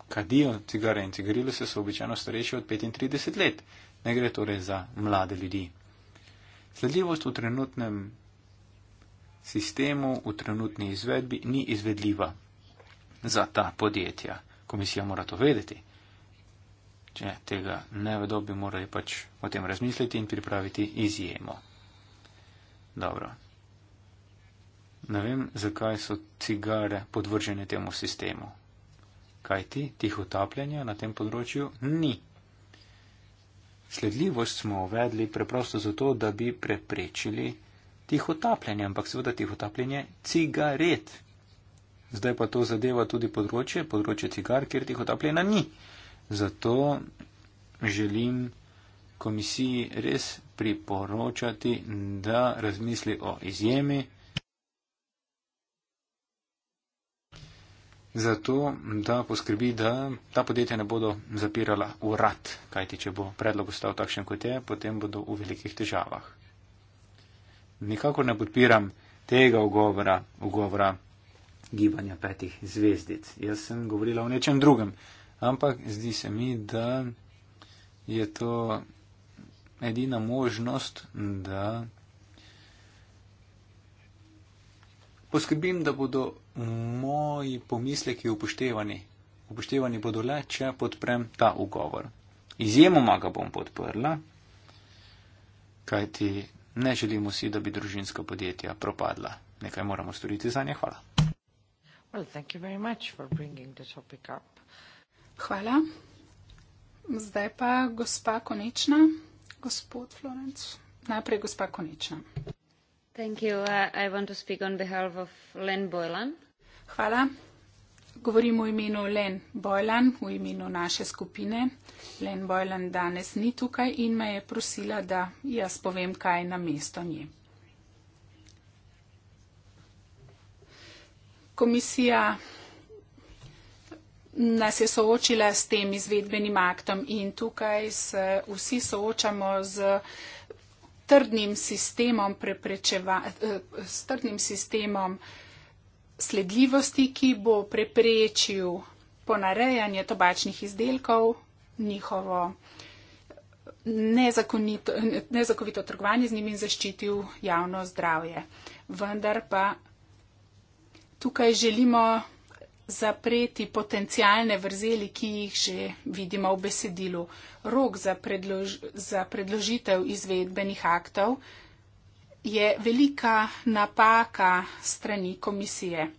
C: kadijo cigare in cigarile, se so običajno starejši od 35 let. Ne gre torej za mlade ljudi. Sledljivost v trenutnem sistemu, v trenutni izvedbi, ni izvedljiva za ta podjetja. Komisija mora to vedeti. Če tega ne vedo, bi morali pač o tem razmisliti in pripraviti izjemo. Dobro. Ne vem, zakaj so cigare podvržene temu sistemu. Kaj ti, tih utapljanja na tem področju ni. Sledljivost smo uvedli preprosto zato, da bi preprečili tih utapljanja, ampak seveda tih utapljanje cigaret. Zdaj pa to zadeva tudi področje, področje cigar, kjer tih utapljanja ni. Zato želim komisiji res priporočati, da razmisli o izjemi. Zato, da poskrbi, da ta podjetja ne bodo zapirala urad, kajti če bo predlog ostal takšen, kot je, potem bodo v velikih težavah. Nikakor ne podpiram tega ugovora, ugovora gibanja petih zvezdic. Jaz sem govorila o nečem drugem. Ampak zdi se mi, da je to edina možnost, da poskrbim, da bodo moji pomisleki upoštevani. Upoštevani bodo le, če podprem ta ugovor. Izjemoma ga bom podprla, kajti ne želimo si, da bi družinska podjetja propadla. Nekaj moramo storiti za nje. Hvala.
B: Well, thank you very much for bringing the topic up. Hvala. Zdaj pa gospa Konečna, gospod Florenc. Najprej gospa Konečna. Uh, Hvala. Govorim v imenu Len Bojlan, v imenu naše skupine. Len Bojlan danes ni tukaj in me je prosila, da jaz povem, kaj na mesto nje. Komisija nas je soočila s tem izvedbenim aktom in tukaj se vsi soočamo z trdnim sistemom, eh, s trdnim sistemom sledljivosti, ki bo preprečil ponarejanje tobačnih izdelkov, njihovo nezakonito, nezakonito trgovanje z njimi in zaščitil javno zdravje. Vendar pa tukaj želimo zapreti potencijalne vrzeli, ki jih že vidimo v besedilu. Rok za, predlož, za predložitev izvedbenih aktov je velika napaka strani komisije.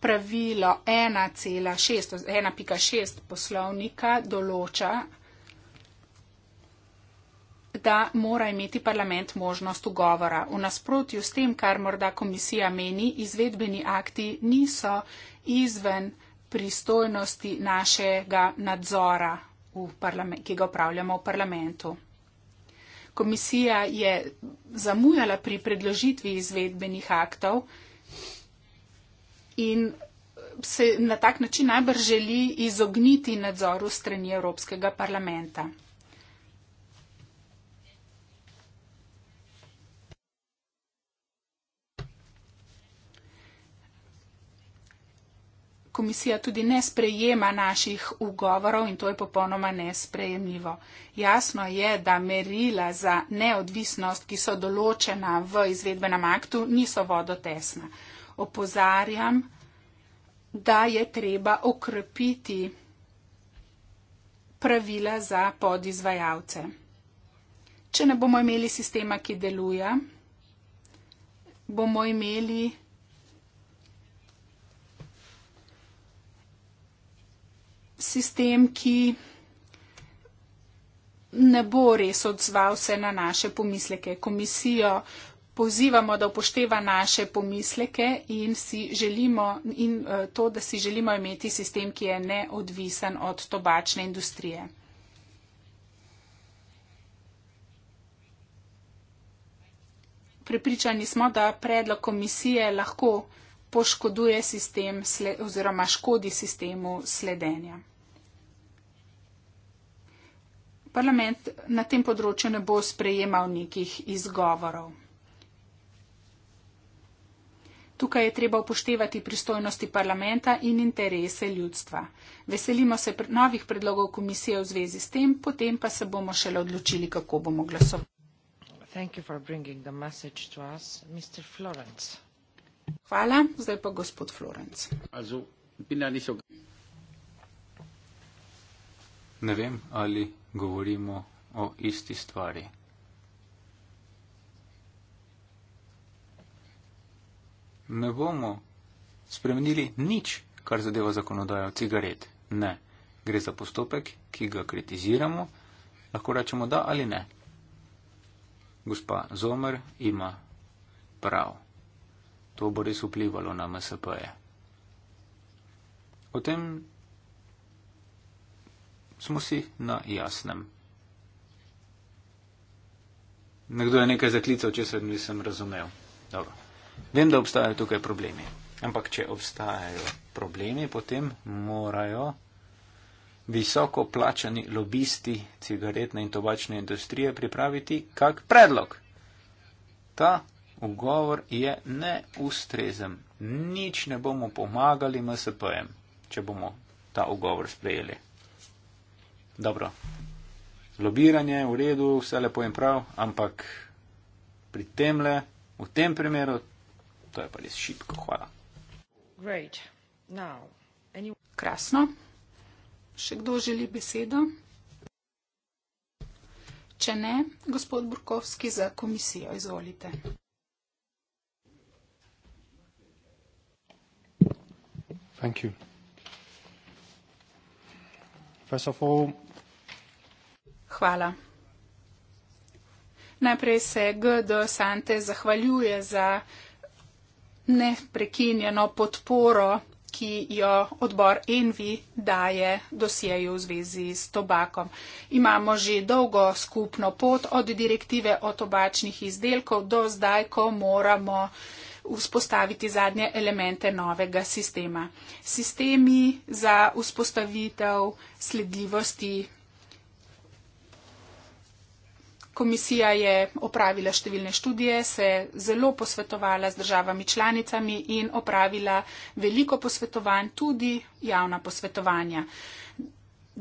B: Pravilo 1,6 poslovnika določa, da mora imeti parlament možnost ugovora. V nasprotju s tem, kar morda komisija meni, izvedbeni akti niso izven pristojnosti našega nadzora, ki ga upravljamo v parlamentu. Komisija je zamujala pri predložitvi izvedbenih aktov in se na tak način najbrž želi izogniti nadzoru strani Evropskega parlamenta. komisija tudi ne sprejema naših ugovorov in to je popolnoma nesprejemljivo. Jasno je, da merila za neodvisnost, ki so določena v izvedbenem aktu, niso vodotesna. Opozarjam, da je treba okrepiti pravila za podizvajalce. Če ne bomo imeli sistema, ki deluje, bomo imeli sistem, ki ne bo res odzval se na naše pomisleke. Komisijo pozivamo, da upošteva naše pomisleke in, želimo, in eh, to, da si želimo imeti sistem, ki je neodvisen od tobačne industrije. Pripričani smo, da predlog komisije lahko poškoduje sistem oziroma škodi sistemu sledenja parlament na tem področju ne bo sprejemal nekih izgovorov. Tukaj je treba upoštevati pristojnosti parlamenta in interese ljudstva. Veselimo se novih predlogov komisije v zvezi s tem, potem pa se bomo šele odločili, kako bomo glasovali. Hvala, zdaj pa gospod Florence.
C: Also, Ne vem, ali govorimo o isti stvari. Ne bomo spremenili nič, kar zadeva zakonodajo cigaret. Ne. Gre za postopek, ki ga kritiziramo, lahko rečemo da ali ne. Gospa Zomer ima prav. To bo res vplivalo na MSP-je. O tem smo si na jasnem. Nekdo je nekaj zaklical, če se nisem razumel. Dobro. Vem, da obstajajo tukaj problemi. Ampak, če obstajajo problemi, potem morajo visoko plačani lobisti cigaretne in tobačne industrije pripraviti kak predlog. Ta ugovor je neustrezen. Nič ne bomo pomagali MSP-jem, če bomo ta ugovor sprejeli dobro, lobiranje v redu, vse lepo in prav, ampak pri tem le, v tem primeru, to je pa res šipko. Hvala.
B: Now, you... Krasno. Še kdo želi besedo? Če ne, gospod Burkovski za komisijo, izvolite.
C: Thank you. First of all,
B: Hvala. Najprej se GD Sante zahvaljuje za neprekinjeno podporo, ki jo odbor Envi daje dosjeju v zvezi s tobakom. Imamo že dolgo skupno pot od direktive o tobačnih izdelkov do zdaj, ko moramo vzpostaviti zadnje elemente novega sistema. Sistemi za vzpostavitev sledljivosti komisija je opravila številne študije, se zelo posvetovala z državami članicami in opravila veliko posvetovanj, tudi javna posvetovanja.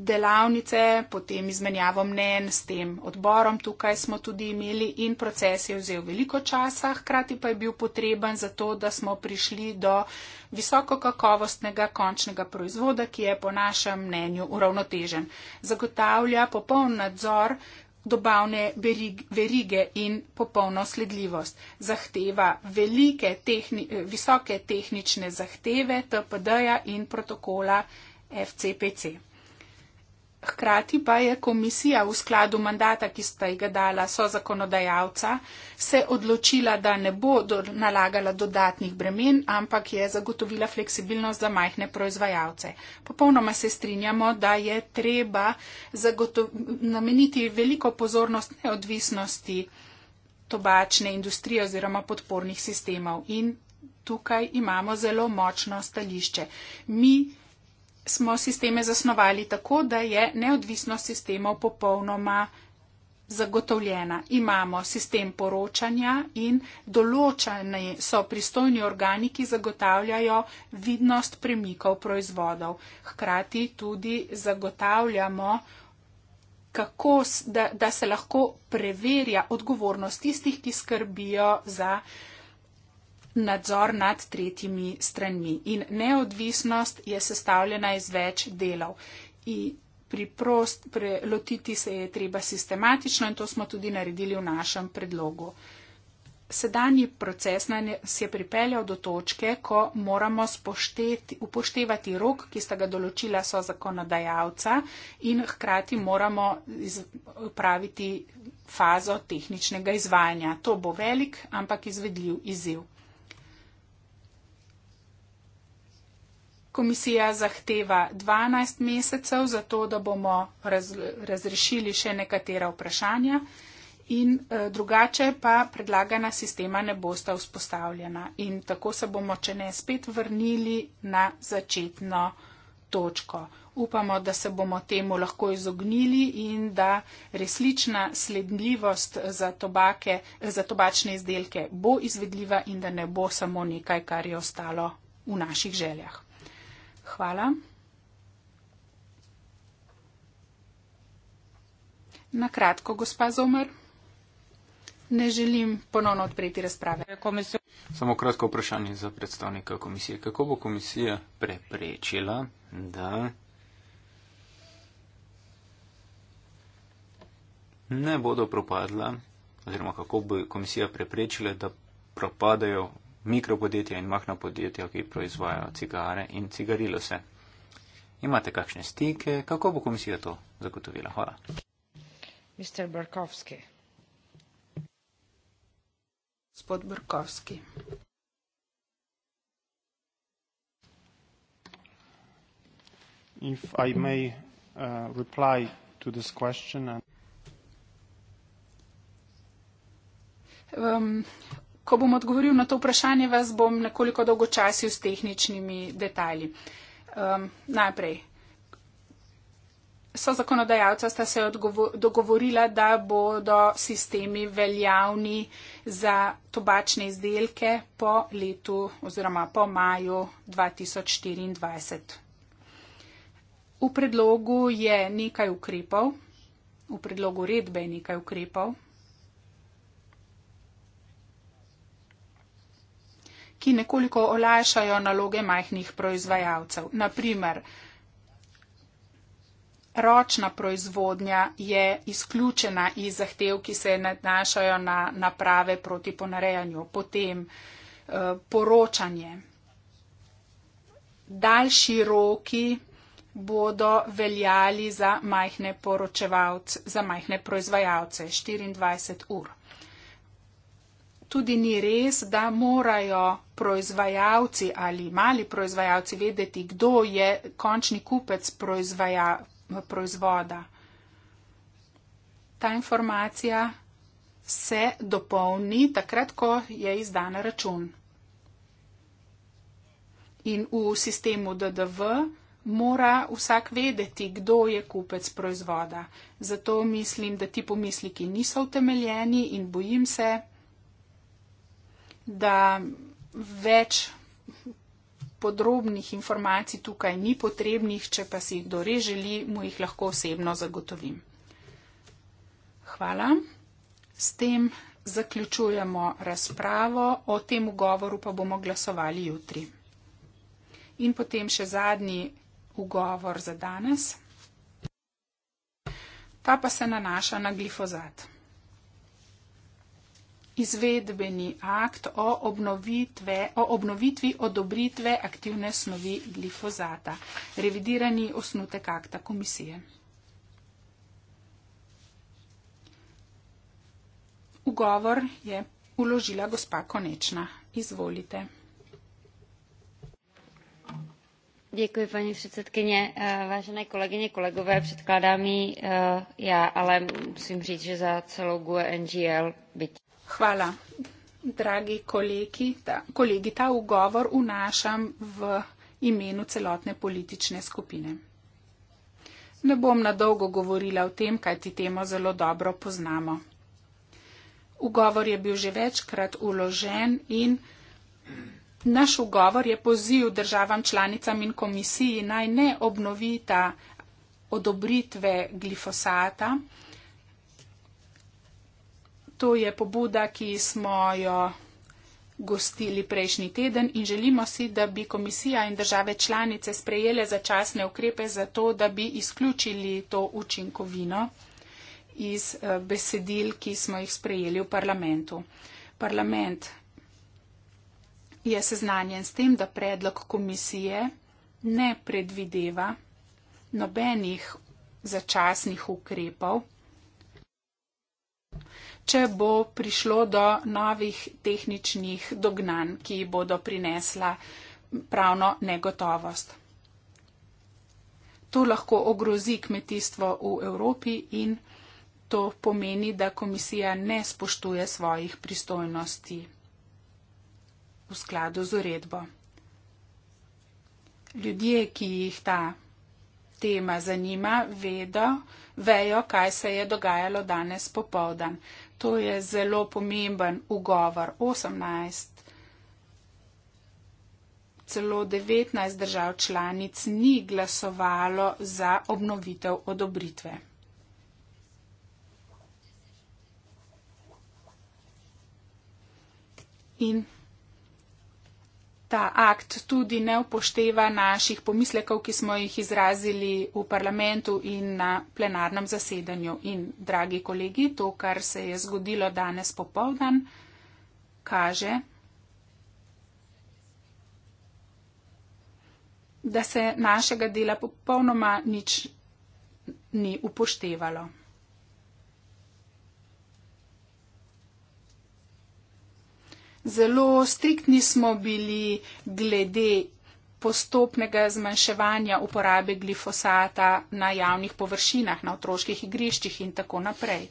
B: Delavnice, potem izmenjavo mnen s tem odborom tukaj smo tudi imeli in proces je vzel veliko časa, hkrati pa je bil potreben za to, da smo prišli do visoko kakovostnega končnega proizvoda, ki je po našem mnenju uravnotežen. Zagotavlja popoln nadzor dobavne verige in popolno sledljivost. Zahteva velike, tehni, visoke tehnične zahteve TPD-ja in protokola FCPC. Hkrati pa je komisija v skladu mandata, ki sta ji ga dala so zakonodajalca, se odločila, da ne bo do, nalagala dodatnih bremen, ampak je zagotovila fleksibilnost za majhne proizvajalce. Popolnoma se strinjamo, da je treba nameniti veliko pozornost neodvisnosti tobačne industrije oziroma podpornih sistemov. In tukaj imamo zelo močno stališče. Mi smo sisteme zasnovali tako, da je neodvisnost sistemov popolnoma zagotovljena. Imamo sistem poročanja in določene so pristojni organi, ki zagotavljajo vidnost premikov proizvodov. Hkrati tudi zagotavljamo, kako, da, da se lahko preverja odgovornost tistih, ki skrbijo za nadzor nad tretjimi stranmi. In neodvisnost je sestavljena iz več delov. In pri prost, pre, lotiti se je treba sistematično in to smo tudi naredili v našem predlogu. Sedanji proces nas je pripeljal do točke, ko moramo spošteti, upoštevati rok, ki sta ga določila so zakonodajalca in hkrati moramo upraviti fazo tehničnega izvajanja. To bo velik, ampak izvedljiv izziv. Komisija zahteva 12 mesecev za to, da bomo raz, razrešili še nekatera vprašanja in eh, drugače pa predlagana sistema ne bosta vzpostavljena in tako se bomo, če ne, spet vrnili na začetno točko. Upamo, da se bomo temu lahko izognili in da resnična sledljivost za, tobake, za tobačne izdelke bo izvedljiva in da ne bo samo nekaj, kar je ostalo v naših željah. Hvala. Na kratko, gospa Zomer. Ne želim ponovno odpreti razprave. Komisijo.
C: Samo kratko vprašanje za predstavnika komisije. Kako bo komisija preprečila, da ne bodo propadla, oziroma kako bo komisija preprečila, da propadajo mikropodjetja in mahna podjetja, ki proizvajajo cigare in cigarilose. Imate kakšne stike? Kako bo komisija to zagotovila? Hvala.
B: Mr. Brkovski. Gospod Brkovski.
C: If I may uh, reply to this question. And...
B: Um, Ko bom odgovoril na to vprašanje, vas bom nekoliko dolgočasil s tehničnimi detalji. Um, ehm, najprej. So zakonodajalca sta se dogovorila, da bodo sistemi veljavni za tobačne izdelke po letu oziroma po maju 2024. V predlogu je nekaj ukrepov, v predlogu redbe je nekaj ukrepov, ki nekoliko olajšajo naloge majhnih proizvajalcev. Naprimer, ročna proizvodnja je izključena iz zahtev, ki se nadnašajo na naprave proti ponarejanju, potem eh, poročanje. Daljši roki bodo veljali za majhne, za majhne proizvajalce 24 ur tudi ni res, da morajo proizvajalci ali mali proizvajalci vedeti, kdo je končni kupec proizvoda. Ta informacija se dopolni takrat, ko je izdan račun. In v sistemu DDV mora vsak vedeti, kdo je kupec proizvoda. Zato mislim, da ti pomisliki niso utemeljeni in bojim se, da več podrobnih informacij tukaj ni potrebnih, če pa si jih dorej želi, mu jih lahko osebno zagotovim. Hvala. S tem zaključujemo razpravo, o tem ugovoru pa bomo glasovali jutri. In potem še zadnji ugovor za danes. Ta pa se nanaša na glifozat izvedbeni akt o, o obnovitvi odobritve aktivne snovi glifozata. Revidirani osnutek akta komisije. Ugovor je uložila gospa Konečna. Izvolite.
A: Děkuji, paní předsedkyně. Eh, vážené kolegyně, kolegové, předkládám ji eh, já, ale musím říct, že za celou GUE NGL, byť
B: Hvala. Dragi kolegi, ta, kolegi, ta ugovor vnašam v imenu celotne politične skupine. Ne bom na dolgo govorila o tem, kaj ti temo zelo dobro poznamo. Ugovor je bil že večkrat uložen in naš ugovor je poziv državam članicam in komisiji naj ne obnovita odobritve glifosata, To je pobuda, ki smo jo gostili prejšnji teden in želimo si, da bi komisija in države članice sprejele začasne ukrepe za to, da bi izključili to učinkovino iz eh, besedil, ki smo jih sprejeli v parlamentu. Parlament je seznanjen s tem, da predlog komisije ne predvideva nobenih začasnih ukrepov če bo prišlo do novih tehničnih dognanj, ki bodo prinesla pravno negotovost. To lahko ogrozi kmetijstvo v Evropi in to pomeni, da komisija ne spoštuje svojih pristojnosti v skladu z uredbo. Ljudje, ki jih ta tema zanima, vedo, vejo, kaj se je dogajalo danes popovdan. To je zelo pomemben ugovor. 18, celo 19 držav članic ni glasovalo za obnovitev odobritve. In ta akt tudi ne upošteva naših pomislekov, ki smo jih izrazili v parlamentu in na plenarnem zasedanju. In, dragi kolegi, to, kar se je zgodilo danes popovdan, kaže, da se našega dela popolnoma nič ni upoštevalo. zelo striktni smo bili glede postopnega zmanjševanja uporabe glifosata na javnih površinah, na otroških igriščih in tako naprej.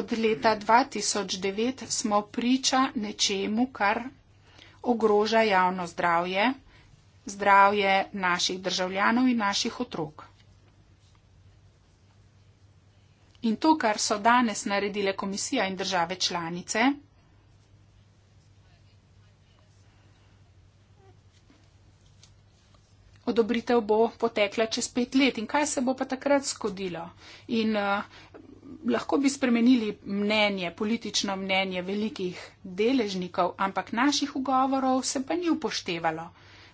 B: Od leta 2009 smo priča nečemu, kar ogroža javno zdravje, zdravje naših državljanov in naših otrok. In to, kar so danes naredile komisija in države članice, odobritev bo potekla čez pet let in kaj se bo pa takrat zgodilo. In uh, lahko bi spremenili mnenje, politično mnenje velikih deležnikov, ampak naših ugovorov se pa ni upoštevalo.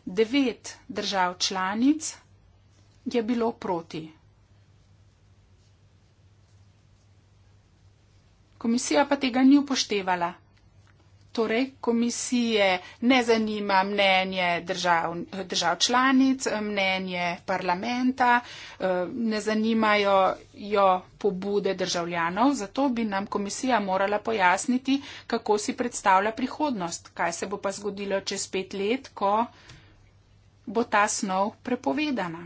B: Devet držav članic je bilo proti. Komisija pa tega ni upoštevala. Torej, komisije ne zanima mnenje držav, držav članic, mnenje parlamenta, eh, ne zanimajo jo pobude državljanov, zato bi nam komisija morala pojasniti, kako si predstavlja prihodnost, kaj se bo pa zgodilo čez pet let, ko bo ta snov prepovedana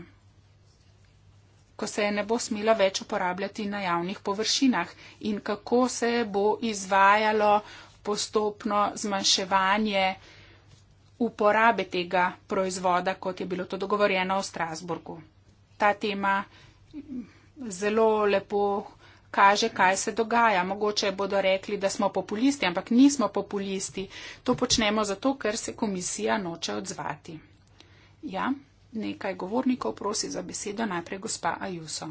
B: ko se je ne bo smela več uporabljati na javnih površinah in kako se bo izvajalo postopno zmanjševanje uporabe tega proizvoda, kot je bilo to dogovorjeno v Strasburgu. Ta tema zelo lepo kaže, kaj se dogaja. Mogoče bodo rekli, da smo populisti, ampak nismo populisti. To počnemo zato, ker se komisija noče odzvati. Ja, nekaj govornikov prosi za besedo. Najprej gospa Ajuso.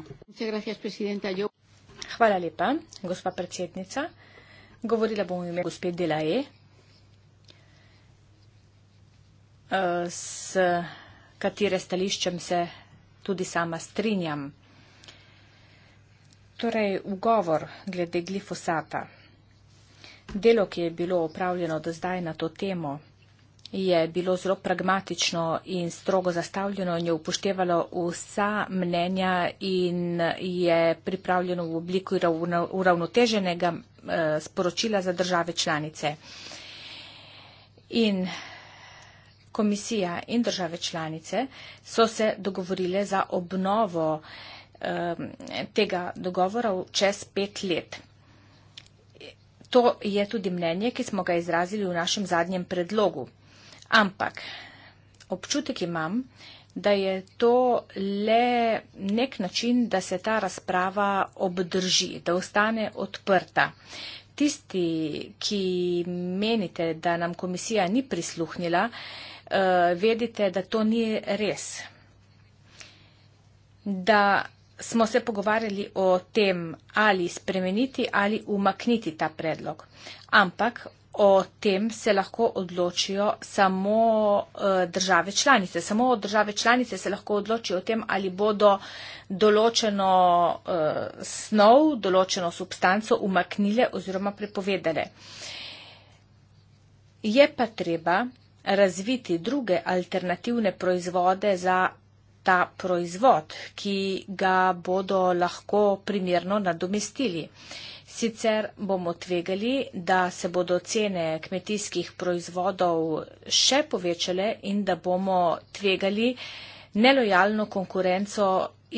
A: Hvala lepa, gospa predsednica. Govorila bom ime gospe Delae. Eh, s katere stališčem se tudi sama strinjam. Torej, ugovor glede glifosata. Delo, ki je bilo opravljeno do zdaj na to temo, je bilo zelo pragmatično in strogo zastavljeno in je upoštevalo vsa mnenja in je pripravljeno v obliku uravnoteženega Eh, sporočila za države članice. In komisija in države članice so se dogovorile za obnovo eh, tega dogovora v čez pet let. To je tudi mnenje, ki smo ga izrazili v našem zadnjem predlogu. Ampak občutek imam, da je to le nek način, da se ta razprava obdrži, da ostane odprta. Tisti, ki menite, da nam komisija ni prisluhnila, eh, vedite, da to ni res. Da smo se pogovarjali o tem, ali spremeniti ali umakniti ta predlog. Ampak o tem se lahko odločijo samo eh, države članice. Samo države članice se lahko odločijo o tem, ali bodo določeno eh, snov, določeno substanco umaknile oziroma prepovedale. Je pa treba razviti druge alternativne proizvode za ta proizvod, ki ga bodo lahko primerno nadomestili. Sicer bomo tvegali, da se bodo cene kmetijskih proizvodov še povečale in da bomo tvegali nelojalno konkurenco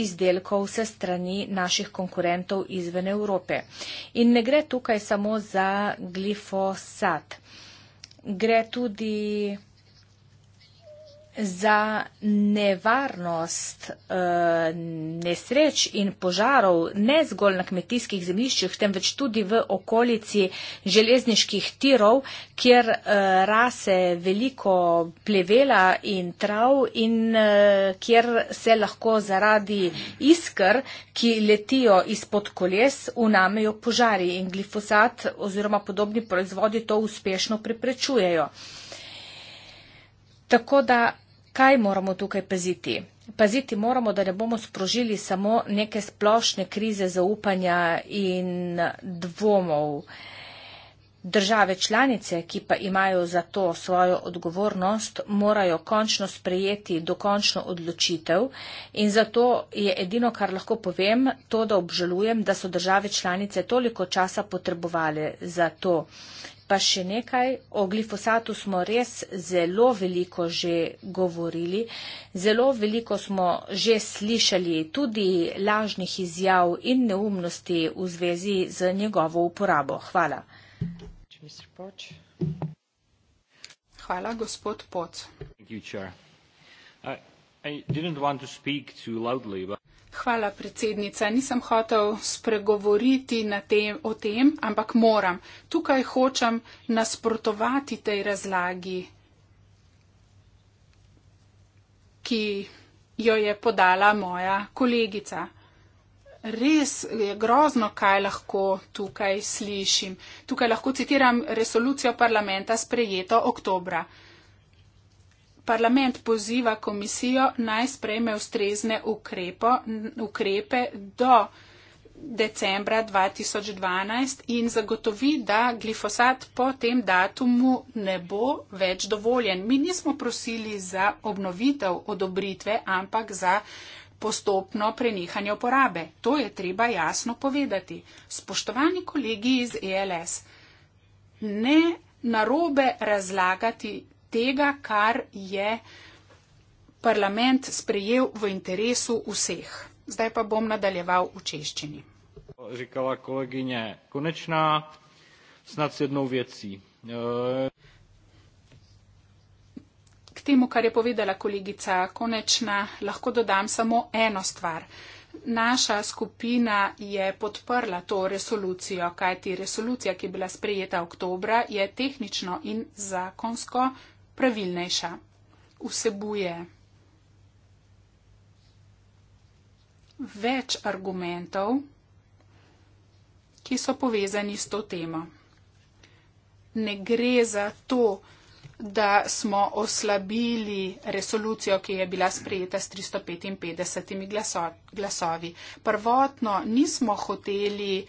A: izdelkov se strani naših konkurentov izven Evrope. In ne gre tukaj samo za glifosat. Gre tudi za nevarnost uh, nesreč in požarov ne zgolj na kmetijskih zemljiščih, temveč tudi v okolici železniških tirov, kjer uh, rase veliko plevela in trav in uh, kjer se lahko zaradi iskr, ki letijo izpod koles, unamejo požari in glifosat oziroma podobni proizvodi to uspešno preprečujejo. Tako da Kaj moramo tukaj paziti? Paziti moramo, da ne bomo sprožili samo neke splošne krize zaupanja in dvomov. Države članice, ki pa imajo za to svojo odgovornost, morajo končno sprejeti dokončno odločitev in zato je edino, kar lahko povem, to, da obžalujem, da so države članice toliko časa potrebovali za to, Pa še nekaj, o glifosatu smo res zelo veliko že govorili, zelo veliko smo že slišali tudi lažnih izjav in neumnosti v zvezi z njegovo uporabo. Hvala.
B: Hvala, gospod Poc. Uh, loudly, but... Hvala, predsednica. Nisem hotel spregovoriti tem, o tem, ampak moram. Tukaj hočem nasprotovati tej razlagi, ki jo je podala moja kolegica. Res je grozno, kaj lahko tukaj slišim. Tukaj lahko citiram resolucijo parlamenta sprejeto oktobra. Parlament poziva komisijo naj sprejme ustrezne ukrepo, ukrepe do decembra 2012 in zagotovi, da glifosat po tem datumu ne bo več dovoljen. Mi nismo prosili za obnovitev odobritve, ampak za postopno prenehanje uporabe. To je treba jasno povedati. Spoštovani kolegi iz ELS, ne narobe razlagati tega, kar je parlament sprejel v interesu vseh. Zdaj pa bom nadaljeval v češčini.
C: Rekla koleginja, konečna, snad s jednou vjeci.
B: K temu, kar je povedala kolegica Konečna, lahko dodam samo eno stvar. Naša skupina je podprla to resolucijo, kajti resolucija, ki je bila sprejeta oktobra, je tehnično in zakonsko pravilnejša. Vsebuje več argumentov, ki so povezani s to temo. Ne gre za to, da da smo oslabili resolucijo, ki je bila sprejeta s 355 glasovi. Prvotno nismo hoteli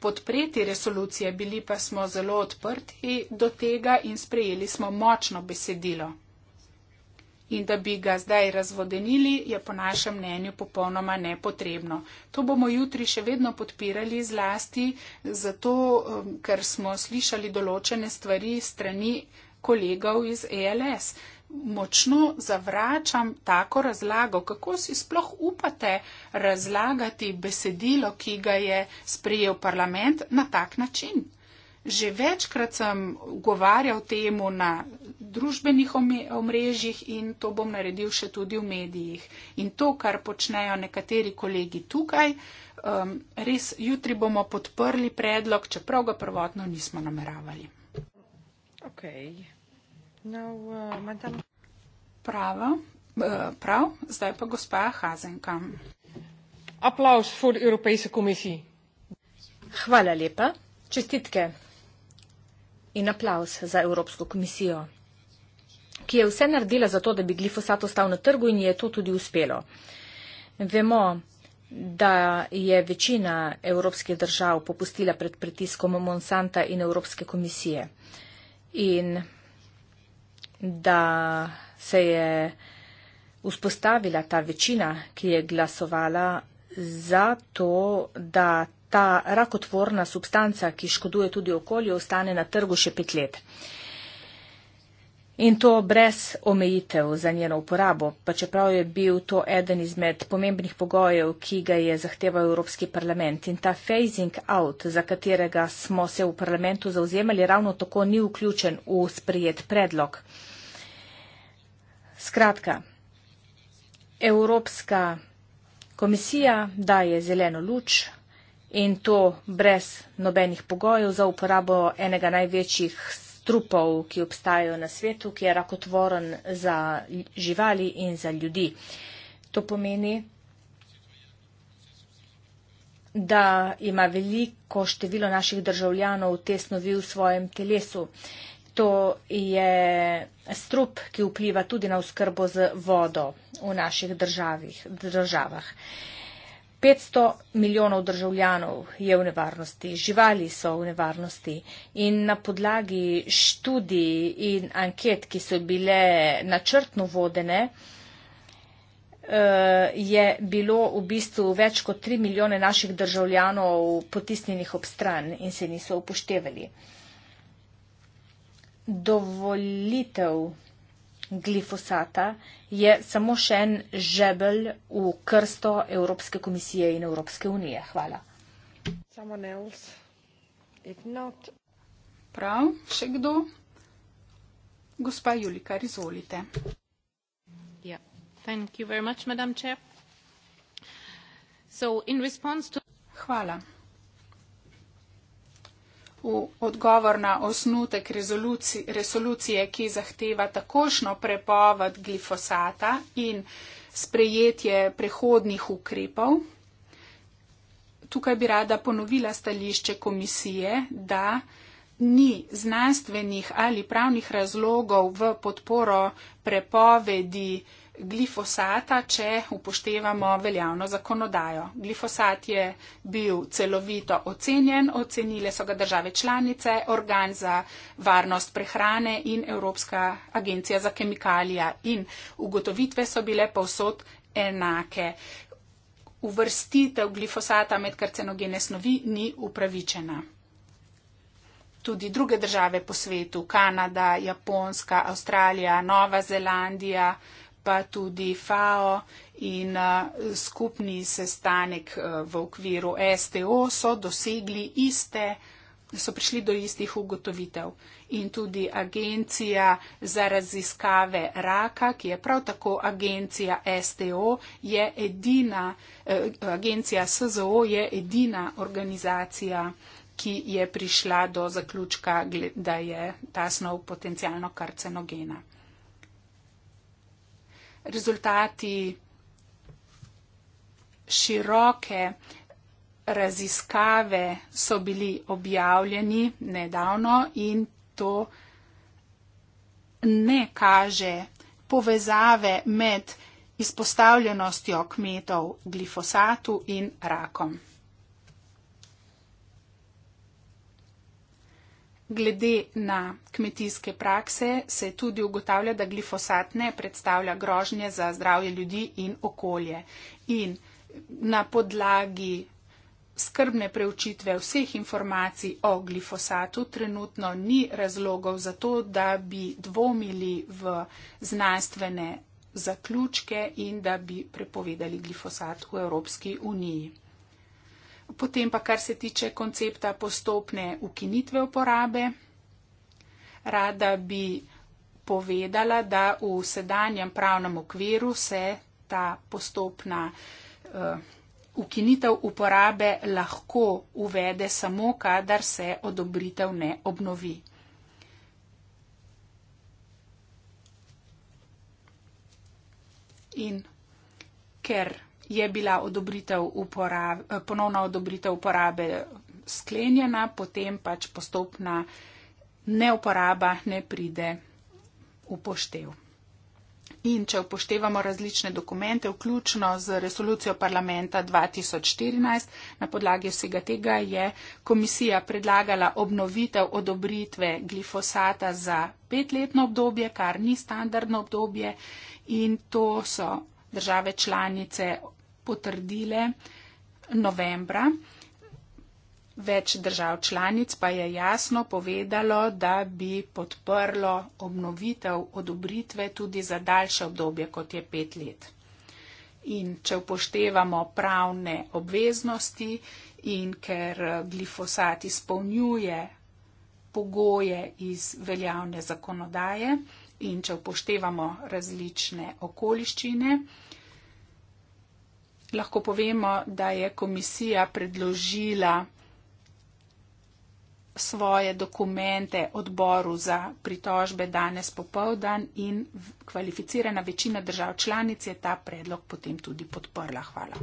B: podpreti resolucije, bili pa smo zelo odprti do tega in sprejeli smo močno besedilo. In da bi ga zdaj razvodenili, je po našem mnenju popolnoma nepotrebno. To bomo jutri še vedno podpirali zlasti, zato um, ker smo slišali določene stvari strani kolegov iz ELS. Močno zavračam tako razlago, kako si sploh upate razlagati besedilo, ki ga je sprejel parlament na tak način. Že večkrat sem govarjal temu na družbenih omrežjih in to bom naredil še tudi v medijih. In to, kar počnejo nekateri kolegi tukaj, um, res jutri bomo podprli predlog, čeprav ga prvotno nismo nameravali. Okay. Now, uh, Prava, uh, prav, zdaj pa gospa Hazenka. Aplaus for
A: Evropejske komisije. Hvala lepa, čestitke in aplaus za Evropsko komisijo, ki je vse naredila za to, da bi glifosat ostal na trgu in je to tudi uspelo. Vemo, da je večina evropskih držav popustila pred pritiskom Monsanta in Evropske komisije. In da se je vzpostavila ta večina, ki je glasovala za to, da ta rakotvorna substanca, ki škoduje tudi okolju, ostane na trgu še pet let. In to brez omejitev za njeno uporabo, pa čeprav je bil to eden izmed pomembnih pogojev, ki ga je zahteval Evropski parlament. In ta phasing out, za katerega smo se v parlamentu zauzemali, ravno tako ni vključen v sprijet predlog. Skratka, Evropska komisija daje zeleno luč in to brez nobenih pogojev za uporabo enega največjih trupov, ki obstajajo na svetu, ki je rakotvoren za živali in za ljudi. To pomeni, da ima veliko število naših državljanov te snovi v svojem telesu to je strup, ki vpliva tudi na oskrbo z vodo v naših državih, državah. 500 milijonov državljanov je v nevarnosti, živali so v nevarnosti in na podlagi študij in anket, ki so bile načrtno vodene, eh, je bilo v bistvu več kot 3 milijone naših državljanov potisnjenih ob stran in se niso upoštevali dovolitev glifosata je samo še en žebelj v krsto Evropske komisije in Evropske unije. Hvala. Not... Prav,
B: še kdo? Gospa Julika, izvolite. Yeah. Much, so, to... Hvala v odgovor na osnutek resolucije, ki zahteva takošno prepoved glifosata in sprejetje prehodnih ukrepov. Tukaj bi rada ponovila stališče komisije, da ni znanstvenih ali pravnih razlogov v podporo prepovedi glifosata glifosata, če upoštevamo veljavno zakonodajo. Glifosat je bil celovito ocenjen, ocenile so ga države članice, organ za varnost prehrane in Evropska agencija za kemikalija in ugotovitve so bile povsod enake. Uvrstitev glifosata med karcinogene snovi ni upravičena. Tudi druge države po svetu, Kanada, Japonska, Avstralija, Nova Zelandija, pa tudi FAO in skupni sestanek v okviru STO so dosegli iste, so prišli do istih ugotovitev. In tudi agencija za raziskave raka, ki je prav tako agencija STO, je edina, e, agencija SZO je edina organizacija, ki je prišla do zaključka, da je ta snov potencijalno karcenogena rezultati široke raziskave so bili objavljeni nedavno in to ne kaže povezave med izpostavljenostjo kmetov glifosatu in rakom. Glede na kmetijske prakse se tudi ugotavlja, da glifosat ne predstavlja grožnje za zdravje ljudi in okolje. In na podlagi skrbne preučitve vseh informacij o glifosatu trenutno ni razlogov za to, da bi dvomili v znanstvene zaključke in da bi prepovedali glifosat v Evropski uniji. Potem pa kar se tiče koncepta postopne ukinitve uporabe, rada bi povedala, da v sedanjem pravnem okviru se ta postopna uh, ukinitev uporabe lahko uvede samo, kadar se odobritev ne obnovi. In ker je bila odobritev uporabe, eh, ponovna odobritev uporabe sklenjena, potem pač postopna neuporaba ne pride upoštev. In če upoštevamo različne dokumente, vključno z resolucijo parlamenta 2014, na podlagi vsega tega je komisija predlagala obnovitev odobritve glifosata za petletno obdobje, kar ni standardno obdobje in to so države članice potrdile novembra. Več držav članic pa je jasno povedalo, da bi podprlo obnovitev odobritve tudi za daljše obdobje kot je pet let. In če upoštevamo pravne obveznosti in ker glifosat izpolnjuje pogoje iz veljavne zakonodaje in če upoštevamo različne okoliščine, lahko povemo, da je komisija predložila svoje dokumente odboru za pritožbe danes popovdan in kvalificirana večina držav članic je ta predlog potem tudi podprla. Hvala.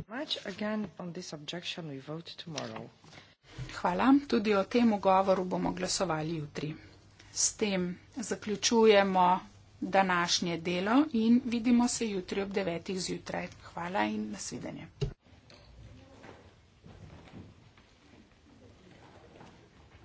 B: Hvala. Tudi o tem ugovoru bomo glasovali jutri. S tem zaključujemo današnje delo in vidimo se jutri ob 9. zjutraj hvala in nasvidenje.